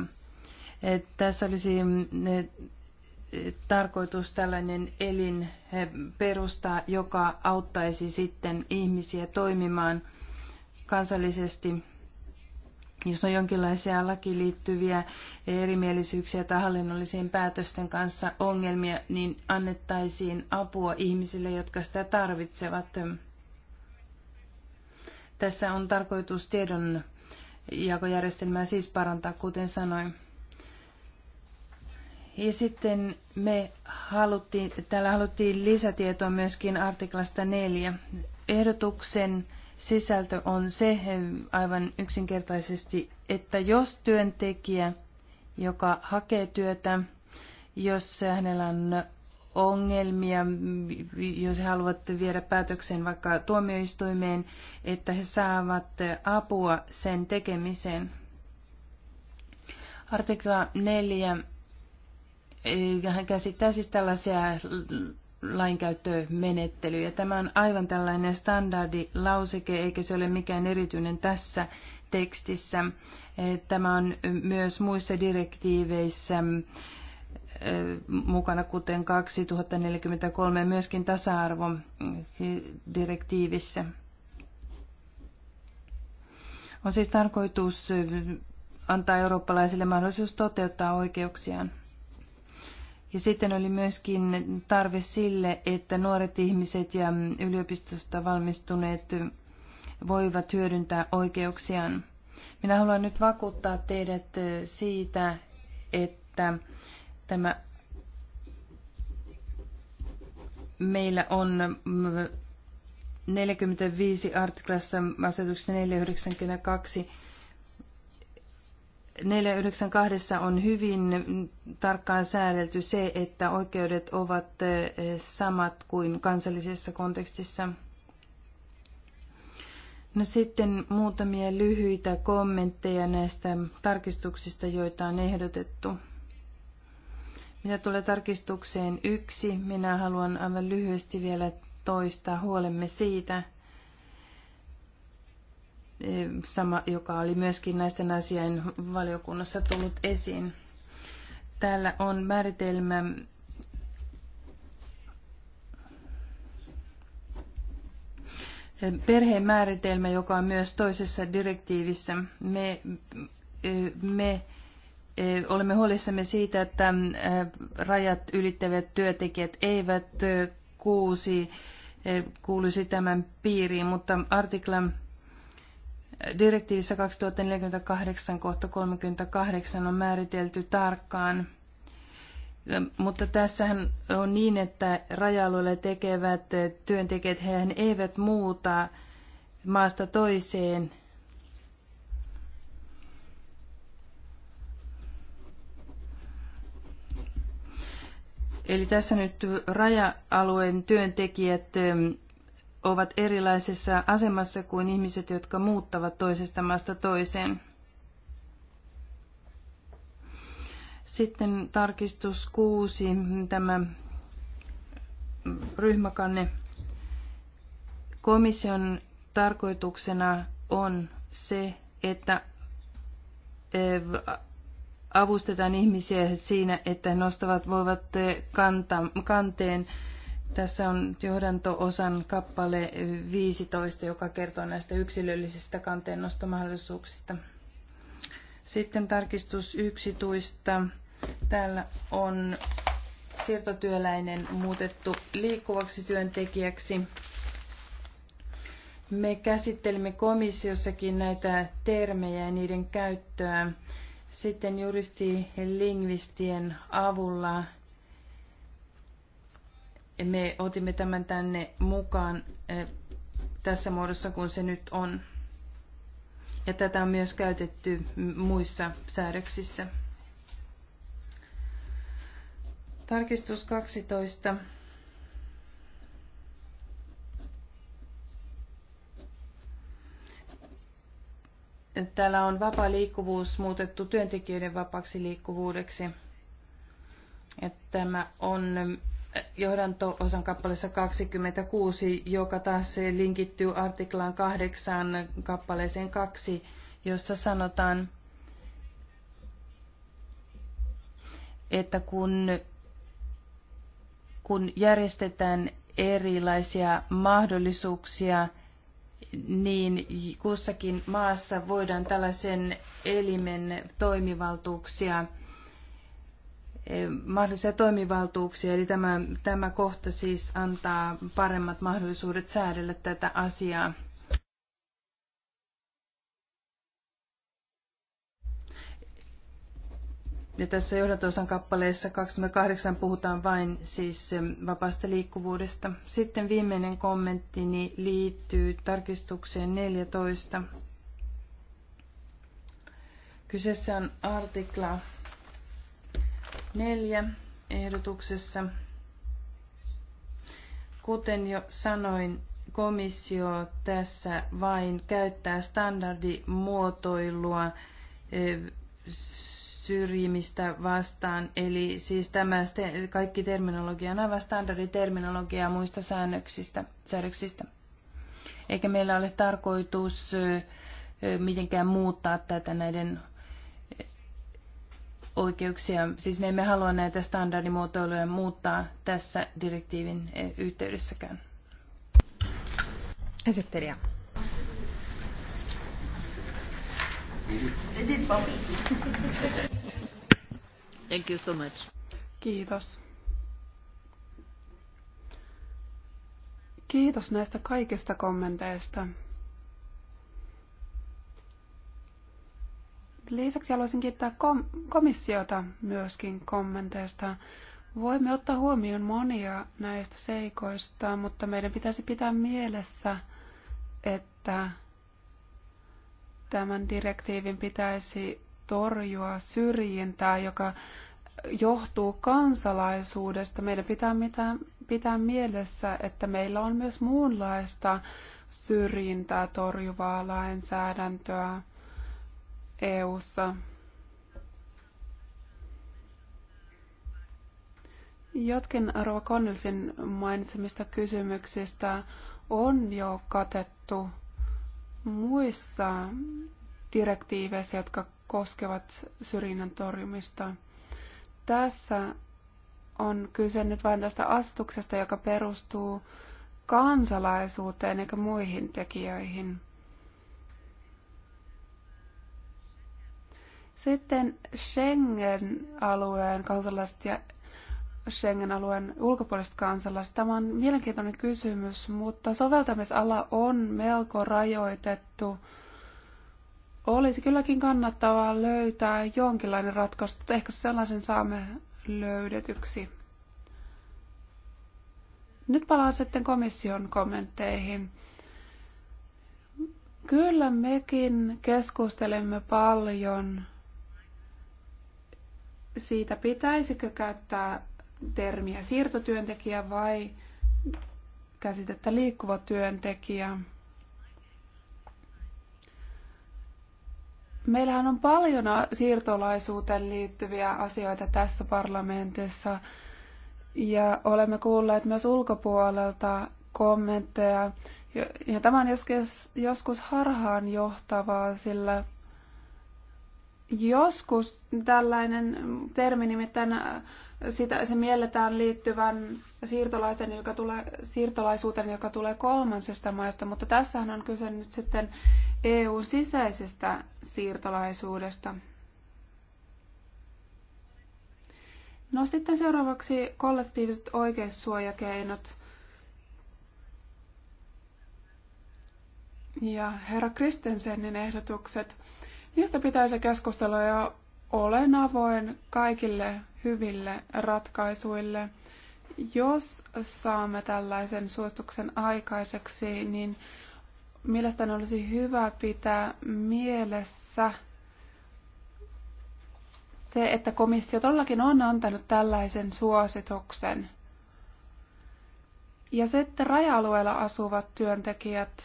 Eh, tässä olisi mm, tarkoitus tällainen elin perustaa, joka auttaisi sitten ihmisiä toimimaan kansallisesti jos on jonkinlaisia lakiin liittyviä erimielisyyksiä tai hallinnollisiin päätösten kanssa ongelmia, niin annettaisiin apua ihmisille, jotka sitä tarvitsevat. Tässä on tarkoitus tiedon jakojärjestelmää siis parantaa, kuten sanoin. Ja sitten me haluttiin, täällä haluttiin lisätietoa myöskin artiklasta 4. Ehdotuksen sisältö on se aivan yksinkertaisesti, että jos työntekijä, joka hakee työtä, jos hänellä on ongelmia, jos he haluavat viedä päätöksen vaikka tuomioistuimeen, että he saavat apua sen tekemiseen. Artikla 4 eh, hän käsittää siis tällaisia lainkäyttömenettely. Ja tämä on aivan tällainen standardilauseke, eikä se ole mikään erityinen tässä tekstissä. Eh, tämä on myös muissa direktiiveissä eh, mukana, kuten 2043 myöskin tasa-arvodirektiivissä. Eh, on siis tarkoitus antaa eurooppalaisille mahdollisuus toteuttaa oikeuksiaan. Ja sitten oli myöskin tarve sille, että nuoret ihmiset ja yliopistosta valmistuneet voivat hyödyntää oikeuksiaan. Minä haluan nyt vakuuttaa teidät siitä, että tämä meillä on 45 artiklassa asetuksessa 492 492 on hyvin tarkkaan säädelty se, että oikeudet ovat eh, samat kuin kansallisessa kontekstissa. No sitten muutamia lyhyitä kommentteja näistä tarkistuksista, joita on ehdotettu. Mitä tulee tarkistukseen yksi, minä haluan aivan lyhyesti vielä toistaa huolemme siitä, Eh, sama, joka oli myöskin naisten asiain valiokunnassa tullut esiin. Täällä on määritelmä eh, perheen määritelmä, joka on myös toisessa direktiivissä. Me, eh, me olemme huolissamme siitä, että rajat ylittävät työntekijät eivät kuusi kuuluisi tämän piiriin, mutta artiklan Direktiivissä 2048 kohta 38 on määritelty tarkkaan, mutta tässähän on niin, että raja tekevät työntekijät, he eivät muuta maasta toiseen. Eli tässä nyt raja-alueen työntekijät ovat erilaisessa asemassa kuin ihmiset, jotka muuttavat toisesta maasta toiseen. Sitten tarkistus kuusi, tämä ryhmäkanne. Komission tarkoituksena on se, että e, avustetaan ihmisiä siinä, että he nostavat, voivat e, kantaa, kanteen tässä on johdanto-osan kappale 15, joka kertoo näistä yksilöllisistä kanteennostomahdollisuuksista. Sitten tarkistus 11. Täällä on siirtotyöläinen muutettu liikkuvaksi työntekijäksi. Me käsittelimme komissiossakin näitä termejä ja niiden käyttöä. Sitten juristi lingvistien avulla me otimme tämän tänne mukaan eh, tässä muodossa, kun se nyt on. Ja tätä on myös käytetty muissa säädöksissä. Tarkistus 12. Täällä on vapaa liikkuvuus muutettu työntekijöiden vapaaksi liikkuvuudeksi. Tämä on johdanto-osan kappaleessa 26, joka taas linkittyy artiklaan 8 kappaleeseen 2, jossa sanotaan, että kun, kun järjestetään erilaisia mahdollisuuksia, niin kussakin maassa voidaan tällaisen elimen toimivaltuuksia – Eh, mahdollisia toimivaltuuksia. Eli tämä, tämä kohta siis antaa paremmat mahdollisuudet säädellä tätä asiaa. Ja tässä johdantosan kappaleessa 28 puhutaan vain siis eh, vapaasta liikkuvuudesta. Sitten viimeinen kommenttini liittyy tarkistukseen 14. Kyseessä on artikla 4 ehdotuksessa. Kuten jo sanoin, komissio tässä vain käyttää standardimuotoilua syrjimistä vastaan. Eli siis tämä kaikki terminologia on aivan standarditerminologia muista säännöksistä, säädöksistä. Eikä meillä ole tarkoitus mitenkään muuttaa tätä näiden oikeuksia. Siis me emme halua näitä standardimuotoiluja muuttaa tässä direktiivin eh, yhteydessäkään. Esittelijä. Thank you so much. Kiitos. Kiitos näistä kaikista kommenteista. Lisäksi haluaisin kiittää kom- komissiota myöskin kommenteista. Voimme ottaa huomioon monia näistä seikoista, mutta meidän pitäisi pitää mielessä, että tämän direktiivin pitäisi torjua syrjintää, joka johtuu kansalaisuudesta. Meidän pitää pitää, pitää mielessä, että meillä on myös muunlaista syrjintää torjuvaa lainsäädäntöä. EU:ssa. Jotkin Rova Connellsin mainitsemista kysymyksistä on jo katettu muissa direktiiveissä, jotka koskevat syrjinnän torjumista. Tässä on kyse nyt vain tästä astuksesta, joka perustuu kansalaisuuteen eikä muihin tekijöihin. Sitten Schengen-alueen kansalaiset ja Schengen-alueen ulkopuoliset kansalaiset. Tämä on mielenkiintoinen kysymys, mutta soveltamisala on melko rajoitettu. Olisi kylläkin kannattavaa löytää jonkinlainen ratkaisu, mutta ehkä sellaisen saamme löydetyksi. Nyt palaan sitten komission kommentteihin. Kyllä mekin keskustelemme paljon siitä, pitäisikö käyttää termiä siirtotyöntekijä vai käsitettä liikkuva työntekijä. Meillähän on paljon siirtolaisuuteen liittyviä asioita tässä parlamentissa ja olemme kuulleet myös ulkopuolelta kommentteja. Ja tämä on joskus, joskus harhaan johtavaa, sillä Joskus tällainen termi nimittäin äh, sitä, se mielletään liittyvän siirtolaisen, joka tulee, siirtolaisuuteen, joka tulee kolmansista maista, mutta tässähän on kyse nyt sitten EU-sisäisestä siirtolaisuudesta. No sitten seuraavaksi kollektiiviset oikeussuojakeinot. Ja herra Kristensenin ehdotukset – Niistä pitäisi keskustella ja olen avoin kaikille hyville ratkaisuille. Jos saamme tällaisen suostuksen aikaiseksi, niin mielestäni olisi hyvä pitää mielessä se, että komissio todellakin on antanut tällaisen suosituksen. Ja sitten raja-alueella asuvat työntekijät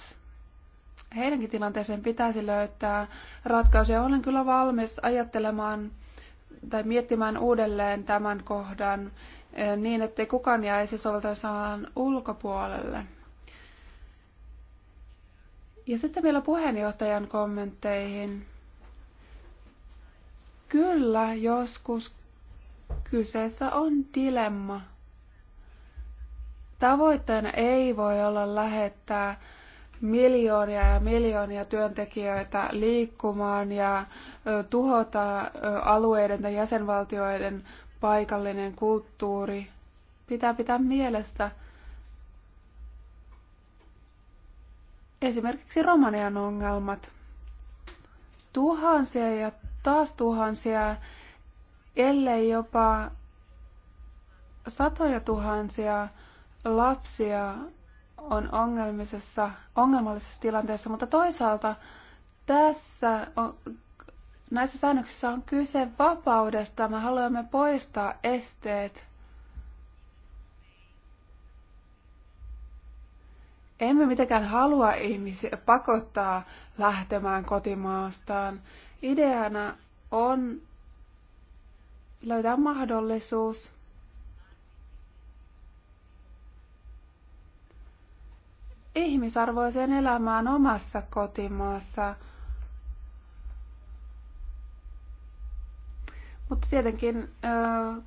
heidänkin tilanteeseen pitäisi löytää ratkaisuja. Olen kyllä valmis ajattelemaan tai miettimään uudelleen tämän kohdan eh, niin, ettei kukaan jäisi soveltamisalan ulkopuolelle. Ja sitten vielä puheenjohtajan kommentteihin. Kyllä, joskus kyseessä on dilemma. Tavoitteena ei voi olla lähettää miljoonia ja miljoonia työntekijöitä liikkumaan ja tuhota alueiden tai jäsenvaltioiden paikallinen kulttuuri. Pitää pitää mielessä esimerkiksi Romanian ongelmat. Tuhansia ja taas tuhansia, ellei jopa satoja tuhansia lapsia on ongelmisessa, ongelmallisessa tilanteessa, mutta toisaalta tässä on, näissä säännöksissä on kyse vapaudesta. Me haluamme poistaa esteet. Emme mitenkään halua ihmisiä pakottaa lähtemään kotimaastaan. Ideana on löytää mahdollisuus ihmisarvoiseen elämään omassa kotimaassa. Mutta tietenkin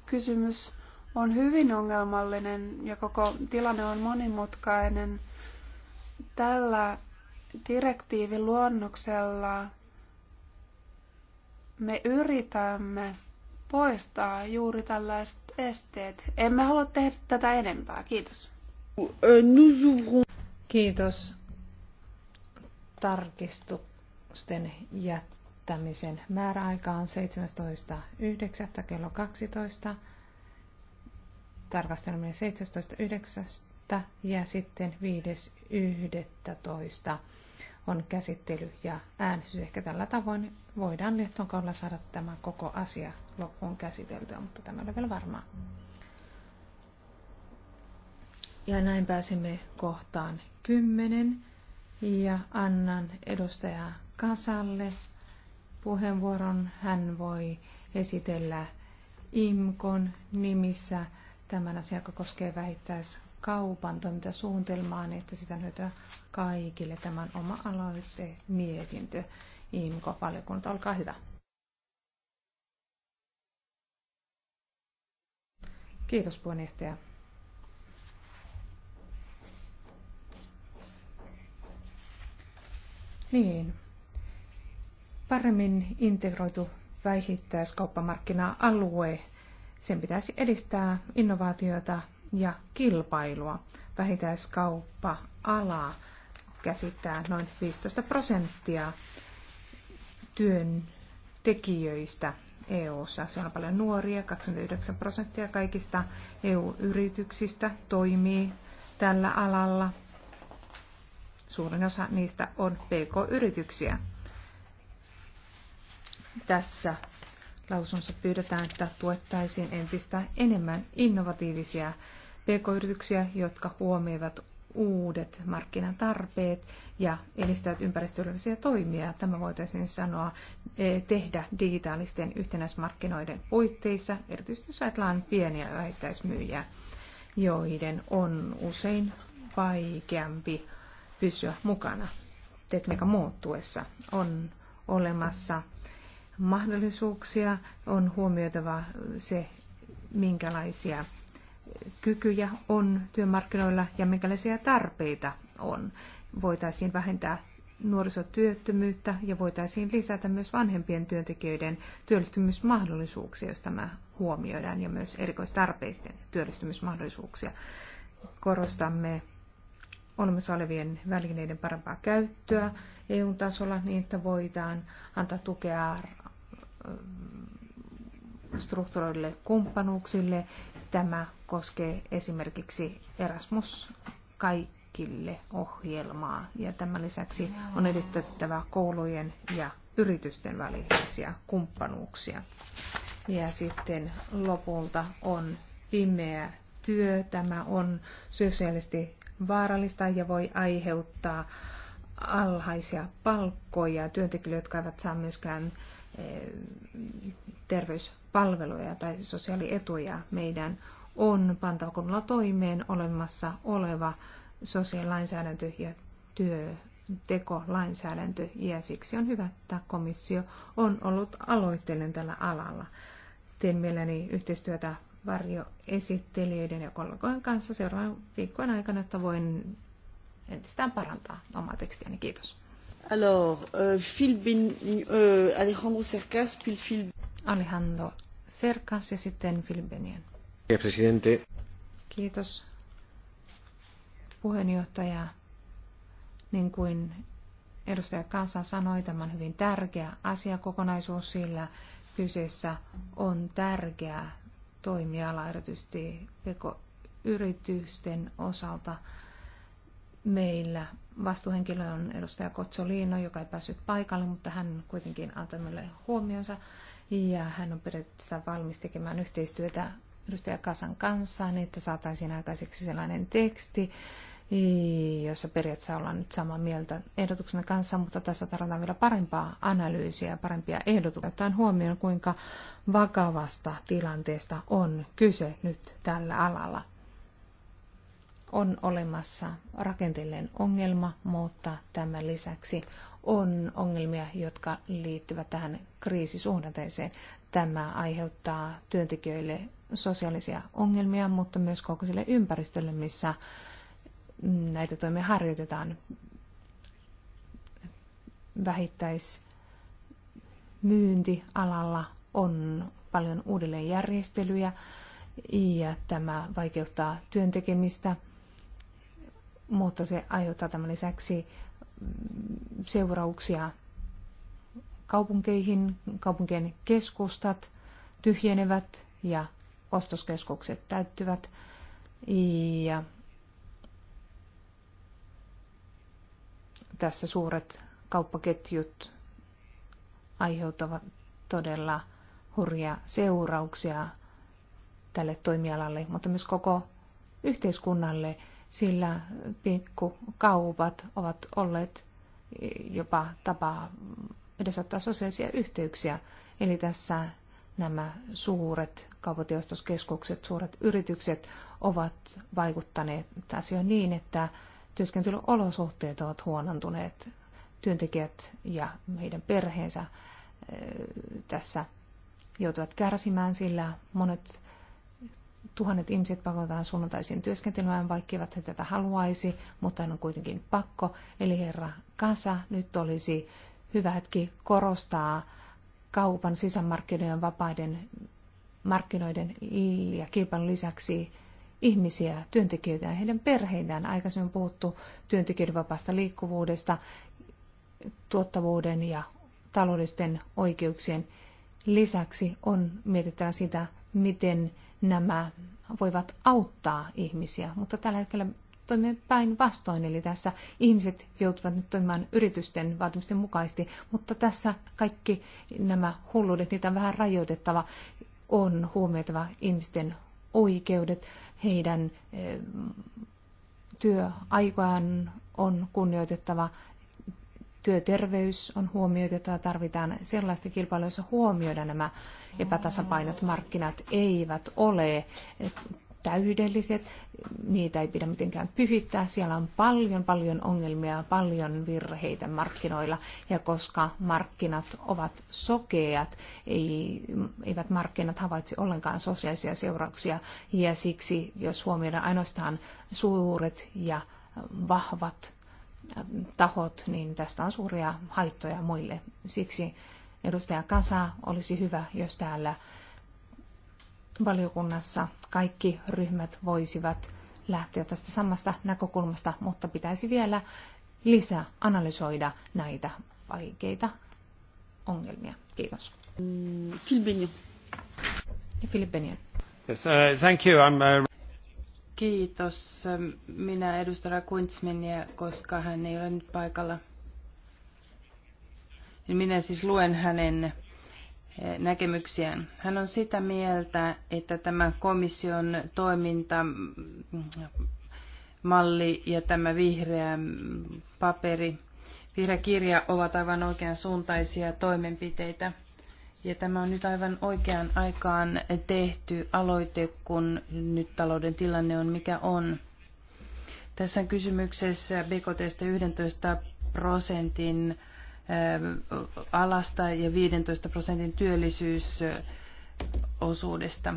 kysymys on hyvin ongelmallinen ja koko tilanne on monimutkainen. Tällä direktiiviluonnoksella me yritämme poistaa juuri tällaiset esteet. Emme halua tehdä tätä enempää. Kiitos. Kiitos tarkistusten jättämisen määräaika on 17.9. kello 12. Tarkastelemme 17.9. ja sitten 5.11. on käsittely ja äänestys. Ehkä tällä tavoin voidaan liettonkaudella saada tämä koko asia loppuun käsiteltyä, mutta tämä ei ole vielä varmaa. Ja näin pääsemme kohtaan kymmenen ja annan edustaja Kasalle puheenvuoron. Hän voi esitellä IMKON nimissä tämän asian, joka koskee vähittäiskaupan toimintasuunnitelmaa, niin että sitä hyötyä kaikille. Tämän oma aloitteen mietintö IMKO-valiokunta. Olkaa hyvä. Kiitos puheenjohtaja. Niin. Paremmin integroitu vähittäiskauppamarkkina-alue. Sen pitäisi edistää innovaatiota ja kilpailua. Vähittäiskauppa-ala käsittää noin 15 prosenttia työntekijöistä EU-ssa. Siellä on paljon nuoria, 29 prosenttia kaikista EU-yrityksistä toimii tällä alalla. Suurin osa niistä on PK-yrityksiä. Tässä lausunnossa pyydetään, että tuettaisiin entistä enemmän innovatiivisia PK-yrityksiä, jotka huomioivat uudet markkinatarpeet ja edistävät ympäristöllisiä toimia. Tämä voitaisiin sanoa eh, tehdä digitaalisten yhtenäismarkkinoiden puitteissa, erityisesti jos ajatellaan pieniä vähittäismyyjiä, joiden on usein vaikeampi pysyä mukana tekniikan muuttuessa. On olemassa mahdollisuuksia, on huomioitava se, minkälaisia kykyjä on työmarkkinoilla ja minkälaisia tarpeita on. Voitaisiin vähentää nuorisotyöttömyyttä ja voitaisiin lisätä myös vanhempien työntekijöiden työllistymismahdollisuuksia, jos tämä huomioidaan, ja myös erikoistarpeisten työllistymismahdollisuuksia. Korostamme olemassa olevien välineiden parempaa käyttöä EU-tasolla niin, että voidaan antaa tukea äh, strukturoidulle kumppanuuksille. Tämä koskee esimerkiksi Erasmus kaikille ohjelmaa ja tämän lisäksi on edistettävä koulujen ja yritysten välisiä kumppanuuksia. Ja sitten lopulta on pimeä työ. Tämä on sosiaalisesti vaarallista ja voi aiheuttaa alhaisia palkkoja työntekijöille, jotka eivät saa myöskään eh, terveyspalveluja tai sosiaalietuja. Meidän on pantavakunnalla toimeen olemassa oleva sosiaalilainsäädäntö ja työ ja siksi on hyvä, että komissio on ollut aloitteellinen tällä alalla. Teen mielelläni yhteistyötä varjoesittelijöiden ja kollegojen kanssa seuraavan viikkojen aikana, että voin entistään parantaa omaa tekstiäni. Kiitos. Alors, euh, euh, Alejandro Cercas, puis Phil... Alejandro Cercas ja sitten Filbenien. Presidente. Kiitos puheenjohtaja. Niin kuin edustaja Kansa sanoi, tämä on hyvin tärkeä asiakokonaisuus, sillä kyseessä on tärkeä toimiala, erityisesti PK-yritysten osalta. Meillä vastuuhenkilö on edustaja Kotsoliino, joka ei päässyt paikalle, mutta hän kuitenkin antoi meille huomionsa. Ja hän on periaatteessa valmis tekemään yhteistyötä edustaja Kasan kanssa, niin että saataisiin aikaiseksi sellainen teksti, jossa periaatteessa ollaan nyt samaa mieltä Ehdotuksena kanssa, mutta tässä tarvitaan vielä parempaa analyysiä ja parempia ehdotuksia. Ottaen huomioon, kuinka vakavasta tilanteesta on kyse nyt tällä alalla. On olemassa rakenteellinen ongelma, mutta tämän lisäksi on ongelmia, jotka liittyvät tähän kriisisuhdanteeseen. Tämä aiheuttaa työntekijöille sosiaalisia ongelmia, mutta myös koko sille ympäristölle, missä näitä toimia harjoitetaan. Vähittäismyyntialalla on paljon uudelleenjärjestelyjä ja tämä vaikeuttaa työntekemistä, mutta se aiheuttaa tämän lisäksi seurauksia kaupunkeihin, kaupunkien keskustat tyhjenevät ja ostoskeskukset täyttyvät ja tässä suuret kauppaketjut aiheuttavat todella hurjia seurauksia tälle toimialalle, mutta myös koko yhteiskunnalle, sillä pikkukaupat ovat olleet jopa tapa edesottaa sosiaalisia yhteyksiä. Eli tässä nämä suuret kaupatiostoskeskukset, suuret yritykset ovat vaikuttaneet asioihin niin, että työskentelyolosuhteet ovat huonontuneet. Työntekijät ja heidän perheensä tässä joutuvat kärsimään, sillä monet tuhannet ihmiset pakotetaan sunnuntaisiin työskentelemään, vaikkeivat he tätä haluaisi, mutta hän on kuitenkin pakko. Eli herra Kasa, nyt olisi hyvä hetki korostaa kaupan sisämarkkinoiden vapaiden markkinoiden ja kilpailun lisäksi ihmisiä, työntekijöitä ja heidän perheitään. Aikaisemmin puhuttu työntekijöiden vapaasta liikkuvuudesta, tuottavuuden ja taloudellisten oikeuksien lisäksi on mietittävä sitä, miten nämä voivat auttaa ihmisiä, mutta tällä hetkellä toimii päinvastoin, eli tässä ihmiset joutuvat nyt toimimaan yritysten vaatimusten mukaisesti, mutta tässä kaikki nämä hulluudet, niitä on vähän rajoitettava, on huomioitava ihmisten oikeudet, heidän eh, työaikaan on kunnioitettava, työterveys on huomioitettava, tarvitaan sellaista kilpailua, jossa huomioida nämä epätasapainot markkinat eivät ole täydelliset, niitä ei pidä mitenkään pyhittää. Siellä on paljon, paljon ongelmia, paljon virheitä markkinoilla, ja koska markkinat ovat sokeat, ei, eivät markkinat havaitse ollenkaan sosiaalisia seurauksia, ja siksi jos huomioidaan ainoastaan suuret ja vahvat ähm, tahot, niin tästä on suuria haittoja muille. Siksi edustaja Kasa olisi hyvä, jos täällä valiokunnassa kaikki ryhmät voisivat lähteä tästä samasta näkökulmasta, mutta pitäisi vielä lisää analysoida näitä vaikeita ongelmia. Kiitos. Filbenion. Ja Yes, uh, thank you. I'm, uh... Kiitos. Minä edustan Kuntsmenia, koska hän ei ole nyt paikalla. Minä siis luen hänen Eh, näkemyksiään. Hän on sitä mieltä, että tämä komission toimintamalli mm, ja tämä vihreä paperi, vihreä kirja ovat aivan oikean suuntaisia toimenpiteitä. Ja tämä on nyt aivan oikeaan aikaan tehty aloite, kun nyt talouden tilanne on mikä on. Tässä kysymyksessä BKTstä 11 prosentin alasta ja 15 prosentin työllisyysosuudesta.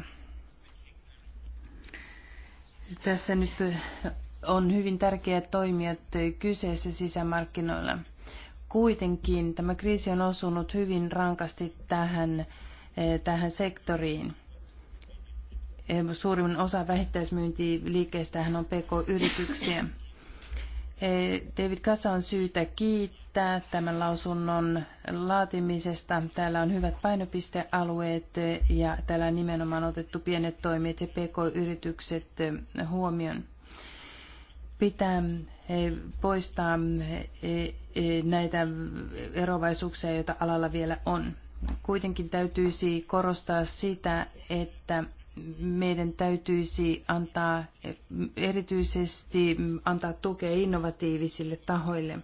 Tässä nyt on hyvin tärkeät toimijat kyseessä sisämarkkinoilla. Kuitenkin tämä kriisi on osunut hyvin rankasti tähän, tähän sektoriin. Suurin osa vähittäismyyntiliikkeistähän on pk-yrityksiä. David Kasa on syytä kiittää tämän lausunnon laatimisesta. Täällä on hyvät painopistealueet ja täällä on nimenomaan otettu pienet toimijat ja pk-yritykset huomioon. Pitää e, poistaa e, e, näitä erovaisuuksia, joita alalla vielä on. Kuitenkin täytyisi korostaa sitä, että meidän täytyisi antaa erityisesti antaa tukea innovatiivisille tahoille.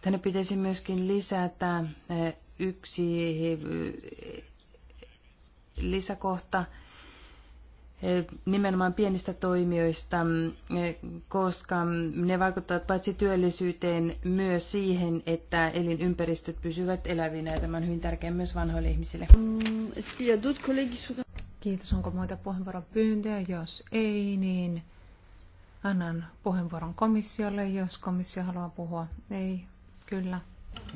Tänne pitäisi myöskin lisätä eh, yksi eh, lisäkohta, nimenomaan pienistä toimijoista, koska ne vaikuttavat paitsi työllisyyteen myös siihen, että elinympäristöt pysyvät elävinä ja tämä on hyvin tärkeää myös vanhoille ihmisille. Kiitos. Onko muita pyyntöjä? Jos ei, niin annan puheenvuoron komissiolle, jos komissio haluaa puhua. Ei, kyllä.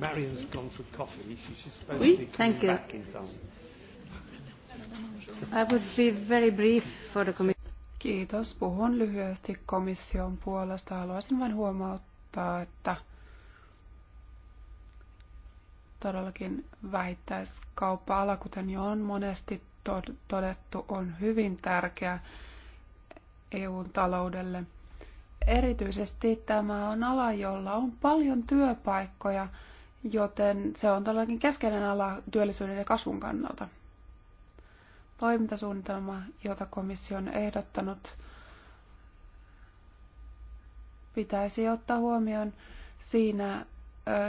Marion's gone for coffee. She's supposed to be coming back in time. I would be very brief for the Kiitos. Puhun lyhyesti komission puolesta. Haluaisin vain huomauttaa, että todellakin vähittäiskauppa-ala, kuten jo on monesti todettu, on hyvin tärkeä EUn taloudelle. Erityisesti tämä on ala, jolla on paljon työpaikkoja, joten se on todellakin keskeinen ala työllisyyden ja kasvun kannalta toimintasuunnitelma, jota komissio on ehdottanut, pitäisi ottaa huomioon siinä,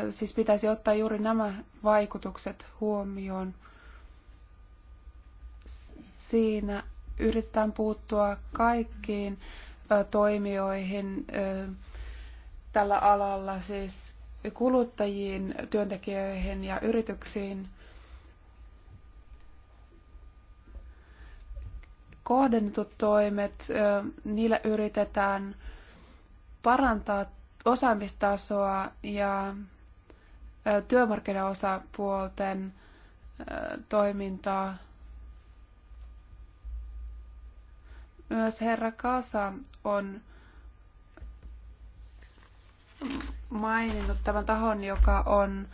siis pitäisi ottaa juuri nämä vaikutukset huomioon. Siinä yritetään puuttua kaikkiin toimijoihin tällä alalla, siis kuluttajiin, työntekijöihin ja yrityksiin. kohdennetut toimet, niillä yritetään parantaa osaamistasoa ja työmarkkinaosapuolten toimintaa. Myös herra Kasa on maininnut tämän tahon, joka on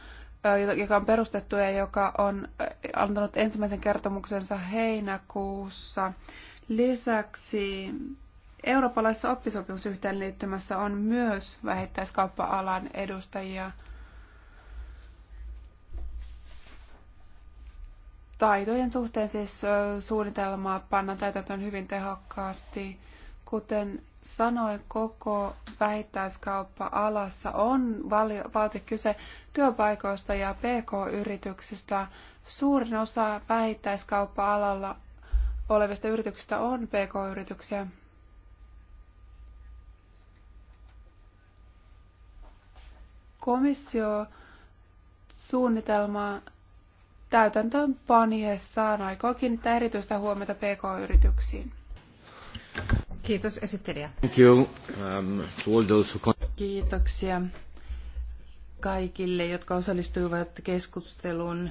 joka on perustettu ja joka on antanut ensimmäisen kertomuksensa heinäkuussa. Lisäksi eurooppalaisessa liittymässä on myös vähittäiskauppa-alan edustajia. Taitojen suhteen siis suunnitelmaa pannaan täytäntöön hyvin tehokkaasti, kuten sanoi, koko vähittäiskauppa alassa on valti kyse työpaikoista ja pk-yrityksistä. Suurin osa vähittäiskauppa-alalla olevista yrityksistä on pk-yrityksiä. Komissio suunnitelma täytäntöön paniessaan aikoo kiinnittää erityistä huomiota pk-yrityksiin. Kiitos esittelijä. Thank you, um, to all those who... Kiitoksia kaikille, jotka osallistuivat keskusteluun.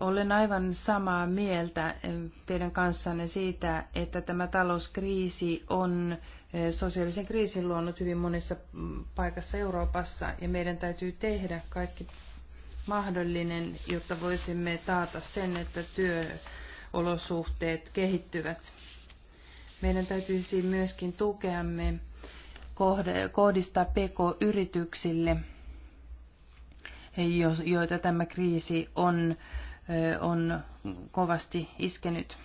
Olen aivan samaa mieltä eh, teidän kanssanne siitä, että tämä talouskriisi on eh, sosiaalisen kriisin luonut hyvin monessa mm, paikassa Euroopassa ja meidän täytyy tehdä kaikki mahdollinen, jotta voisimme taata sen, että työolosuhteet kehittyvät. Meidän täytyisi myöskin tukeamme kohdistaa PK-yrityksille, joita tämä kriisi on, on kovasti iskenyt.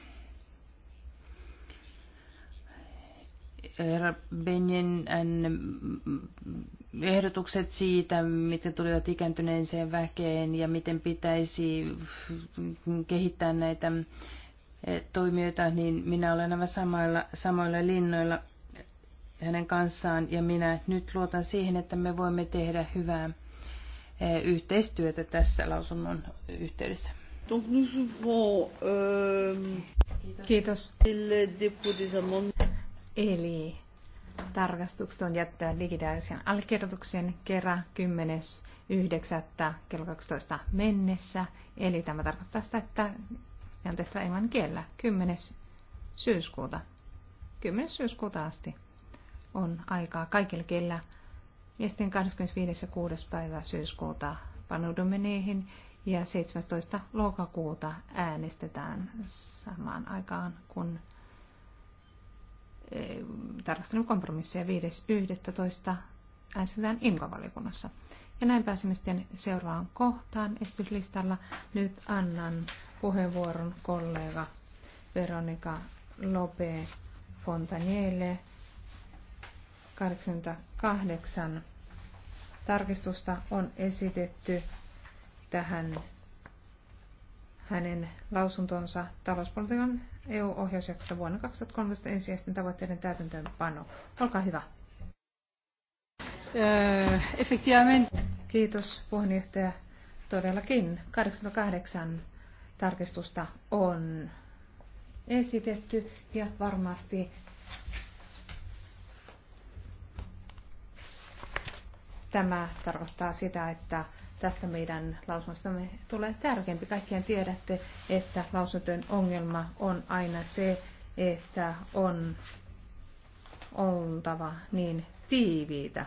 Benjen ehdotukset siitä, miten tulivat ikääntyneeseen väkeen ja miten pitäisi kehittää näitä toimijoita, niin minä olen aivan samoilla, samoilla linnoilla hänen kanssaan ja minä nyt luotan siihen, että me voimme tehdä hyvää eh, yhteistyötä tässä lausunnon yhteydessä. Euh, Kiitos. Eli tarkastukset on jättää digitaalisen allekirjoituksen kerran 10.9. kello 12 mennessä. Eli tämä tarkoittaa sitä, että ja on tehtävä ilman kiellä 10. syyskuuta. 10. syyskuuta asti on aikaa kaikilla kielillä. Ja sitten 25. ja 6. päivä syyskuuta panoudumme niihin ja 17. lokakuuta äänestetään samaan aikaan, kun eh, tarkastelemme kompromisseja 5.11. äänestetään Imka-valikunnassa. Ja näin pääsemme sitten seuraavaan kohtaan esityslistalla. Nyt annan puheenvuoron kollega Veronika Lope Fontanielle. 88 tarkistusta on esitetty tähän hänen lausuntonsa talouspolitiikan EU-ohjausjaksosta vuonna 2013 ensisijaisten tavoitteiden täytäntöönpano. Olkaa hyvä. Efectivamente. Eh, Kiitos puheenjohtaja. Todellakin 88 tarkistusta on esitetty ja varmasti tämä tarkoittaa sitä, että tästä meidän lausunnostamme tulee tärkeämpi. Kaikkien tiedätte, että lausuntojen ongelma on aina se, että on oltava niin tiiviitä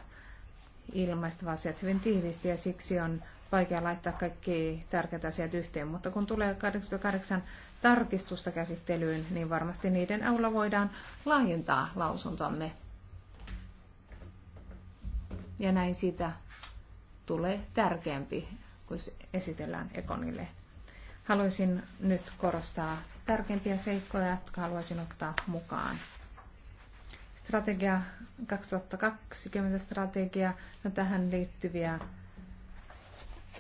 ilmaistava asiat hyvin tiiviisti ja siksi on vaikea laittaa kaikki tärkeät asiat yhteen, mutta kun tulee 88 tarkistusta käsittelyyn, niin varmasti niiden avulla voidaan laajentaa lausuntomme. Ja näin siitä tulee tärkeämpi, kun esitellään Ekonille. Haluaisin nyt korostaa tärkeimpiä seikkoja, jotka haluaisin ottaa mukaan strategia, 2020 strategia, ja no, tähän liittyviä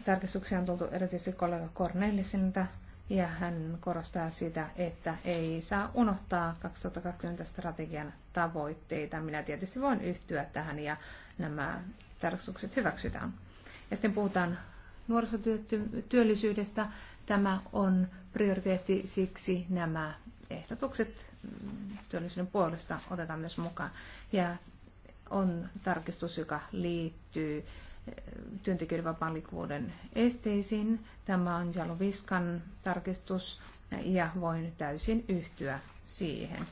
tarkistuksia on tultu erityisesti kollega Kornelisilta ja hän korostaa sitä, että ei saa unohtaa 2020 strategian tavoitteita. Minä tietysti voin yhtyä tähän ja nämä tarkistukset hyväksytään. Ja sitten puhutaan nuorisotyöllisyydestä. Tämä on prioriteetti, siksi nämä ehdotukset mm, työllisyyden puolesta otetaan myös mukaan. Ja on tarkistus, joka liittyy eh, työntekijöiden vapaan esteisiin. Tämä on Jalo Viskan tarkistus ja voin täysin yhtyä siihen.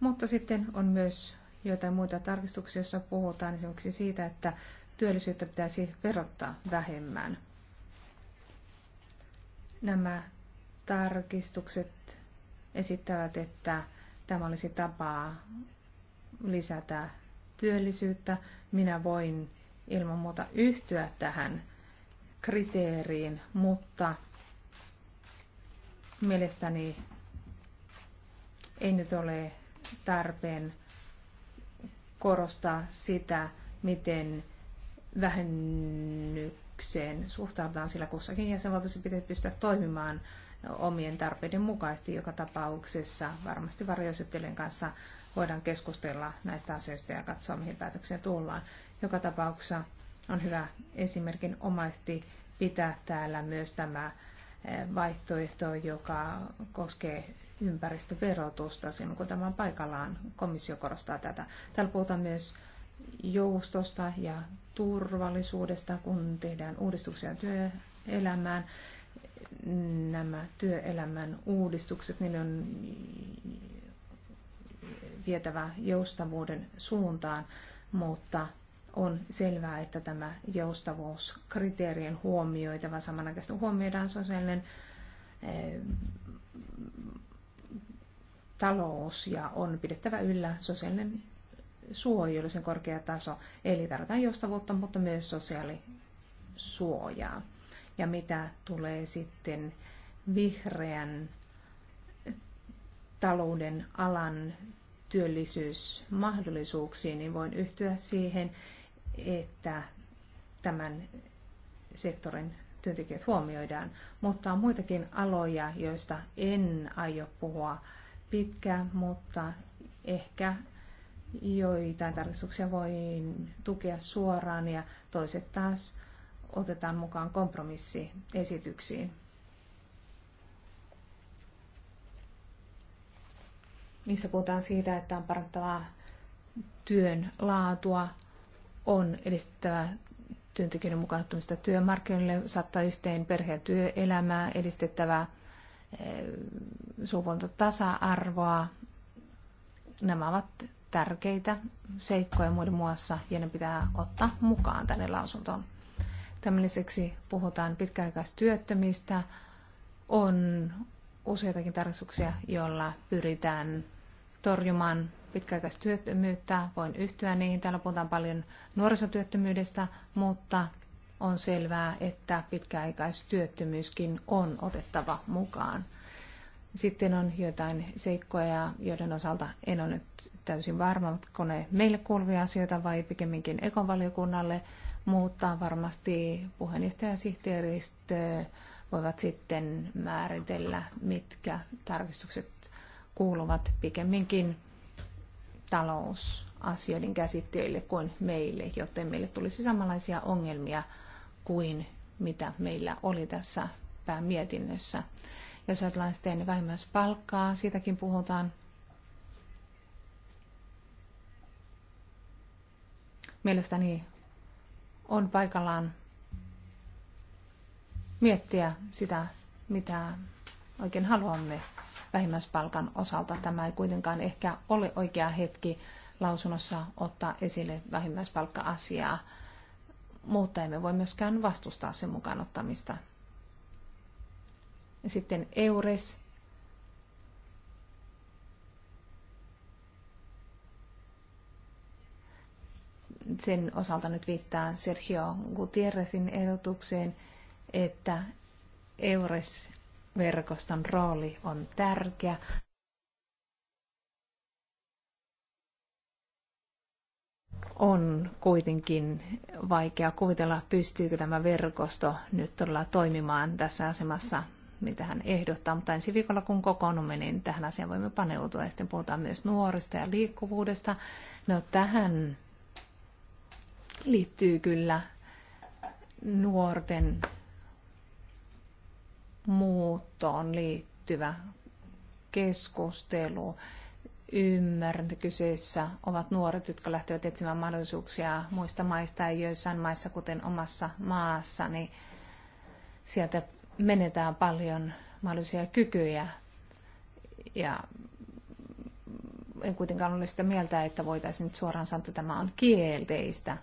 Mutta sitten on myös joitain muita tarkistuksia, joissa puhutaan esimerkiksi siitä, että työllisyyttä pitäisi verottaa vähemmän. Nämä tarkistukset esittävät, että tämä olisi tapa lisätä työllisyyttä. Minä voin ilman muuta yhtyä tähän kriteeriin, mutta mielestäni ei nyt ole tarpeen korostaa sitä, miten vähennykseen suhtaudutaan, sillä kussakin jäsenvaltiossa pitäisi pystyä toimimaan omien tarpeiden mukaisesti joka tapauksessa. Varmasti varjoesittelijän kanssa voidaan keskustella näistä asioista ja katsoa, mihin päätöksiä tullaan. Joka tapauksessa on hyvä esimerkin omaisesti pitää täällä myös tämä eh, vaihtoehto, joka koskee ympäristöverotusta silloin, kun tämä on paikallaan. Komissio korostaa tätä. Täällä puhutaan myös joustosta ja turvallisuudesta, kun tehdään uudistuksia työelämään nämä työelämän uudistukset, niille on vietävä joustavuuden suuntaan, mutta on selvää, että tämä joustavuuskriteerien huomioitava samanaikaisesti huomioidaan sosiaalinen eh, talous ja on pidettävä yllä sosiaalinen suojelu, sen korkea taso. Eli tarvitaan joustavuutta, mutta myös sosiaalisuojaa. Ja mitä tulee sitten vihreän talouden alan työllisyysmahdollisuuksiin, niin voin yhtyä siihen, että tämän sektorin työntekijät huomioidaan. Mutta on muitakin aloja, joista en aio puhua pitkään, mutta ehkä joitain tarkistuksia voin tukea suoraan ja toiset taas otetaan mukaan kompromissiesityksiin. Niissä puhutaan siitä, että on parantavaa työn laatua, on edistettävä työntekijöiden mukaan ottamista työmarkkinoille, saattaa yhteen perhe- ja työelämää, edistettävä eh, sukupuolta tasa-arvoa. Nämä ovat tärkeitä seikkoja muiden muassa ja ne pitää ottaa mukaan tänne lausuntoon. Tämän lisäksi puhutaan pitkäaikaistyöttömistä. On useitakin tarkastuksia, joilla pyritään torjumaan pitkäaikaistyöttömyyttä. Voin yhtyä niihin. Täällä puhutaan paljon nuorisotyöttömyydestä, mutta on selvää, että pitkäaikaistyöttömyyskin on otettava mukaan. Sitten on jotain seikkoja, joiden osalta en ole nyt täysin varma, ovatko ne meille kuuluvia asioita vai pikemminkin ekonvaliokunnalle, mutta varmasti puheenjohtaja ja sihteeristö voivat sitten määritellä, mitkä tarkistukset kuuluvat pikemminkin talousasioiden käsittelijöille kuin meille, joten meille tulisi samanlaisia ongelmia kuin mitä meillä oli tässä päämietinnössä. Jos ajatellaan sitten vähimmäispalkkaa, siitäkin puhutaan. Mielestäni on paikallaan miettiä sitä, mitä oikein haluamme vähimmäispalkan osalta. Tämä ei kuitenkaan ehkä ole oikea hetki lausunnossa ottaa esille vähimmäispalkka-asiaa, mutta emme voi myöskään vastustaa sen mukaan ottamista sitten EURES. Sen osalta nyt viittaan Sergio Gutierrezin ehdotukseen, että EURES-verkoston rooli on tärkeä. on kuitenkin vaikea kuvitella, pystyykö tämä verkosto nyt todella toimimaan tässä asemassa, mitä hän ehdottaa, mutta ensi viikolla kun kokoonnumme, niin tähän asiaan voimme paneutua ja sitten puhutaan myös nuorista ja liikkuvuudesta. No tähän liittyy kyllä nuorten muuttoon liittyvä keskustelu. Ymmärrän, että kyseessä ovat nuoret, jotka lähtevät etsimään mahdollisuuksia muista maista ja joissain maissa, kuten omassa maassani, sieltä menetään paljon mahdollisia kykyjä ja en kuitenkaan ole sitä mieltä, että voitaisiin nyt suoraan sanoa, että tämä on kielteistä.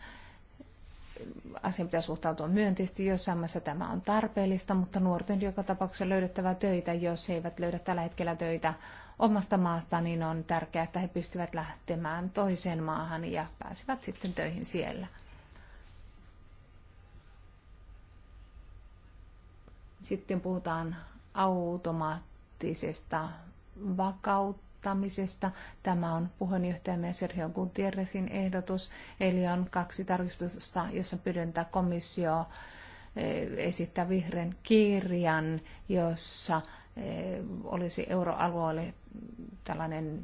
Asia pitää suhtautua myönteisesti, jossain maassa tämä on tarpeellista, mutta nuorten joka tapauksessa löydettävä töitä, jos he eivät löydä tällä hetkellä töitä omasta maasta, niin on tärkeää, että he pystyvät lähtemään toiseen maahan ja pääsevät sitten töihin siellä. Sitten puhutaan automaattisesta vakauttamisesta. Tämä on puheenjohtajamme Sergio Gutierrezin ehdotus. Eli on kaksi tarkistusta, jossa pyydetään komissio eh, esittää vihreän kirjan, jossa eh, olisi euroalueelle tällainen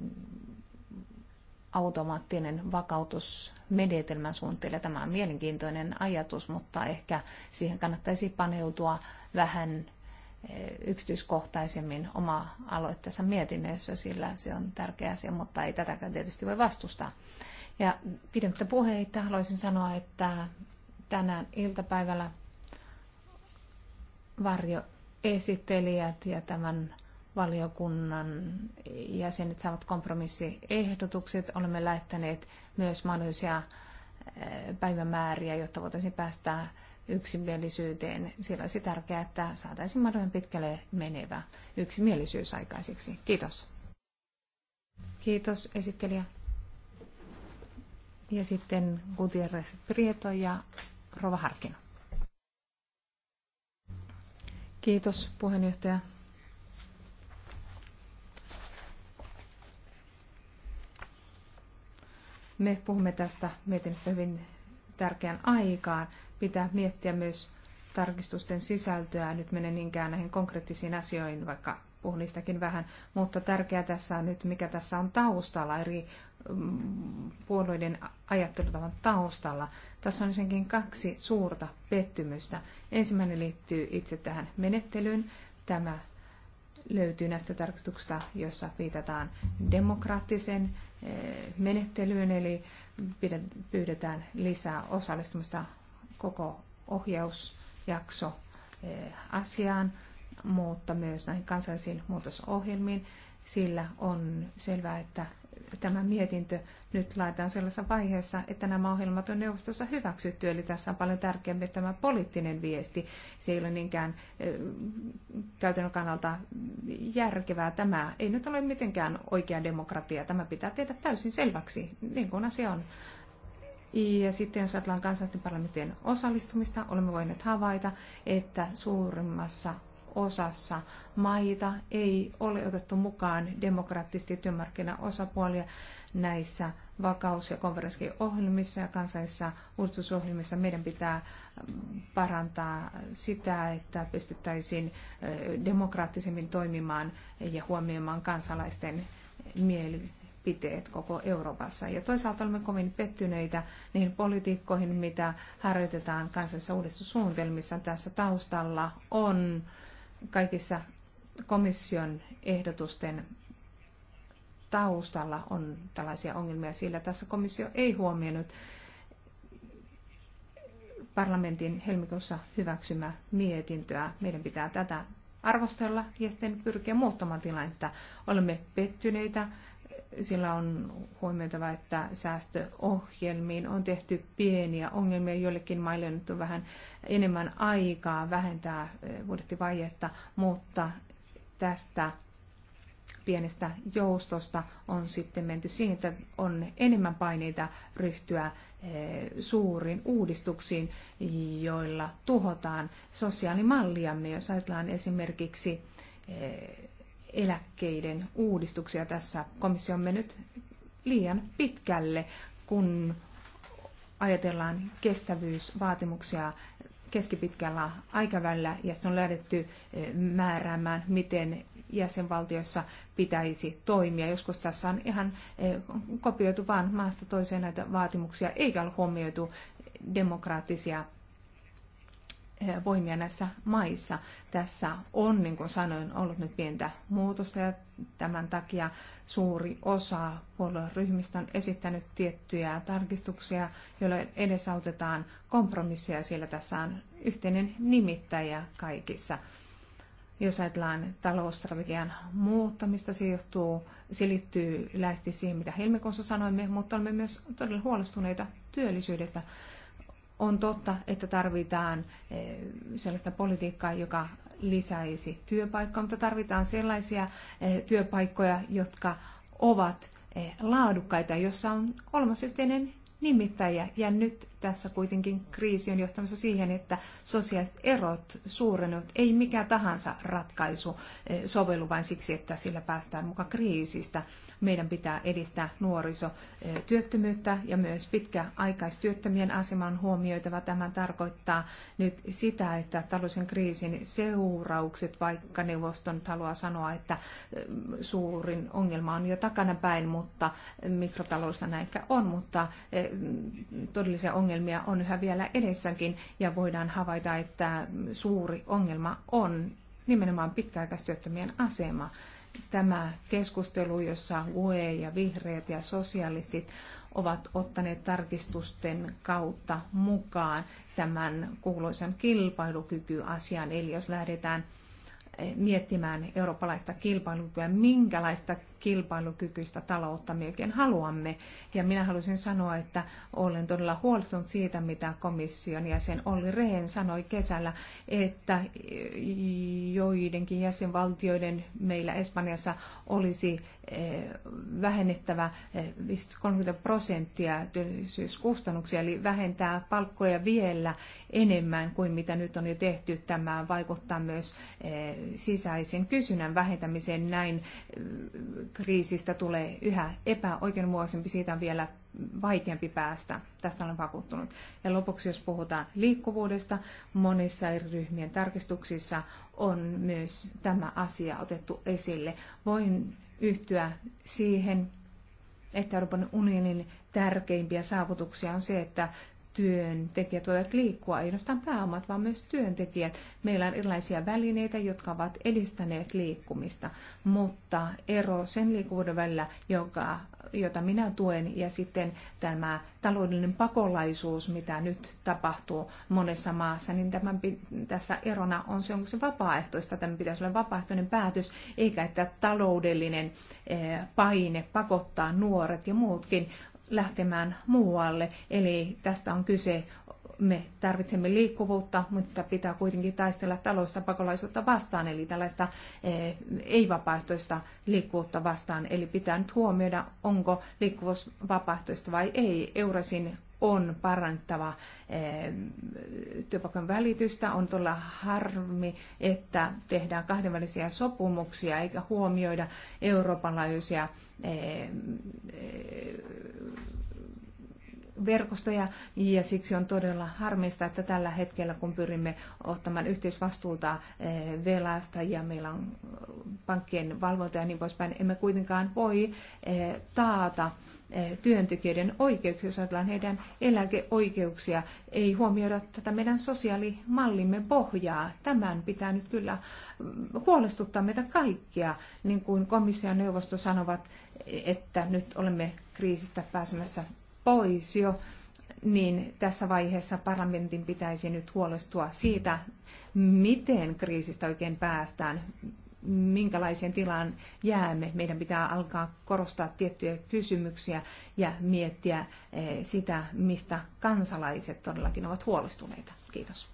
automaattinen vakautusmenetelmän suunnittelija. Tämä on mielenkiintoinen ajatus, mutta ehkä siihen kannattaisi paneutua vähän eh, yksityiskohtaisemmin oma aloitteessa mietinnössä, sillä se on tärkeä asia, mutta ei tätäkään tietysti voi vastustaa. Ja pidemmittä puheita haluaisin sanoa, että tänään iltapäivällä esittelijät ja tämän valiokunnan jäsenet saavat kompromissiehdotukset. Olemme lähettäneet myös mahdollisia eh, päivämääriä, jotta voitaisiin päästä yksimielisyyteen. Sillä olisi tärkeää, että saataisiin mahdollisimman pitkälle menevä yksimielisyys aikaiseksi. Kiitos. Kiitos esittelijä. Ja sitten Gutierrez Prieto ja Rova Harkin. Kiitos puheenjohtaja. Me puhumme tästä mietinnöstä hyvin tärkeän aikaan. Pitää miettiä myös tarkistusten sisältöä. Nyt menen niinkään näihin konkreettisiin asioihin, vaikka puhun niistäkin vähän. Mutta tärkeää tässä on nyt, mikä tässä on taustalla, eri mm, puolueiden ajattelutavan taustalla. Tässä on senkin kaksi suurta pettymystä. Ensimmäinen liittyy itse tähän menettelyyn. Tämä löytyy näistä tarkistuksista, joissa viitataan demokraattisen eh, menettelyyn, eli pyydetään lisää osallistumista koko ohjausjakso eh, asiaan, mutta myös näihin kansallisiin muutosohjelmiin. Sillä on selvää, että tämä mietintö nyt laitetaan sellaisessa vaiheessa, että nämä ohjelmat on neuvostossa hyväksytty. Eli tässä on paljon tärkeämpi tämä poliittinen viesti. Se ei ole niinkään käytännön kannalta järkevää tämä. Ei nyt ole mitenkään oikea demokratia. Tämä pitää tehdä täysin selväksi, niin kuin asia on. Ja sitten jos ajatellaan kansallisten parlamenttien osallistumista, olemme voineet havaita, että suurimmassa osassa maita ei ole otettu mukaan demokraattisesti työmarkkinaosapuolia näissä vakaus- ja konferenssiohjelmissa ja kansallisissa uudistusohjelmissa. Meidän pitää mm, parantaa sitä, että pystyttäisiin demokraattisemmin toimimaan ja huomioimaan kansalaisten mielipiteet koko Euroopassa. Ja toisaalta olemme kovin pettyneitä niihin politiikkoihin, mitä harjoitetaan kansallisissa uudistussuunnitelmissa. Tässä taustalla on kaikissa komission ehdotusten taustalla on tällaisia ongelmia, sillä tässä komissio ei huomioinut parlamentin helmikuussa hyväksymä mietintöä. Meidän pitää tätä arvostella ja sitten pyrkiä muuttamaan tilannetta. Olemme pettyneitä sillä on huomioitava, että säästöohjelmiin on tehty pieniä ongelmia. Joillekin maille nyt on vähän enemmän aikaa vähentää eh, budjettivajetta, mutta tästä pienestä joustosta on sitten menty siihen, että on enemmän paineita ryhtyä eh, suuriin uudistuksiin, joilla tuhotaan sosiaalimalliamme. Jos ajatellaan esimerkiksi eh, eläkkeiden uudistuksia tässä. Komissio on mennyt liian pitkälle, kun ajatellaan kestävyysvaatimuksia keskipitkällä aikavälillä ja sitten on lähdetty eh, määräämään, miten jäsenvaltiossa pitäisi toimia. Joskus tässä on ihan eh, kopioitu vain maasta toiseen näitä vaatimuksia, eikä ole huomioitu demokraattisia Eh, voimia näissä maissa. Tässä on, niin kuin sanoin, ollut nyt pientä muutosta ja tämän takia suuri osa puolueryhmistä on esittänyt tiettyjä tarkistuksia, joilla edesautetaan kompromisseja, sillä tässä on yhteinen nimittäjä kaikissa. Jos ajatellaan talousstrategian muuttamista, se, johtuu, se liittyy läheisesti siihen, mitä helmikuussa sanoimme, mutta olemme myös todella huolestuneita työllisyydestä. On totta, että tarvitaan eh, sellaista politiikkaa, joka lisäisi työpaikkoja, mutta tarvitaan sellaisia eh, työpaikkoja, jotka ovat eh, laadukkaita, jossa on olemassa yhteinen nimittäjä. Ja nyt tässä kuitenkin kriisi on johtamassa siihen, että sosiaaliset erot suurenevat. Ei mikä tahansa ratkaisu sovellu vain siksi, että sillä päästään mukaan kriisistä. Meidän pitää edistää nuorisotyöttömyyttä ja myös pitkäaikaistyöttömien asema on huomioitava. Tämä tarkoittaa nyt sitä, että taloudellisen kriisin seuraukset, vaikka neuvoston haluaa sanoa, että suurin ongelma on jo takana päin, mutta mikrotaloudessa näinkä on, mutta todellisia ongelmia on yhä vielä edessäkin ja voidaan havaita, että suuri ongelma on nimenomaan pitkäaikaistyöttömien asema tämä keskustelu, jossa UE ja vihreät ja sosialistit ovat ottaneet tarkistusten kautta mukaan tämän kuuluisan kilpailukykyasian. Eli jos lähdetään miettimään eurooppalaista kilpailukykyä, minkälaista kilpailukykyistä taloutta me oikein haluamme. Ja minä haluaisin sanoa, että olen todella huolestunut siitä, mitä komission jäsen Olli Rehn sanoi kesällä, että joidenkin jäsenvaltioiden meillä Espanjassa olisi eh, vähennettävä 30 eh, prosenttia työllisyyskustannuksia, eli vähentää palkkoja vielä enemmän kuin mitä nyt on jo tehty. Tämä vaikuttaa myös eh, sisäisen kysynnän vähentämiseen. Näin kriisistä tulee yhä epäoikeudenmukaisempi, siitä on vielä vaikeampi päästä. Tästä olen vakuuttunut. Ja lopuksi, jos puhutaan liikkuvuudesta, monissa eri ryhmien tarkistuksissa on myös tämä asia otettu esille. Voin yhtyä siihen, että Euroopan unionin tärkeimpiä saavutuksia on se, että työntekijät voivat liikkua, ei ainoastaan pääomat, vaan myös työntekijät. Meillä on erilaisia välineitä, jotka ovat edistäneet liikkumista, mutta ero sen liikkuvuuden välillä, joka, jota minä tuen, ja sitten tämä taloudellinen pakolaisuus, mitä nyt tapahtuu monessa maassa, niin tämän, tässä erona on se, onko se vapaaehtoista, tämä pitäisi olla vapaaehtoinen päätös, eikä että taloudellinen eh, paine pakottaa nuoret ja muutkin lähtemään muualle. Eli tästä on kyse. Me tarvitsemme liikkuvuutta, mutta pitää kuitenkin taistella talousta pakolaisuutta vastaan, eli tällaista eh, ei-vapaaehtoista liikkuvuutta vastaan. Eli pitää nyt huomioida, onko liikkuvuus vapaaehtoista vai ei. Eurasin on parantava eh, työpaikan välitystä. On todella harmi, että tehdään kahdenvälisiä sopimuksia eikä huomioida Euroopan laajuisia eh, verkostoja ja siksi on todella harmista, että tällä hetkellä kun pyrimme ottamaan yhteisvastuuta eh, velasta ja meillä on pankkien valvonta ja niin poispäin, emme kuitenkaan voi taata Eh, työntekijöiden oikeuksia, jos ajatellaan heidän eläkeoikeuksia, ei huomioida tätä meidän sosiaalimallimme pohjaa. Tämän pitää nyt kyllä mm, huolestuttaa meitä kaikkia, niin kuin komission neuvosto sanovat, että nyt olemme kriisistä pääsemässä pois jo niin tässä vaiheessa parlamentin pitäisi nyt huolestua siitä, miten kriisistä oikein päästään, minkälaiseen tilaan jäämme. Meidän pitää alkaa korostaa tiettyjä kysymyksiä ja miettiä eh, sitä, mistä kansalaiset todellakin ovat huolestuneita. Kiitos.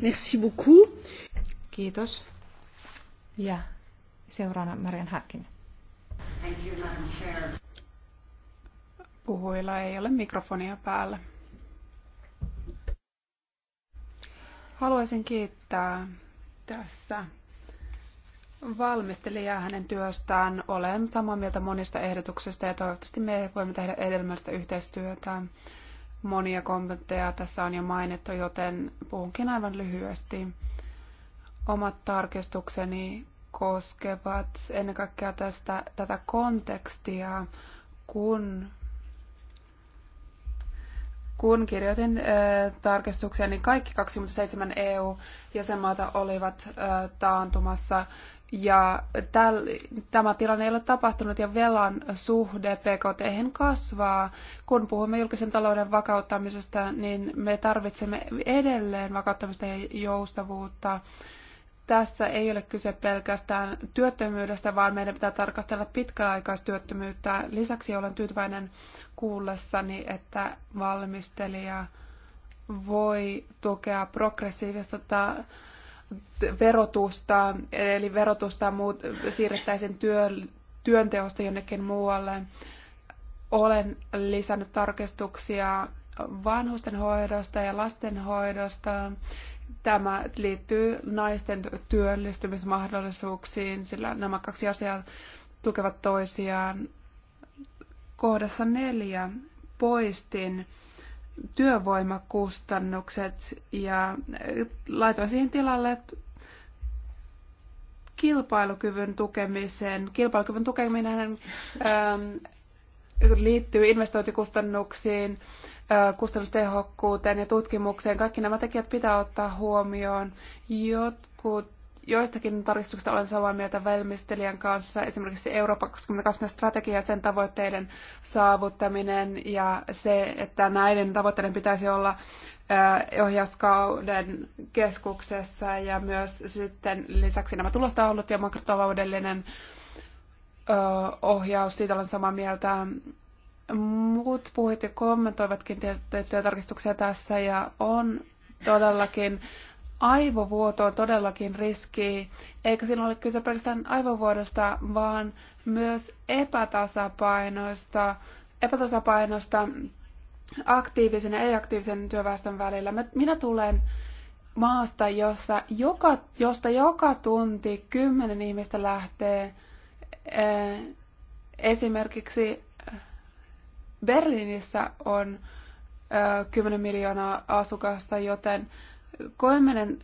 Merci beaucoup. Kiitos. Ja seuraavana Marian Harkin. Puhuilla ei ole mikrofonia päällä. Haluaisin kiittää tässä valmistelijaa hänen työstään. Olen samaa mieltä monista ehdotuksista ja toivottavasti me voimme tehdä edelmällistä yhteistyötä. Monia kommentteja tässä on jo mainittu, joten puhunkin aivan lyhyesti. Omat tarkistukseni koskevat ennen kaikkea tästä, tätä kontekstia, kun kun kirjoitin äh, tarkistuksia, niin kaikki 27 EU-jäsenmaata olivat äh, taantumassa ja täl, tämä tilanne ei ole tapahtunut ja velan suhde PKT kasvaa. Kun puhumme julkisen talouden vakauttamisesta, niin me tarvitsemme edelleen vakauttamista ja joustavuutta. Tässä ei ole kyse pelkästään työttömyydestä, vaan meidän pitää tarkastella pitkäaikaistyöttömyyttä. Lisäksi olen tyytyväinen kuullessani, että valmistelija voi tukea progressiivista verotusta, eli verotusta muut, siirrettäisiin työ, työnteosta jonnekin muualle. Olen lisännyt tarkistuksia vanhustenhoidosta ja lastenhoidosta. Tämä liittyy naisten työllistymismahdollisuuksiin, sillä nämä kaksi asiaa tukevat toisiaan. Kohdassa neljä poistin työvoimakustannukset ja laitoin siihen tilalle kilpailukyvyn tukemiseen. Kilpailukyvyn tukeminen ähm, liittyy investointikustannuksiin, äh, kustannustehokkuuteen ja tutkimukseen. Kaikki nämä tekijät pitää ottaa huomioon. Jotkut Joistakin tarkistuksista olen samaa mieltä valmistelijan kanssa, esimerkiksi Eurooppa 2020 strategia ja sen tavoitteiden saavuttaminen ja se, että näiden tavoitteiden pitäisi olla äh, ohjauskauden keskuksessa ja myös sitten lisäksi nämä tulostaulut ja makrotaloudellinen ohjaus, siitä olen samaa mieltä. Muut puhujat ja kommentoivatkin tiettyjä tarkistuksia tässä ja on todellakin aivovuoto on todellakin riski, eikä siinä ole kyse pelkästään aivovuodosta, vaan myös epätasapainoista, epätasapainosta aktiivisen ja ei-aktiivisen työväestön välillä. Minä tulen maasta, jossa joka, josta joka tunti kymmenen ihmistä lähtee eh, esimerkiksi eh, Berliinissä on 10 eh, miljoonaa asukasta, joten Kymmenen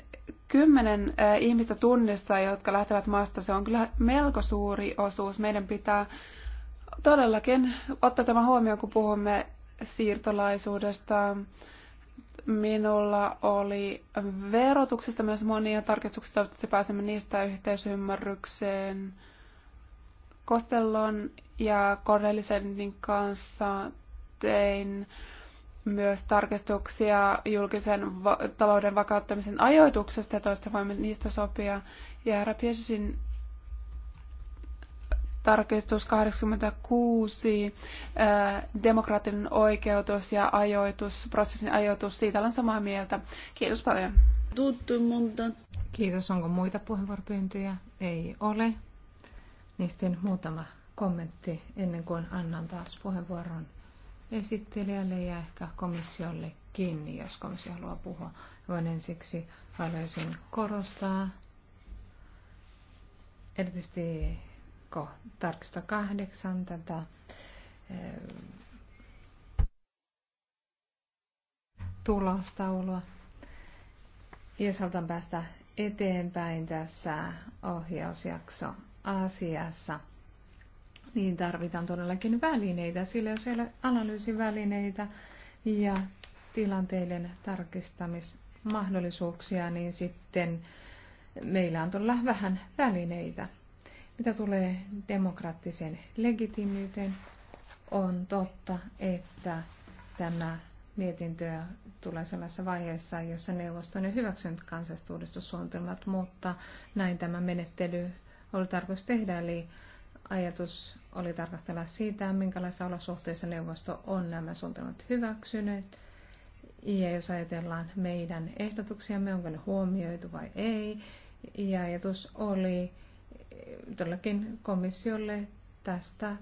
10 ihmistä tunnissa, jotka lähtevät maasta, se on kyllä melko suuri osuus. Meidän pitää todellakin ottaa tämä huomioon, kun puhumme siirtolaisuudesta. Minulla oli verotuksesta myös monia tarkistuksia, toivottavasti pääsemme niistä yhteisymmärrykseen. Kostellon ja Cornelisenin kanssa tein myös tarkistuksia julkisen va- talouden vakauttamisen ajoituksesta, toista voimme niistä sopia. Ja herra Piesin tarkistus 86, äh, demokraattinen oikeutus ja ajoitus, prosessin ajoitus, siitä olen samaa mieltä. Kiitos paljon. Kiitos. Onko muita puheenvuoropyyntöjä? Ei ole. Niistä muutama kommentti ennen kuin annan taas puheenvuoron esittelijälle ja ehkä komissiollekin, jos komissio haluaa puhua. Voin ensiksi haluaisin korostaa erityisesti tarkistusta kahdeksan tätä eh, tulostaulua. Jos halutaan päästä eteenpäin tässä ohjausjakso asiassa – niin tarvitaan todellakin välineitä, sillä jos ei ole analyysivälineitä ja tilanteiden tarkistamismahdollisuuksia, niin sitten meillä on todella vähän välineitä. Mitä tulee demokraattiseen legitimiyteen, on totta, että tämä mietintö tulee sellaisessa vaiheessa, jossa neuvosto on jo hyväksynyt kansalliset mutta näin tämä menettely oli tarkoitus tehdä, eli ajatus oli tarkastella siitä, minkälaisissa olosuhteissa neuvosto on nämä suunnitelmat hyväksynyt. Ja jos ajatellaan meidän ehdotuksiamme, onko ne huomioitu vai ei. Ja ajatus oli eh, todellakin komissiolle tästä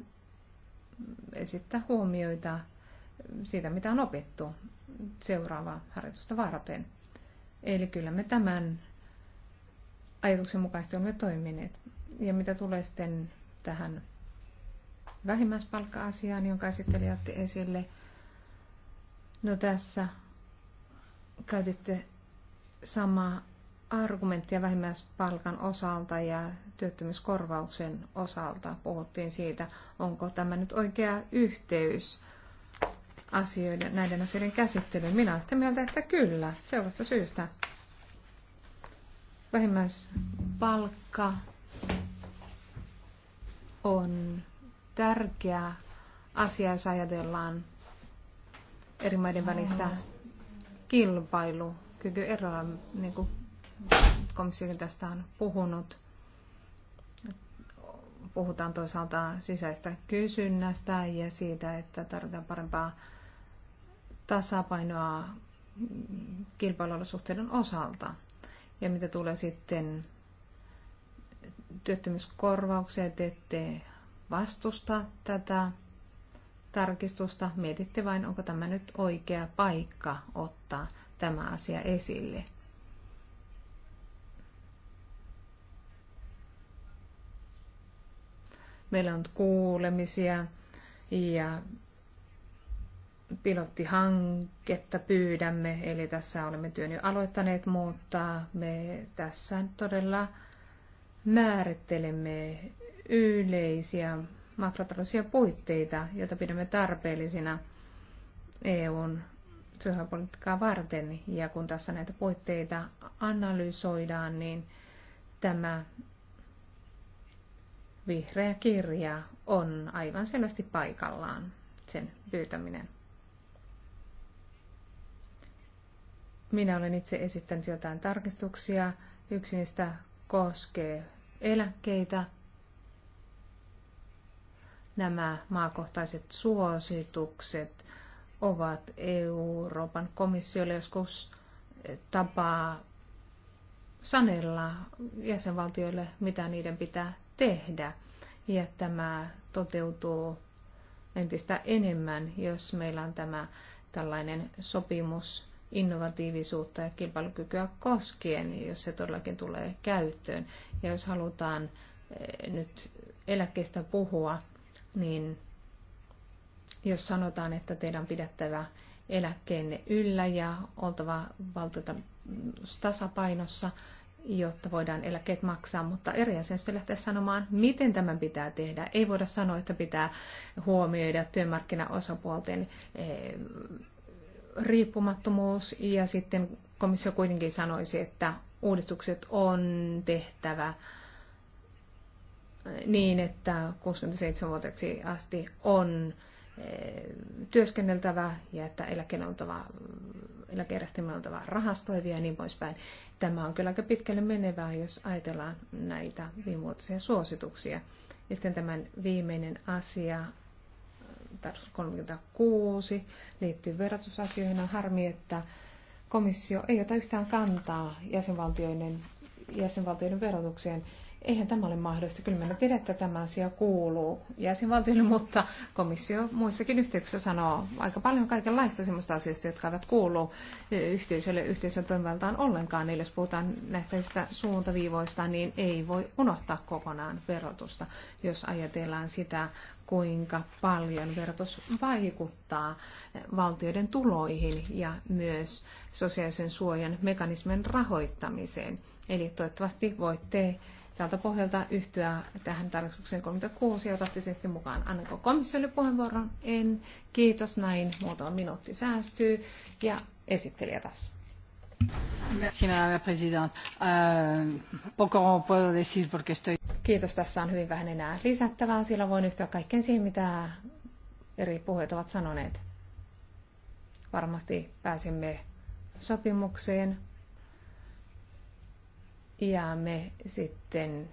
esittää huomioita siitä, mitä on opittu seuraavaa harjoitusta varten. Eli kyllä me tämän ajatuksen mukaisesti olemme toimineet. Ja mitä tulee sitten tähän vähimmäispalkka-asiaan, jonka esittelijä otti esille. No tässä käytitte samaa argumenttia vähimmäispalkan osalta ja työttömyyskorvauksen osalta. Puhuttiin siitä, onko tämä nyt oikea yhteys asioiden, näiden asioiden käsittelyyn. Minä olen sitä mieltä, että kyllä, seuraavasta syystä. Vähimmäispalkka on tärkeä asia, jos ajatellaan eri maiden välistä kilpailukykyeroa, niin kuin komissiokin tästä on puhunut. Puhutaan toisaalta sisäistä kysynnästä ja siitä, että tarvitaan parempaa tasapainoa kilpailuolosuhteiden osalta. Ja mitä tulee sitten työttömyyskorvaukseen, te ette vastusta tätä tarkistusta. Mietitte vain, onko tämä nyt oikea paikka ottaa tämä asia esille. Meillä on kuulemisia ja pilottihanketta pyydämme, eli tässä olemme työn jo aloittaneet, mutta me tässä todella määrittelemme yleisiä makrotaloudellisia puitteita, joita pidämme tarpeellisina EUn sosiaalipolitiikkaa varten. Ja kun tässä näitä puitteita analysoidaan, niin tämä vihreä kirja on aivan selvästi paikallaan, sen pyytäminen. Minä olen itse esittänyt jotain tarkistuksia. Yksi niistä koskee eläkkeitä. Nämä maakohtaiset suositukset ovat Euroopan komissiolle joskus tapaa sanella jäsenvaltioille, mitä niiden pitää tehdä. Ja tämä toteutuu entistä enemmän, jos meillä on tämä tällainen sopimus innovatiivisuutta ja kilpailukykyä koskien, jos se todellakin tulee käyttöön. Ja jos halutaan eh, nyt eläkkeestä puhua, niin jos sanotaan, että teidän pidettävä eläkkeenne yllä ja oltava valtiota tasapainossa, jotta voidaan eläkkeet maksaa, mutta eri asiasta lähteä sanomaan, miten tämän pitää tehdä. Ei voida sanoa, että pitää huomioida työmarkkinaosapuolten eh, riippumattomuus ja sitten komissio kuitenkin sanoisi, että uudistukset on tehtävä niin, että 67-vuotiaaksi asti on eh, työskenneltävä ja että eläkejärjestelmä on oltava rahastoivia ja niin poispäin. Tämä on kyllä aika pitkälle menevää, jos ajatellaan näitä viimuotoisia suosituksia. Ja sitten tämän viimeinen asia 36 liittyy verotusasioihin. On harmi, että komissio ei ota yhtään kantaa jäsenvaltioiden, jäsenvaltioiden verotukseen. Eihän tämä ole mahdollista. Kyllä minä tiedän, että tämä asia kuuluu jäsenvaltioille, mutta komissio muissakin yhteyksissä sanoo aika paljon kaikenlaista sellaista asioista, jotka eivät kuulu yhteisölle yhteisön toimivaltaan ollenkaan. Eli jos puhutaan näistä yhtä suuntaviivoista, niin ei voi unohtaa kokonaan verotusta, jos ajatellaan sitä, kuinka paljon verotus vaikuttaa valtioiden tuloihin ja myös sosiaalisen suojan mekanismin rahoittamiseen. Eli toivottavasti voitte tältä pohjalta yhtyä tähän tarkastukseen 36 ja otatte sen sitten mukaan. Annanko komissiolle puheenvuoron? En. Kiitos näin. Muutama minuutti säästyy. Ja esittelijä taas. Merci, madame la présidente. Euh, Kiitos, tässä on hyvin vähän enää lisättävää, sillä voin yhtyä kaikkeen siihen, mitä eri puhujat ovat sanoneet. Varmasti pääsemme sopimukseen. Ja me sitten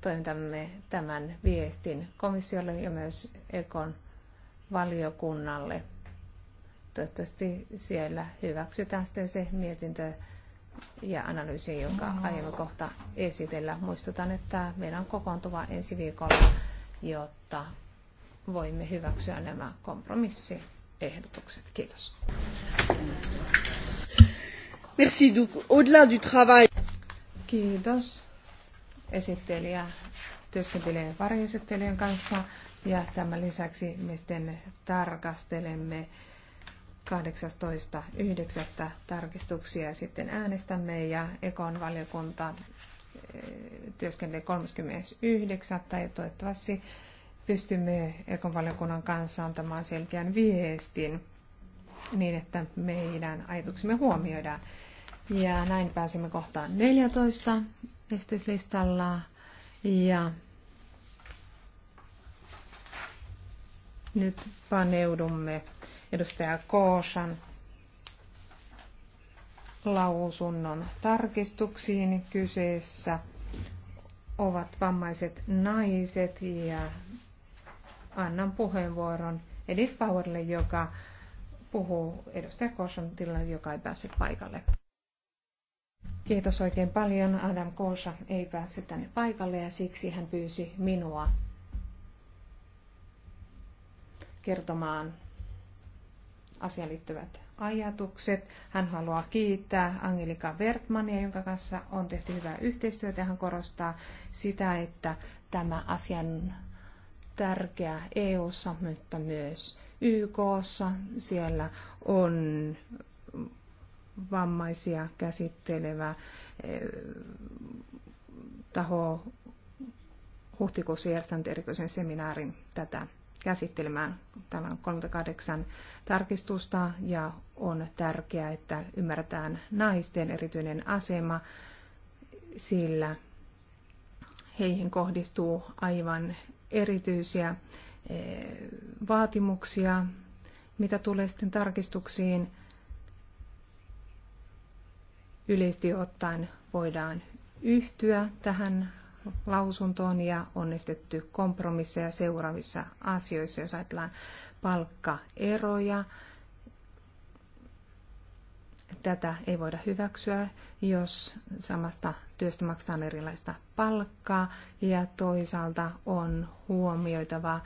toimitamme tämän viestin komissiolle ja myös Ekon valiokunnalle. Toivottavasti siellä hyväksytään sitten se mietintö ja analyysi, jonka aiemmin kohta esitellä. Muistutan, että meillä on kokoontuva ensi viikolla, jotta voimme hyväksyä nämä kompromissiehdotukset. Kiitos. Merci. Donc, au-delà du travail... Kiitos. Esittelijä työskentelee varjoesittelijän kanssa ja tämän lisäksi me sitten tarkastelemme 18.9. tarkistuksia ja sitten äänestämme ja Ekon valiokunta eh, työskentelee 39. ja toivottavasti pystymme Ekon valiokunnan kanssa antamaan selkeän viestin niin, että meidän ajatuksemme huomioidaan. Ja näin pääsemme kohtaan 14 esityslistalla. Ja nyt paneudumme edustaja Kooshan lausunnon tarkistuksiin kyseessä ovat vammaiset naiset ja annan puheenvuoron Edith Powerille, joka puhuu edustaja Korson tilalle, joka ei päässyt paikalle. Kiitos oikein paljon. Adam Koosa ei päässyt tänne paikalle ja siksi hän pyysi minua kertomaan asiaan liittyvät ajatukset. Hän haluaa kiittää Angelika Bertmania, jonka kanssa on tehty hyvää yhteistyötä. Hän korostaa sitä, että tämä asian tärkeä EU-ssa, mutta myös YKssa. Siellä on vammaisia käsittelevä eh, taho huhtikuussa järjestänyt erikoisen seminaarin tätä käsittelemään. Täällä on 38 tarkistusta ja on tärkeää, että ymmärretään naisten erityinen asema, sillä heihin kohdistuu aivan erityisiä eh, vaatimuksia, mitä tulee sitten tarkistuksiin Yleisesti ottaen voidaan yhtyä tähän lausuntoon ja onnistettu kompromisseja seuraavissa asioissa, jos ajatellaan palkkaeroja. Tätä ei voida hyväksyä, jos samasta työstä maksetaan erilaista palkkaa ja toisaalta on huomioitava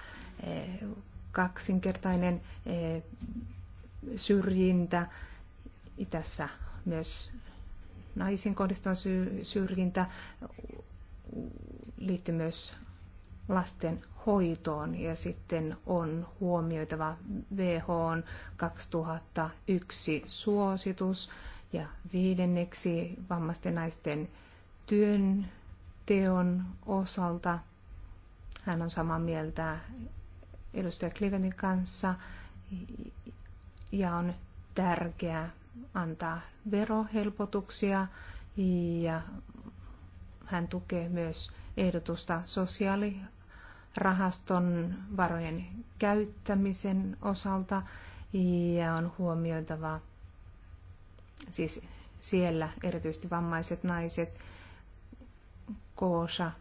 eh, kaksinkertainen eh, syrjintä. Tässä myös naisiin kohdistuva syrjintä liittyy myös lasten hoitoon ja sitten on huomioitava WHO 2001 suositus ja viidenneksi vammaisten naisten työn teon osalta. Hän on samaa mieltä edustaja Klivenin kanssa ja on tärkeää antaa verohelpotuksia ja hän tukee myös ehdotusta sosiaalirahaston varojen käyttämisen osalta ja on huomioitava siis siellä erityisesti vammaiset naiset, koosa,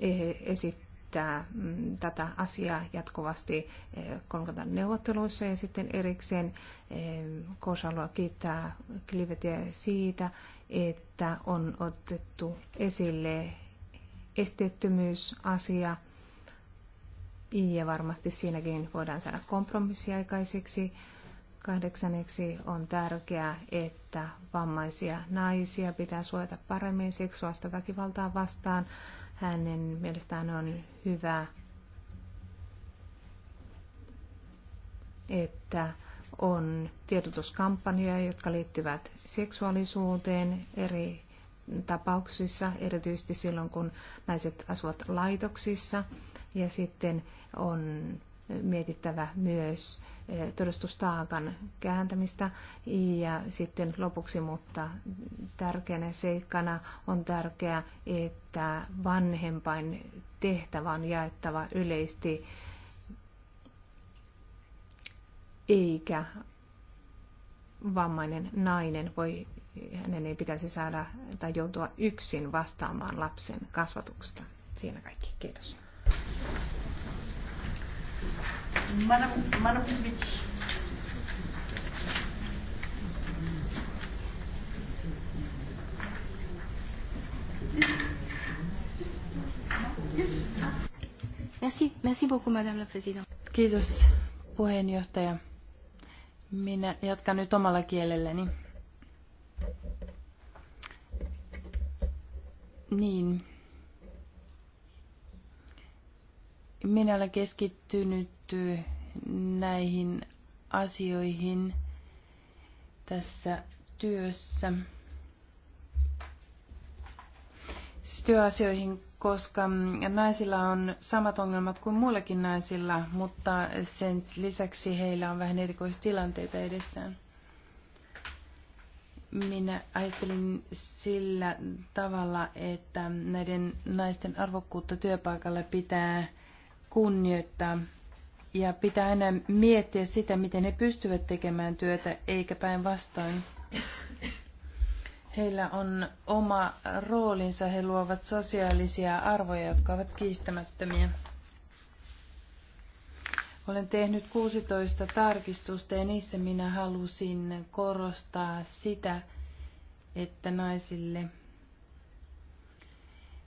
e- esittää käyttää mm, tätä asiaa jatkuvasti eh, kolmikantan neuvotteluissa ja sitten erikseen eh, KOS haluaa kiittää Klivetiä siitä, että on otettu esille esteettömyysasia ja varmasti siinäkin voidaan saada kompromissi aikaiseksi. Kahdeksanneksi on tärkeää, että vammaisia naisia pitää suojata paremmin seksuaalista väkivaltaa vastaan hänen mielestään on hyvä, että on tiedotuskampanjoja, jotka liittyvät seksuaalisuuteen eri tapauksissa, erityisesti silloin kun naiset asuvat laitoksissa. Ja sitten on mietittävä myös eh, todistustaakan kääntämistä. Ja sitten lopuksi, mutta tärkeänä seikkana on tärkeää, että vanhempain tehtävä on jaettava yleisesti eikä vammainen nainen voi, hänen ei pitäisi saada tai joutua yksin vastaamaan lapsen kasvatuksesta. Siinä kaikki. Kiitos. Madam, Madam Merci, merci beaucoup, Madame la Présidente. Kiitos, puheenjohtaja. Minä jatkan nyt omalla kielelläni. Niin. Minä olen keskittynyt liittyy näihin asioihin tässä työssä. Siis työasioihin, koska naisilla on samat ongelmat kuin muillakin naisilla, mutta sen lisäksi heillä on vähän erikoistilanteita edessään. Minä ajattelin sillä tavalla, että näiden naisten arvokkuutta työpaikalla pitää kunnioittaa ja pitää aina miettiä sitä, miten he pystyvät tekemään työtä, eikä päinvastoin. Heillä on oma roolinsa, he luovat sosiaalisia arvoja, jotka ovat kiistämättömiä. Olen tehnyt 16 tarkistusta ja niissä minä halusin korostaa sitä, että naisille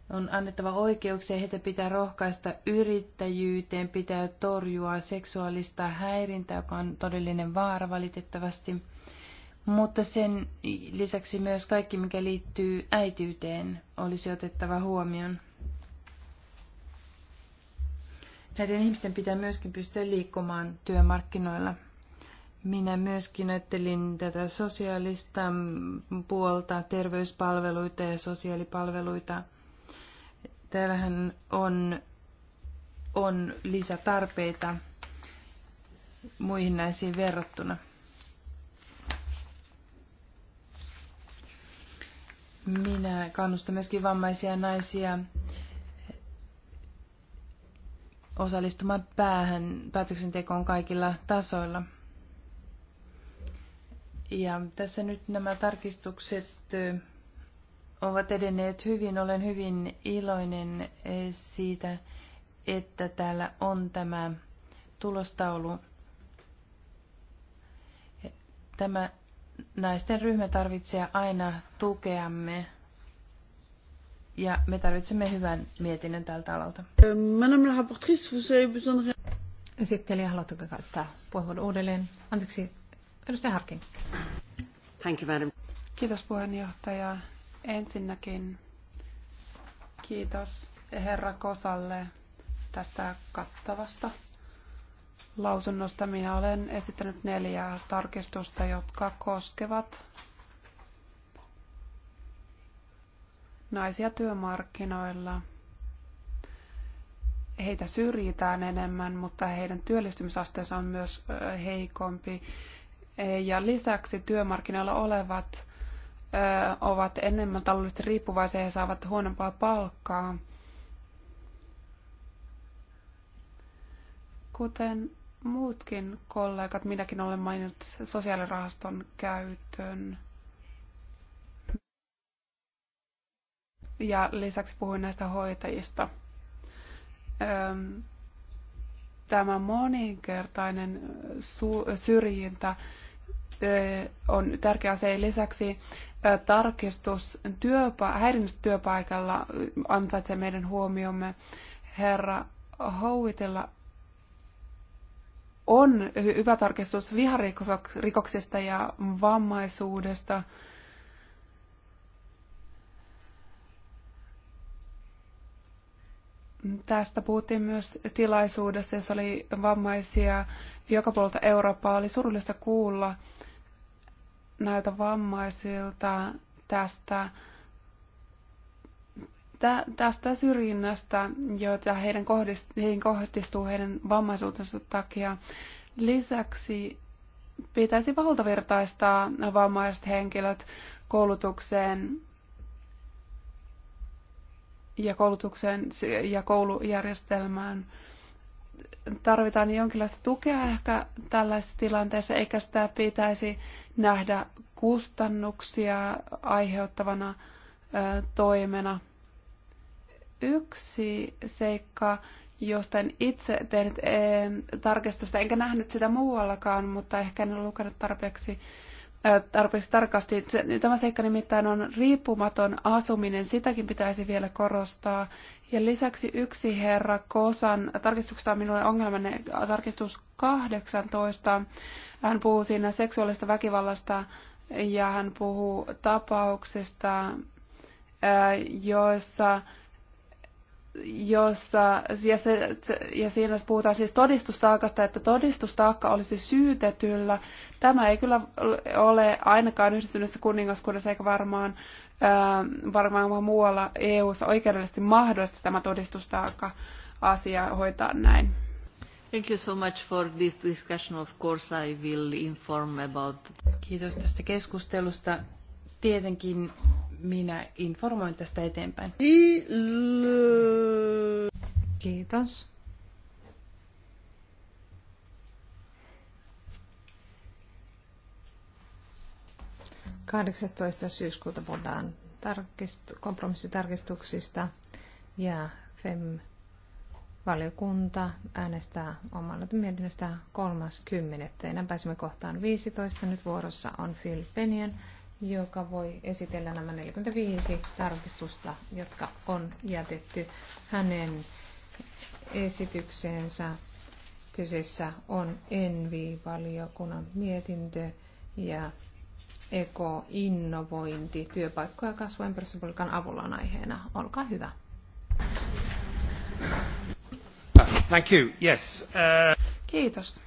on annettava oikeuksia, heitä pitää rohkaista yrittäjyyteen, pitää torjua seksuaalista häirintää, joka on todellinen vaara valitettavasti. Mutta sen lisäksi myös kaikki, mikä liittyy äitiyteen, olisi otettava huomioon. Näiden ihmisten pitää myöskin pystyä liikkumaan työmarkkinoilla. Minä myöskin ajattelin tätä sosiaalista puolta, terveyspalveluita ja sosiaalipalveluita – Täällähän on, on lisätarpeita muihin näisiin verrattuna. Minä kannustan myöskin vammaisia naisia osallistumaan päähän päätöksentekoon kaikilla tasoilla. Ja tässä nyt nämä tarkistukset ovat edenneet hyvin. Olen hyvin iloinen eh, siitä, että täällä on tämä tulostaulu. Tämä naisten ryhmä tarvitsee aina tukeamme ja me tarvitsemme hyvän mietinnön tältä alalta. Eh, madame la rapportrice, vous avez besoin de... Esittelijä, haluatteko käyttää puheenvuoron uudelleen? Anteeksi, edustaja Harkin. Thank you, madam. Kiitos puheenjohtaja. Ensinnäkin kiitos herra Kosalle tästä kattavasta lausunnosta. Minä olen esittänyt neljää tarkistusta, jotka koskevat naisia työmarkkinoilla. Heitä syrjitään enemmän, mutta heidän työllistymisasteensa on myös heikompi. Ja lisäksi työmarkkinoilla olevat ovat enemmän taloudellisesti riippuvaisia ja saavat huonompaa palkkaa. Kuten muutkin kollegat, minäkin olen maininnut sosiaalirahaston käytön. Ja lisäksi puhuin näistä hoitajista. Tämä moninkertainen syrjintä on tärkeä se lisäksi tarkistus työpa- häirinnästä työpaikalla ansaitsee meidän huomiomme. Herra Houvitella on hyvä tarkistus viharikoksista ja vammaisuudesta. Tästä puhuttiin myös tilaisuudessa, jossa oli vammaisia joka puolelta Eurooppaa. Oli surullista kuulla, näiltä vammaisilta tästä, tä, tästä syrjinnästä, jota heidän kohdist, heihin kohdistuu heidän vammaisuutensa takia. Lisäksi pitäisi valtavirtaistaa vammaiset henkilöt koulutukseen ja koulutukseen ja koulujärjestelmään tarvitaan jonkinlaista tukea ehkä tällaisessa tilanteessa, eikä sitä pitäisi nähdä kustannuksia aiheuttavana toimena. Yksi seikka, josta en itse tehnyt tarkistusta, enkä nähnyt sitä muuallakaan, mutta ehkä en lukenut tarpeeksi tarpeeksi tarkasti. Tämä seikka nimittäin on riippumaton asuminen, sitäkin pitäisi vielä korostaa. Ja lisäksi yksi herra Kosan tarkistuksesta on minulle ongelmanne tarkistus 18. Hän puhuu siinä seksuaalista väkivallasta ja hän puhuu tapauksista, joissa jossa, ja, se, ja siinä puhutaan siis todistustaakasta, että todistustaakka olisi syytetyllä. Tämä ei kyllä ole ainakaan yhdistyneessä kuningaskunnassa eikä varmaan, ää, varmaan muualla EU-ssa oikeudellisesti mahdollista tämä todistustaakka asia hoitaa näin. Thank you so much for this discussion. Of course I will inform about... Kiitos tästä keskustelusta tietenkin minä informoin tästä eteenpäin. Kiitos. Kahdeksastoista syyskuuta puhutaan tarkistu- kompromissitarkistuksista ja FEM-valiokunta äänestää omalla mietinnöstä 30. Enää pääsemme kohtaan 15. Nyt vuorossa on Phil Penien joka voi esitellä nämä 45 tarkistusta, jotka on jätetty hänen esitykseensä. Kyseessä on Envi-valiokunnan mietintö ja ekoinnovointi työpaikkoja kasvojen peruspolitiikan avulla on aiheena. Olkaa hyvä. Thank you. Yes. Uh... Kiitos.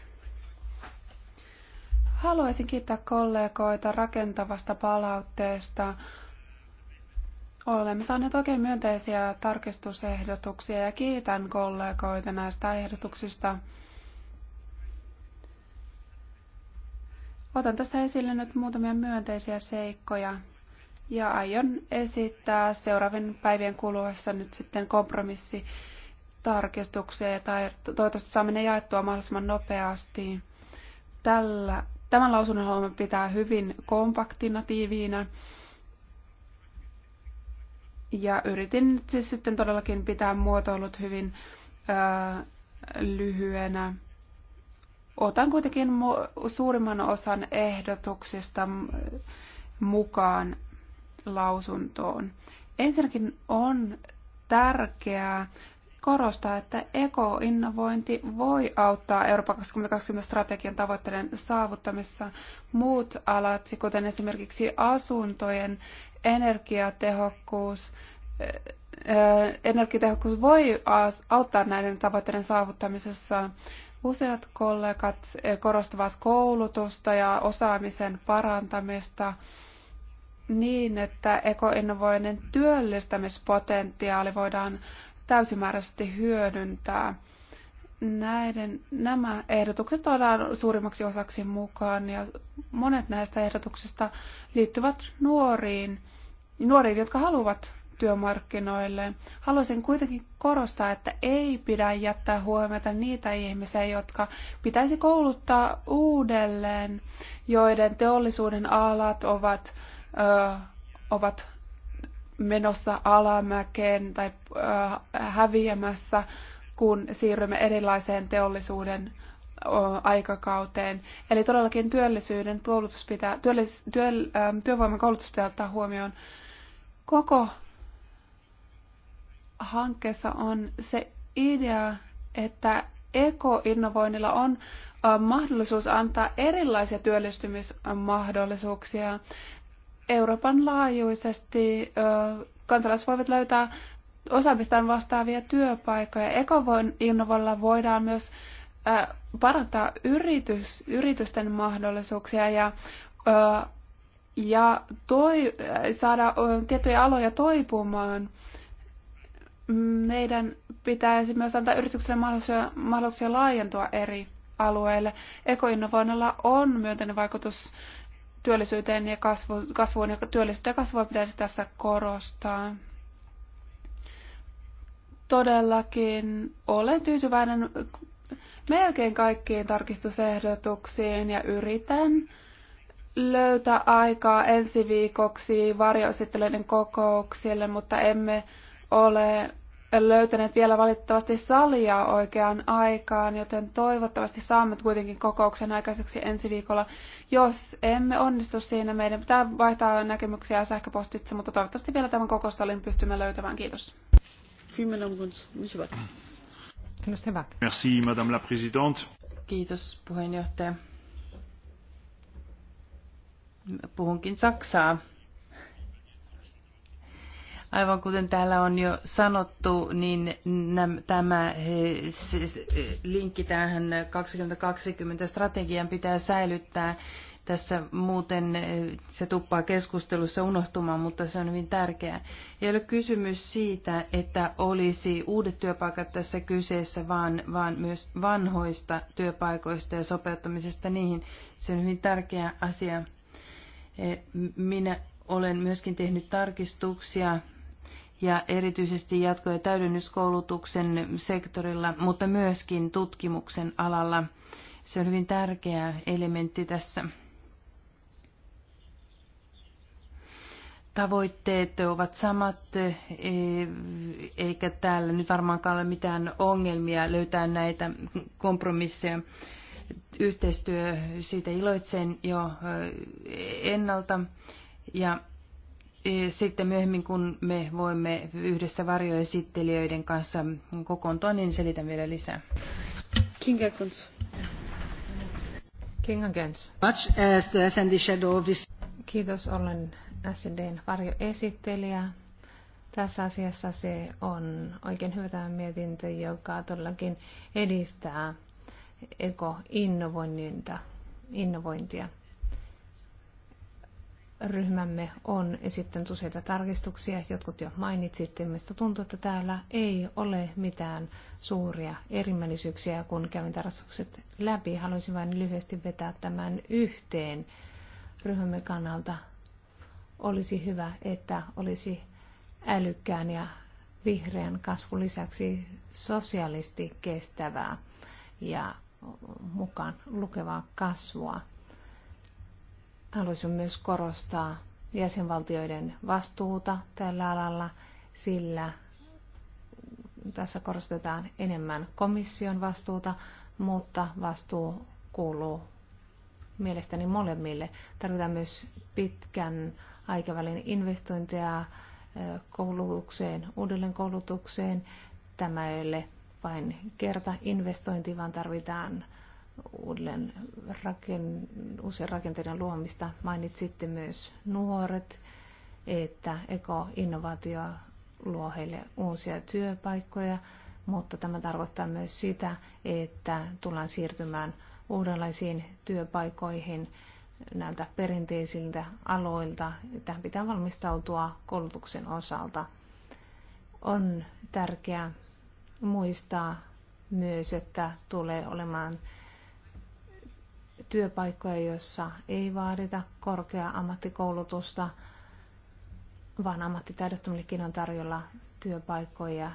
Haluaisin kiittää kollegoita rakentavasta palautteesta. Olemme saaneet oikein myönteisiä tarkistusehdotuksia ja kiitän kollegoita näistä ehdotuksista. Otan tässä esille nyt muutamia myönteisiä seikkoja ja aion esittää seuraavien päivien kuluessa nyt sitten tarkistuksia ja toivottavasti saamme ne jaettua mahdollisimman nopeasti. Tällä Tämän lausunnon haluamme pitää hyvin kompaktina, tiiviinä. Ja yritin siis sitten todellakin pitää muotoilut hyvin ö, lyhyenä. Otan kuitenkin suurimman osan ehdotuksista mukaan lausuntoon. Ensinnäkin on tärkeää korostaa, että ekoinnovointi voi auttaa Euroopan 2020-strategian tavoitteiden saavuttamisessa. Muut alat, kuten esimerkiksi asuntojen energiatehokkuus, eh, eh, energiatehokkuus voi auttaa näiden tavoitteiden saavuttamisessa. Useat kollegat eh, korostavat koulutusta ja osaamisen parantamista niin, että ekoinnovoinnin työllistämispotentiaali voidaan täysimääräisesti hyödyntää. Näiden, nämä ehdotukset tuodaan suurimmaksi osaksi mukaan ja monet näistä ehdotuksista liittyvät nuoriin, nuoriin jotka haluavat työmarkkinoille. Haluaisin kuitenkin korostaa, että ei pidä jättää huomiota niitä ihmisiä, jotka pitäisi kouluttaa uudelleen, joiden teollisuuden alat ovat, ö, ovat menossa alamäkeen tai äh, häviämässä, kun siirrymme erilaiseen teollisuuden aikakauteen. Eli todellakin työllisyyden koulutus pitää, työllis, työ, ähm, työvoiman koulutus pitää ottaa huomioon. Koko hankkeessa on se idea, että ekoinnovoinnilla on mahdollisuus antaa erilaisia työllistymismahdollisuuksia. Euroopan laajuisesti kansalaiset voivat löytää osaamistaan vastaavia työpaikkoja. Ekovoinnovalla voidaan myös parantaa yritys, yritysten mahdollisuuksia ja, ja toi, saada tiettyjä aloja toipumaan. Meidän pitäisi myös antaa yrityksille mahdollisuuksia, mahdollisuuksia laajentua eri alueille. Ekoinnovoinnilla on myönteinen vaikutus työllisyyteen ja kasvu, kasvuun ja työllisyyttä ja kasvua pitäisi tässä korostaa. Todellakin olen tyytyväinen melkein kaikkiin tarkistusehdotuksiin ja yritän löytää aikaa ensi viikoksi varjoesittelyiden kokouksille, mutta emme ole löytäneet vielä valitettavasti salia oikeaan aikaan, joten toivottavasti saamme kuitenkin kokouksen aikaiseksi ensi viikolla. Jos emme onnistu siinä, meidän pitää vaihtaa näkemyksiä sähköpostitse, mutta toivottavasti vielä tämän kokoussalin pystymme löytämään. Kiitos. Merci, Madame la Présidente. Kiitos, puheenjohtaja. Puhunkin Saksaa. Aivan kuten täällä on jo sanottu, niin tämä siis linkki tähän 2020 strategian pitää säilyttää. Tässä muuten eh, se tuppaa keskustelussa unohtumaan, mutta se on hyvin tärkeää. Ei ole kysymys siitä, että olisi uudet työpaikat tässä kyseessä, vaan, vaan myös vanhoista työpaikoista ja sopeuttamisesta niihin. Se on hyvin tärkeä asia. Eh, minä olen myöskin tehnyt tarkistuksia ja erityisesti jatko- ja täydennyskoulutuksen sektorilla, mutta myöskin tutkimuksen alalla. Se on hyvin tärkeä elementti tässä. Tavoitteet ovat samat, e, eikä täällä nyt varmaankaan ole mitään ongelmia löytää näitä kompromisseja. Yhteistyö, siitä iloitsen jo e, ennalta. Ja sitten myöhemmin, kun me voimme yhdessä varjoesittelijöiden kanssa kokoontua, niin selitän vielä lisää. Kinga Kunz. Kinga Kunz. Kiitos, olen SDn varjoesittelijä. Tässä asiassa se on oikein hyvä tämä mietintö, joka todellakin edistää ekoinnovointia. innovointia ryhmämme on esittänyt useita tarkistuksia, jotkut jo mainitsitte. Minusta tuntuu, että täällä ei ole mitään suuria erimielisyyksiä, kun kävin tarkistukset läpi. Haluaisin vain lyhyesti vetää tämän yhteen ryhmämme kannalta. Olisi hyvä, että olisi älykkään ja vihreän kasvun lisäksi sosiaalisti kestävää ja mukaan lukevaa kasvua. Haluaisin myös korostaa jäsenvaltioiden vastuuta tällä alalla, sillä tässä korostetaan enemmän komission vastuuta, mutta vastuu kuuluu mielestäni molemmille. Tarvitaan myös pitkän aikavälin investointeja koulutukseen, koulutukseen. Tämä ei ole vain kerta investointi, vaan tarvitaan uudelleen raken, uusien rakenteiden luomista. Mainitsitte myös nuoret, että ekoinnovaatio luo heille uusia työpaikkoja, mutta tämä tarkoittaa myös sitä, että tullaan siirtymään uudenlaisiin työpaikoihin näiltä perinteisiltä aloilta. Tähän pitää valmistautua koulutuksen osalta. On tärkeää muistaa myös, että tulee olemaan työpaikkoja, joissa ei vaadita korkeaa ammattikoulutusta, vaan ammattitaidottomillekin on tarjolla työpaikkoja.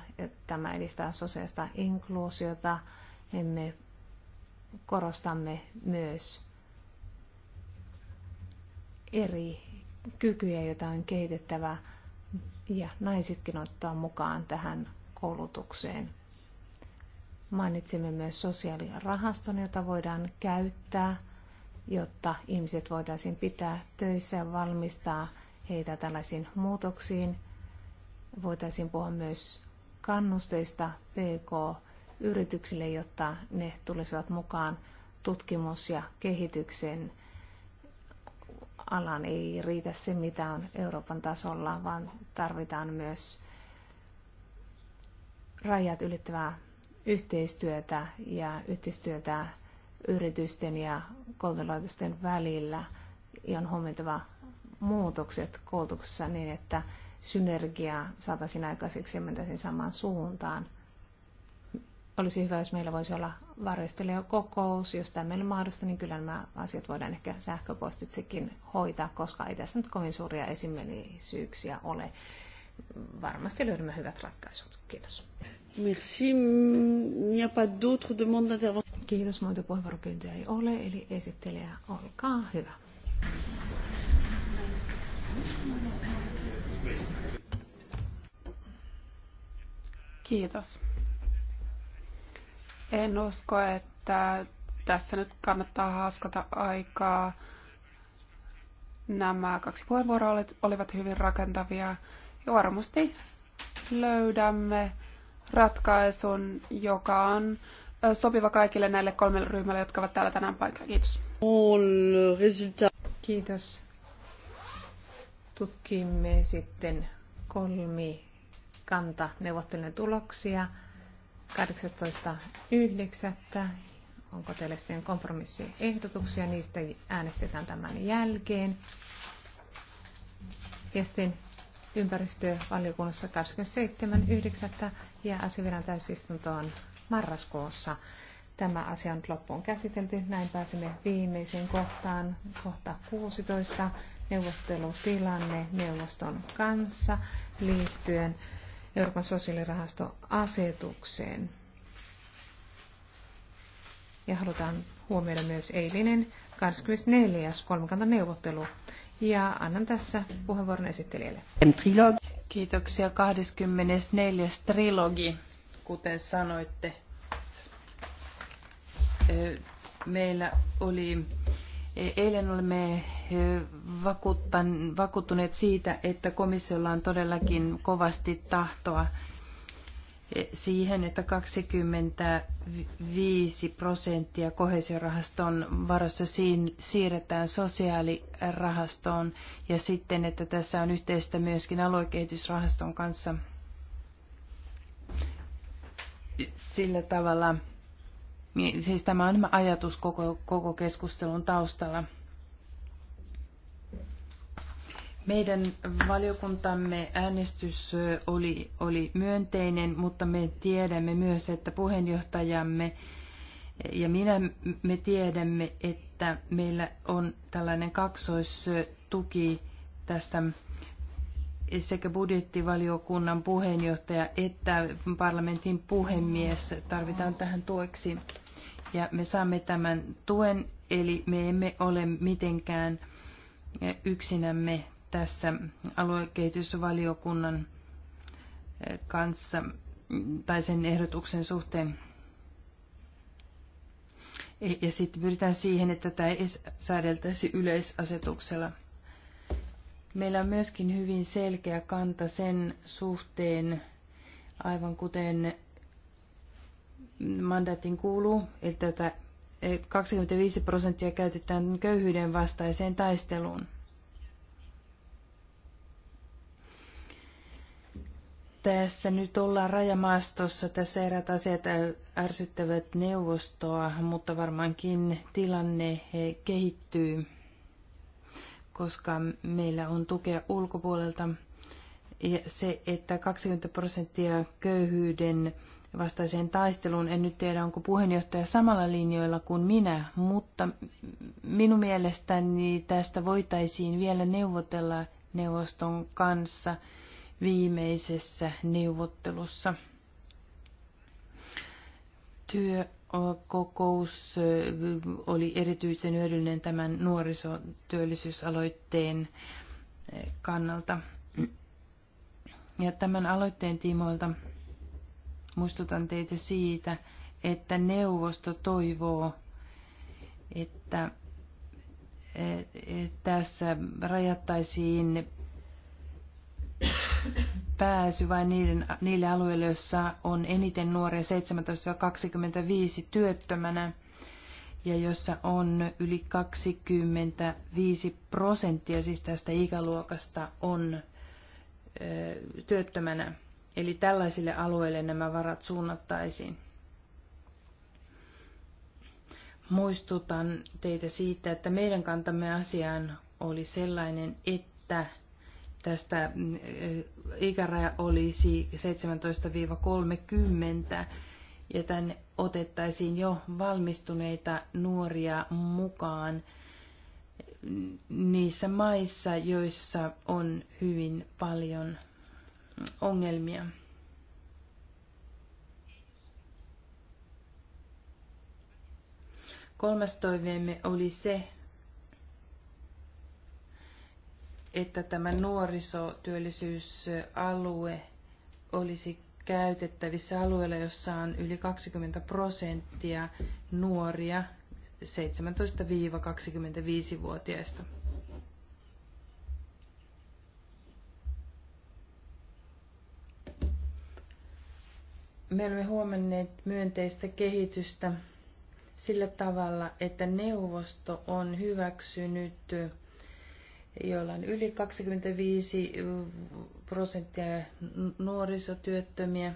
Tämä edistää sosiaalista inkluusiota. Me korostamme myös eri kykyjä, joita on kehitettävä ja naisetkin ottaa mukaan tähän koulutukseen. Mainitsimme myös sosiaalirahaston, jota voidaan käyttää, jotta ihmiset voitaisiin pitää töissä ja valmistaa heitä tällaisiin muutoksiin. Voitaisiin puhua myös kannusteista PK-yrityksille, jotta ne tulisivat mukaan tutkimus- ja kehityksen alan. Ei riitä se, mitä on Euroopan tasolla, vaan tarvitaan myös rajat ylittävää yhteistyötä ja yhteistyötä yritysten ja koulutuslaitosten välillä on huomioitava muutokset koulutuksessa niin, että synergiaa saataisiin aikaiseksi ja mentäisiin samaan suuntaan. Olisi hyvä, jos meillä voisi olla kokous, Jos tämä meillä on mahdollista, niin kyllä nämä asiat voidaan ehkä sähköpostitsekin hoitaa, koska ei tässä nyt kovin suuria esimerkiksi ole. Varmasti löydämme hyvät ratkaisut. Kiitos. Merci. Il n'y a pas d'autres demandes d'intervention. Kiitos, muita puheenvuoropyyntöjä ei ole, eli esittelijä, olkaa hyvä. Kiitos. En usko, että tässä nyt kannattaa haaskata aikaa. Nämä kaksi puheenvuoroa olivat hyvin rakentavia ja varmasti löydämme ratkaisun, joka on sopiva kaikille näille kolmelle ryhmälle, jotka ovat täällä tänään paikalla. Kiitos. Kiitos. Tutkimme sitten kolmi kanta neuvottelujen tuloksia 18.9. Onko teille sitten kompromissiehdotuksia? Niistä äänestetään tämän jälkeen. Ja sitten ympäristövaliokunnassa 27.9. ja asiaviran täysistuntoon marraskuussa. Tämä asia on loppuun käsitelty. Näin pääsemme viimeiseen kohtaan, kohta 16, neuvottelutilanne neuvoston kanssa liittyen Euroopan sosiaalirahastoasetukseen. Ja halutaan huomioida myös eilinen 24. kolmikantaneuvottelu neuvottelu ja annan tässä puheenvuoron esittelijälle. Kiitoksia 24. trilogi, kuten sanoitte. Meillä oli, e, eilen olemme e, vakuuttuneet siitä, että komissiolla on todellakin kovasti tahtoa siihen, että 25 prosenttia kohesiorahaston varoista siirretään sosiaalirahastoon ja sitten, että tässä on yhteistä myöskin aluekehitysrahaston kanssa sillä tavalla, niin siis tämä on ajatus koko, koko keskustelun taustalla – Meidän valiokuntamme äänestys oli, oli myönteinen, mutta me tiedämme myös, että puheenjohtajamme ja minä me tiedämme, että meillä on tällainen kaksoistuki tästä sekä budjettivaliokunnan puheenjohtaja että parlamentin puhemies tarvitaan tähän tueksi. Ja me saamme tämän tuen, eli me emme ole mitenkään yksinämme tässä aluekehitysvaliokunnan eh, kanssa tai sen ehdotuksen suhteen. E, ja sitten pyritään siihen, että tämä ei säädeltäisi yleisasetuksella. Meillä on myöskin hyvin selkeä kanta sen suhteen, aivan kuten mandaatin kuuluu, että 25 eh, prosenttia käytetään köyhyyden vastaiseen taisteluun. tässä nyt ollaan rajamaastossa. Tässä erät asiat äh, ärsyttävät neuvostoa, mutta varmaankin tilanne kehittyy, koska meillä on tukea ulkopuolelta. Ja se, että 20 prosenttia köyhyyden vastaiseen taisteluun, en nyt tiedä onko puheenjohtaja samalla linjoilla kuin minä, mutta minun mielestäni tästä voitaisiin vielä neuvotella neuvoston kanssa – viimeisessä neuvottelussa. Työkokous oli erityisen hyödyllinen tämän nuorisotyöllisyysaloitteen kannalta. Ja tämän aloitteen tiimoilta muistutan teitä siitä, että neuvosto toivoo, että tässä rajattaisiin pääsy vain niiden, niille alueille, joissa on eniten nuoria 17-25 työttömänä ja jossa on yli 25 prosenttia siis tästä ikäluokasta on ö, työttömänä. Eli tällaisille alueille nämä varat suunnattaisiin. Muistutan teitä siitä, että meidän kantamme asiaan oli sellainen, että tästä mm, eh, ikäraja olisi 17-30 ja tänne otettaisiin jo valmistuneita nuoria mukaan mm, niissä maissa, joissa on hyvin paljon mm, ongelmia. Kolmas toiveemme oli se, että tämä nuorisotyöllisyysalue olisi käytettävissä alueella, jossa on yli 20 prosenttia nuoria 17-25-vuotiaista. Me olemme huomanneet myönteistä kehitystä sillä tavalla, että neuvosto on hyväksynyt joilla on yli 25 prosenttia nuorisotyöttömiä,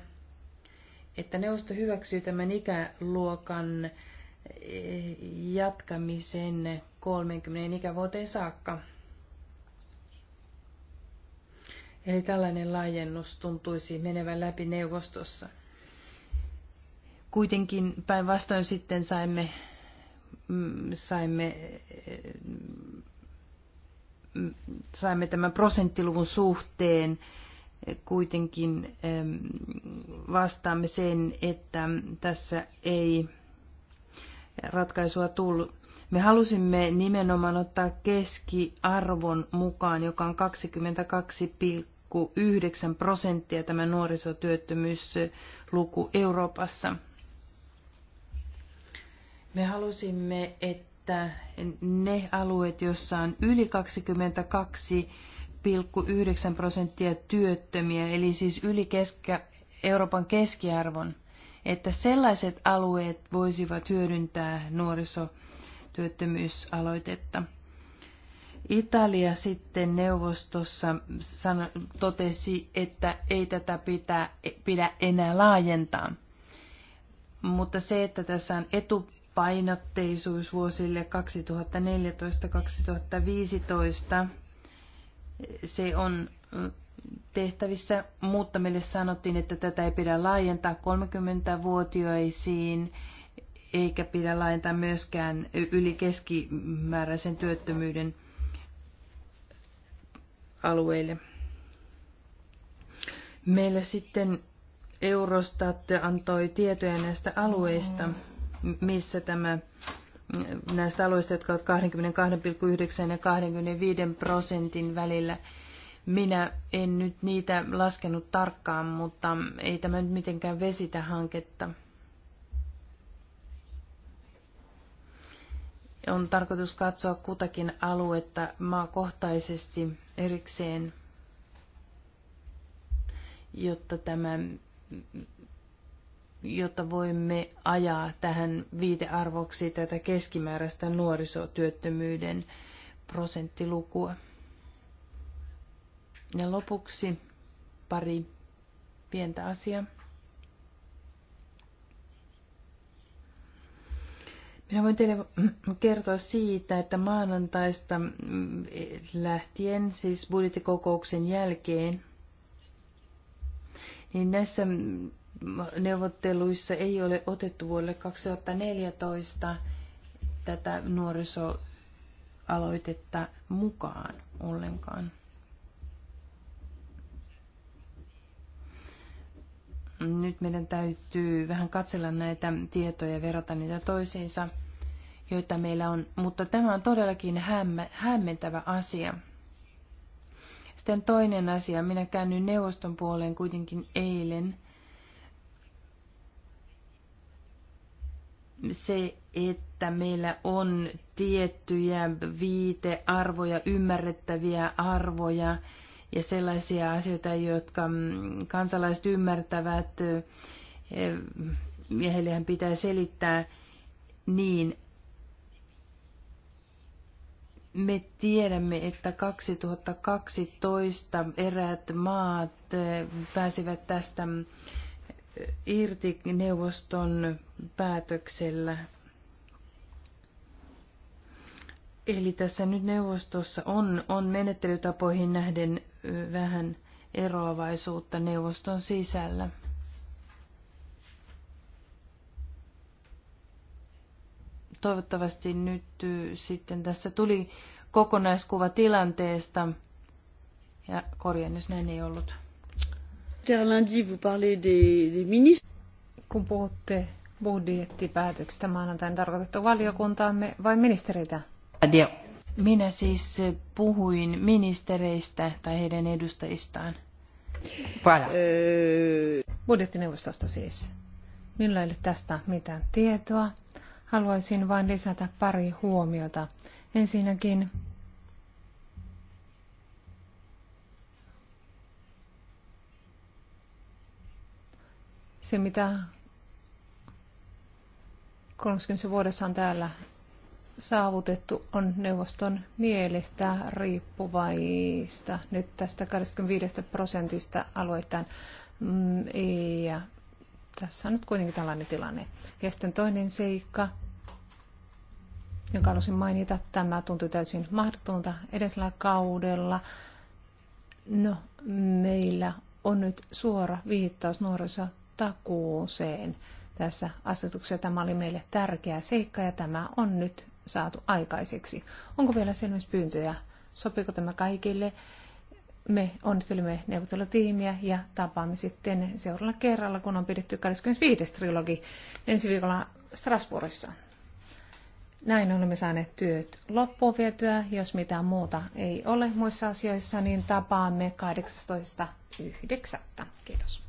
että neuvosto hyväksyy tämän ikäluokan eh, jatkamisen 30 ikävuoteen saakka. Eli tällainen laajennus tuntuisi menevän läpi neuvostossa. Kuitenkin päinvastoin sitten saimme, mm, saimme eh, saimme tämän prosenttiluvun suhteen kuitenkin vastaamme sen, että tässä ei ratkaisua tullut. Me halusimme nimenomaan ottaa keskiarvon mukaan, joka on 22,9 prosenttia tämä nuorisotyöttömyysluku Euroopassa. Me halusimme, että että ne alueet, joissa on yli 22,9 prosenttia työttömiä, eli siis yli Euroopan keskiarvon, että sellaiset alueet voisivat hyödyntää nuorisotyöttömyysaloitetta. Italia sitten neuvostossa sano, totesi, että ei tätä pitää, pidä enää laajentaa. Mutta se, että tässä on etu, painotteisuus vuosille 2014-2015. Se on tehtävissä, mutta meille sanottiin, että tätä ei pidä laajentaa 30-vuotiaisiin eikä pidä laajentaa myöskään yli keskimääräisen työttömyyden alueille. Meillä sitten Eurostat antoi tietoja näistä alueista. Mm-hmm missä tämä mm, näistä alueista, jotka ovat 22,9 ja 25 prosentin välillä. Minä en nyt niitä laskenut tarkkaan, mutta ei tämä nyt mitenkään vesitä hanketta. On tarkoitus katsoa kutakin aluetta maakohtaisesti erikseen, jotta tämä jotta voimme ajaa tähän viitearvoksi tätä keskimääräistä nuorisotyöttömyyden prosenttilukua. Ja lopuksi pari pientä asiaa. Minä voin teille kertoa siitä, että maanantaista lähtien, siis budjettikokouksen jälkeen, niin näissä neuvotteluissa ei ole otettu vuodelle 2014 tätä nuorisoaloitetta mukaan ollenkaan. Nyt meidän täytyy vähän katsella näitä tietoja ja verrata niitä toisiinsa, joita meillä on, mutta tämä on todellakin hämmentävä asia. Sitten toinen asia, minä käännyin neuvoston puoleen kuitenkin eilen – se, että meillä on tiettyjä viitearvoja, ymmärrettäviä arvoja ja sellaisia asioita, jotka mm, kansalaiset ymmärtävät ja heillehän pitää selittää niin, me tiedämme, että 2012 eräät maat pääsivät tästä irti neuvoston päätöksellä. Eli tässä nyt neuvostossa on, on menettelytapoihin nähden vähän eroavaisuutta neuvoston sisällä. Toivottavasti nyt sitten tässä tuli kokonaiskuva tilanteesta ja korjaan, jos näin ei ollut budgétaire lundi, vous parlez des, des ministres. Kun puhutte budjettipäätöksestä maanantain tarkoitettu valiokuntaamme vai ministereitä? Adio. Minä siis puhuin ministereistä tai heidän edustajistaan. Voilà. Öö... Budjettineuvostosta siis. Minulla ei ole tästä mitään tietoa. Haluaisin vain lisätä pari huomiota. Ensinnäkin Se, mitä 30 vuodessa on täällä saavutettu, on neuvoston mielestä riippuvaista nyt tästä 25 prosentista alueittain. Mm, ja tässä on nyt kuitenkin tällainen tilanne. Ja sitten toinen seikka, jonka halusin mainita, tämä tuntui täysin mahdottomalta edellisellä kaudella. No, meillä on nyt suora viittaus nuorissa takuuseen tässä asetuksessa. Tämä oli meille tärkeä seikka ja tämä on nyt saatu aikaiseksi. Onko vielä selvennyspyyntöjä? Sopiiko tämä kaikille? Me onnittelemme neuvottelutiimiä ja tapaamme sitten seuraavalla kerralla, kun on pidetty 25. trilogi ensi viikolla Strasbourgissa. Näin olemme saaneet työt loppuun vietyä. Jos mitään muuta ei ole muissa asioissa, niin tapaamme 18.9. Kiitos.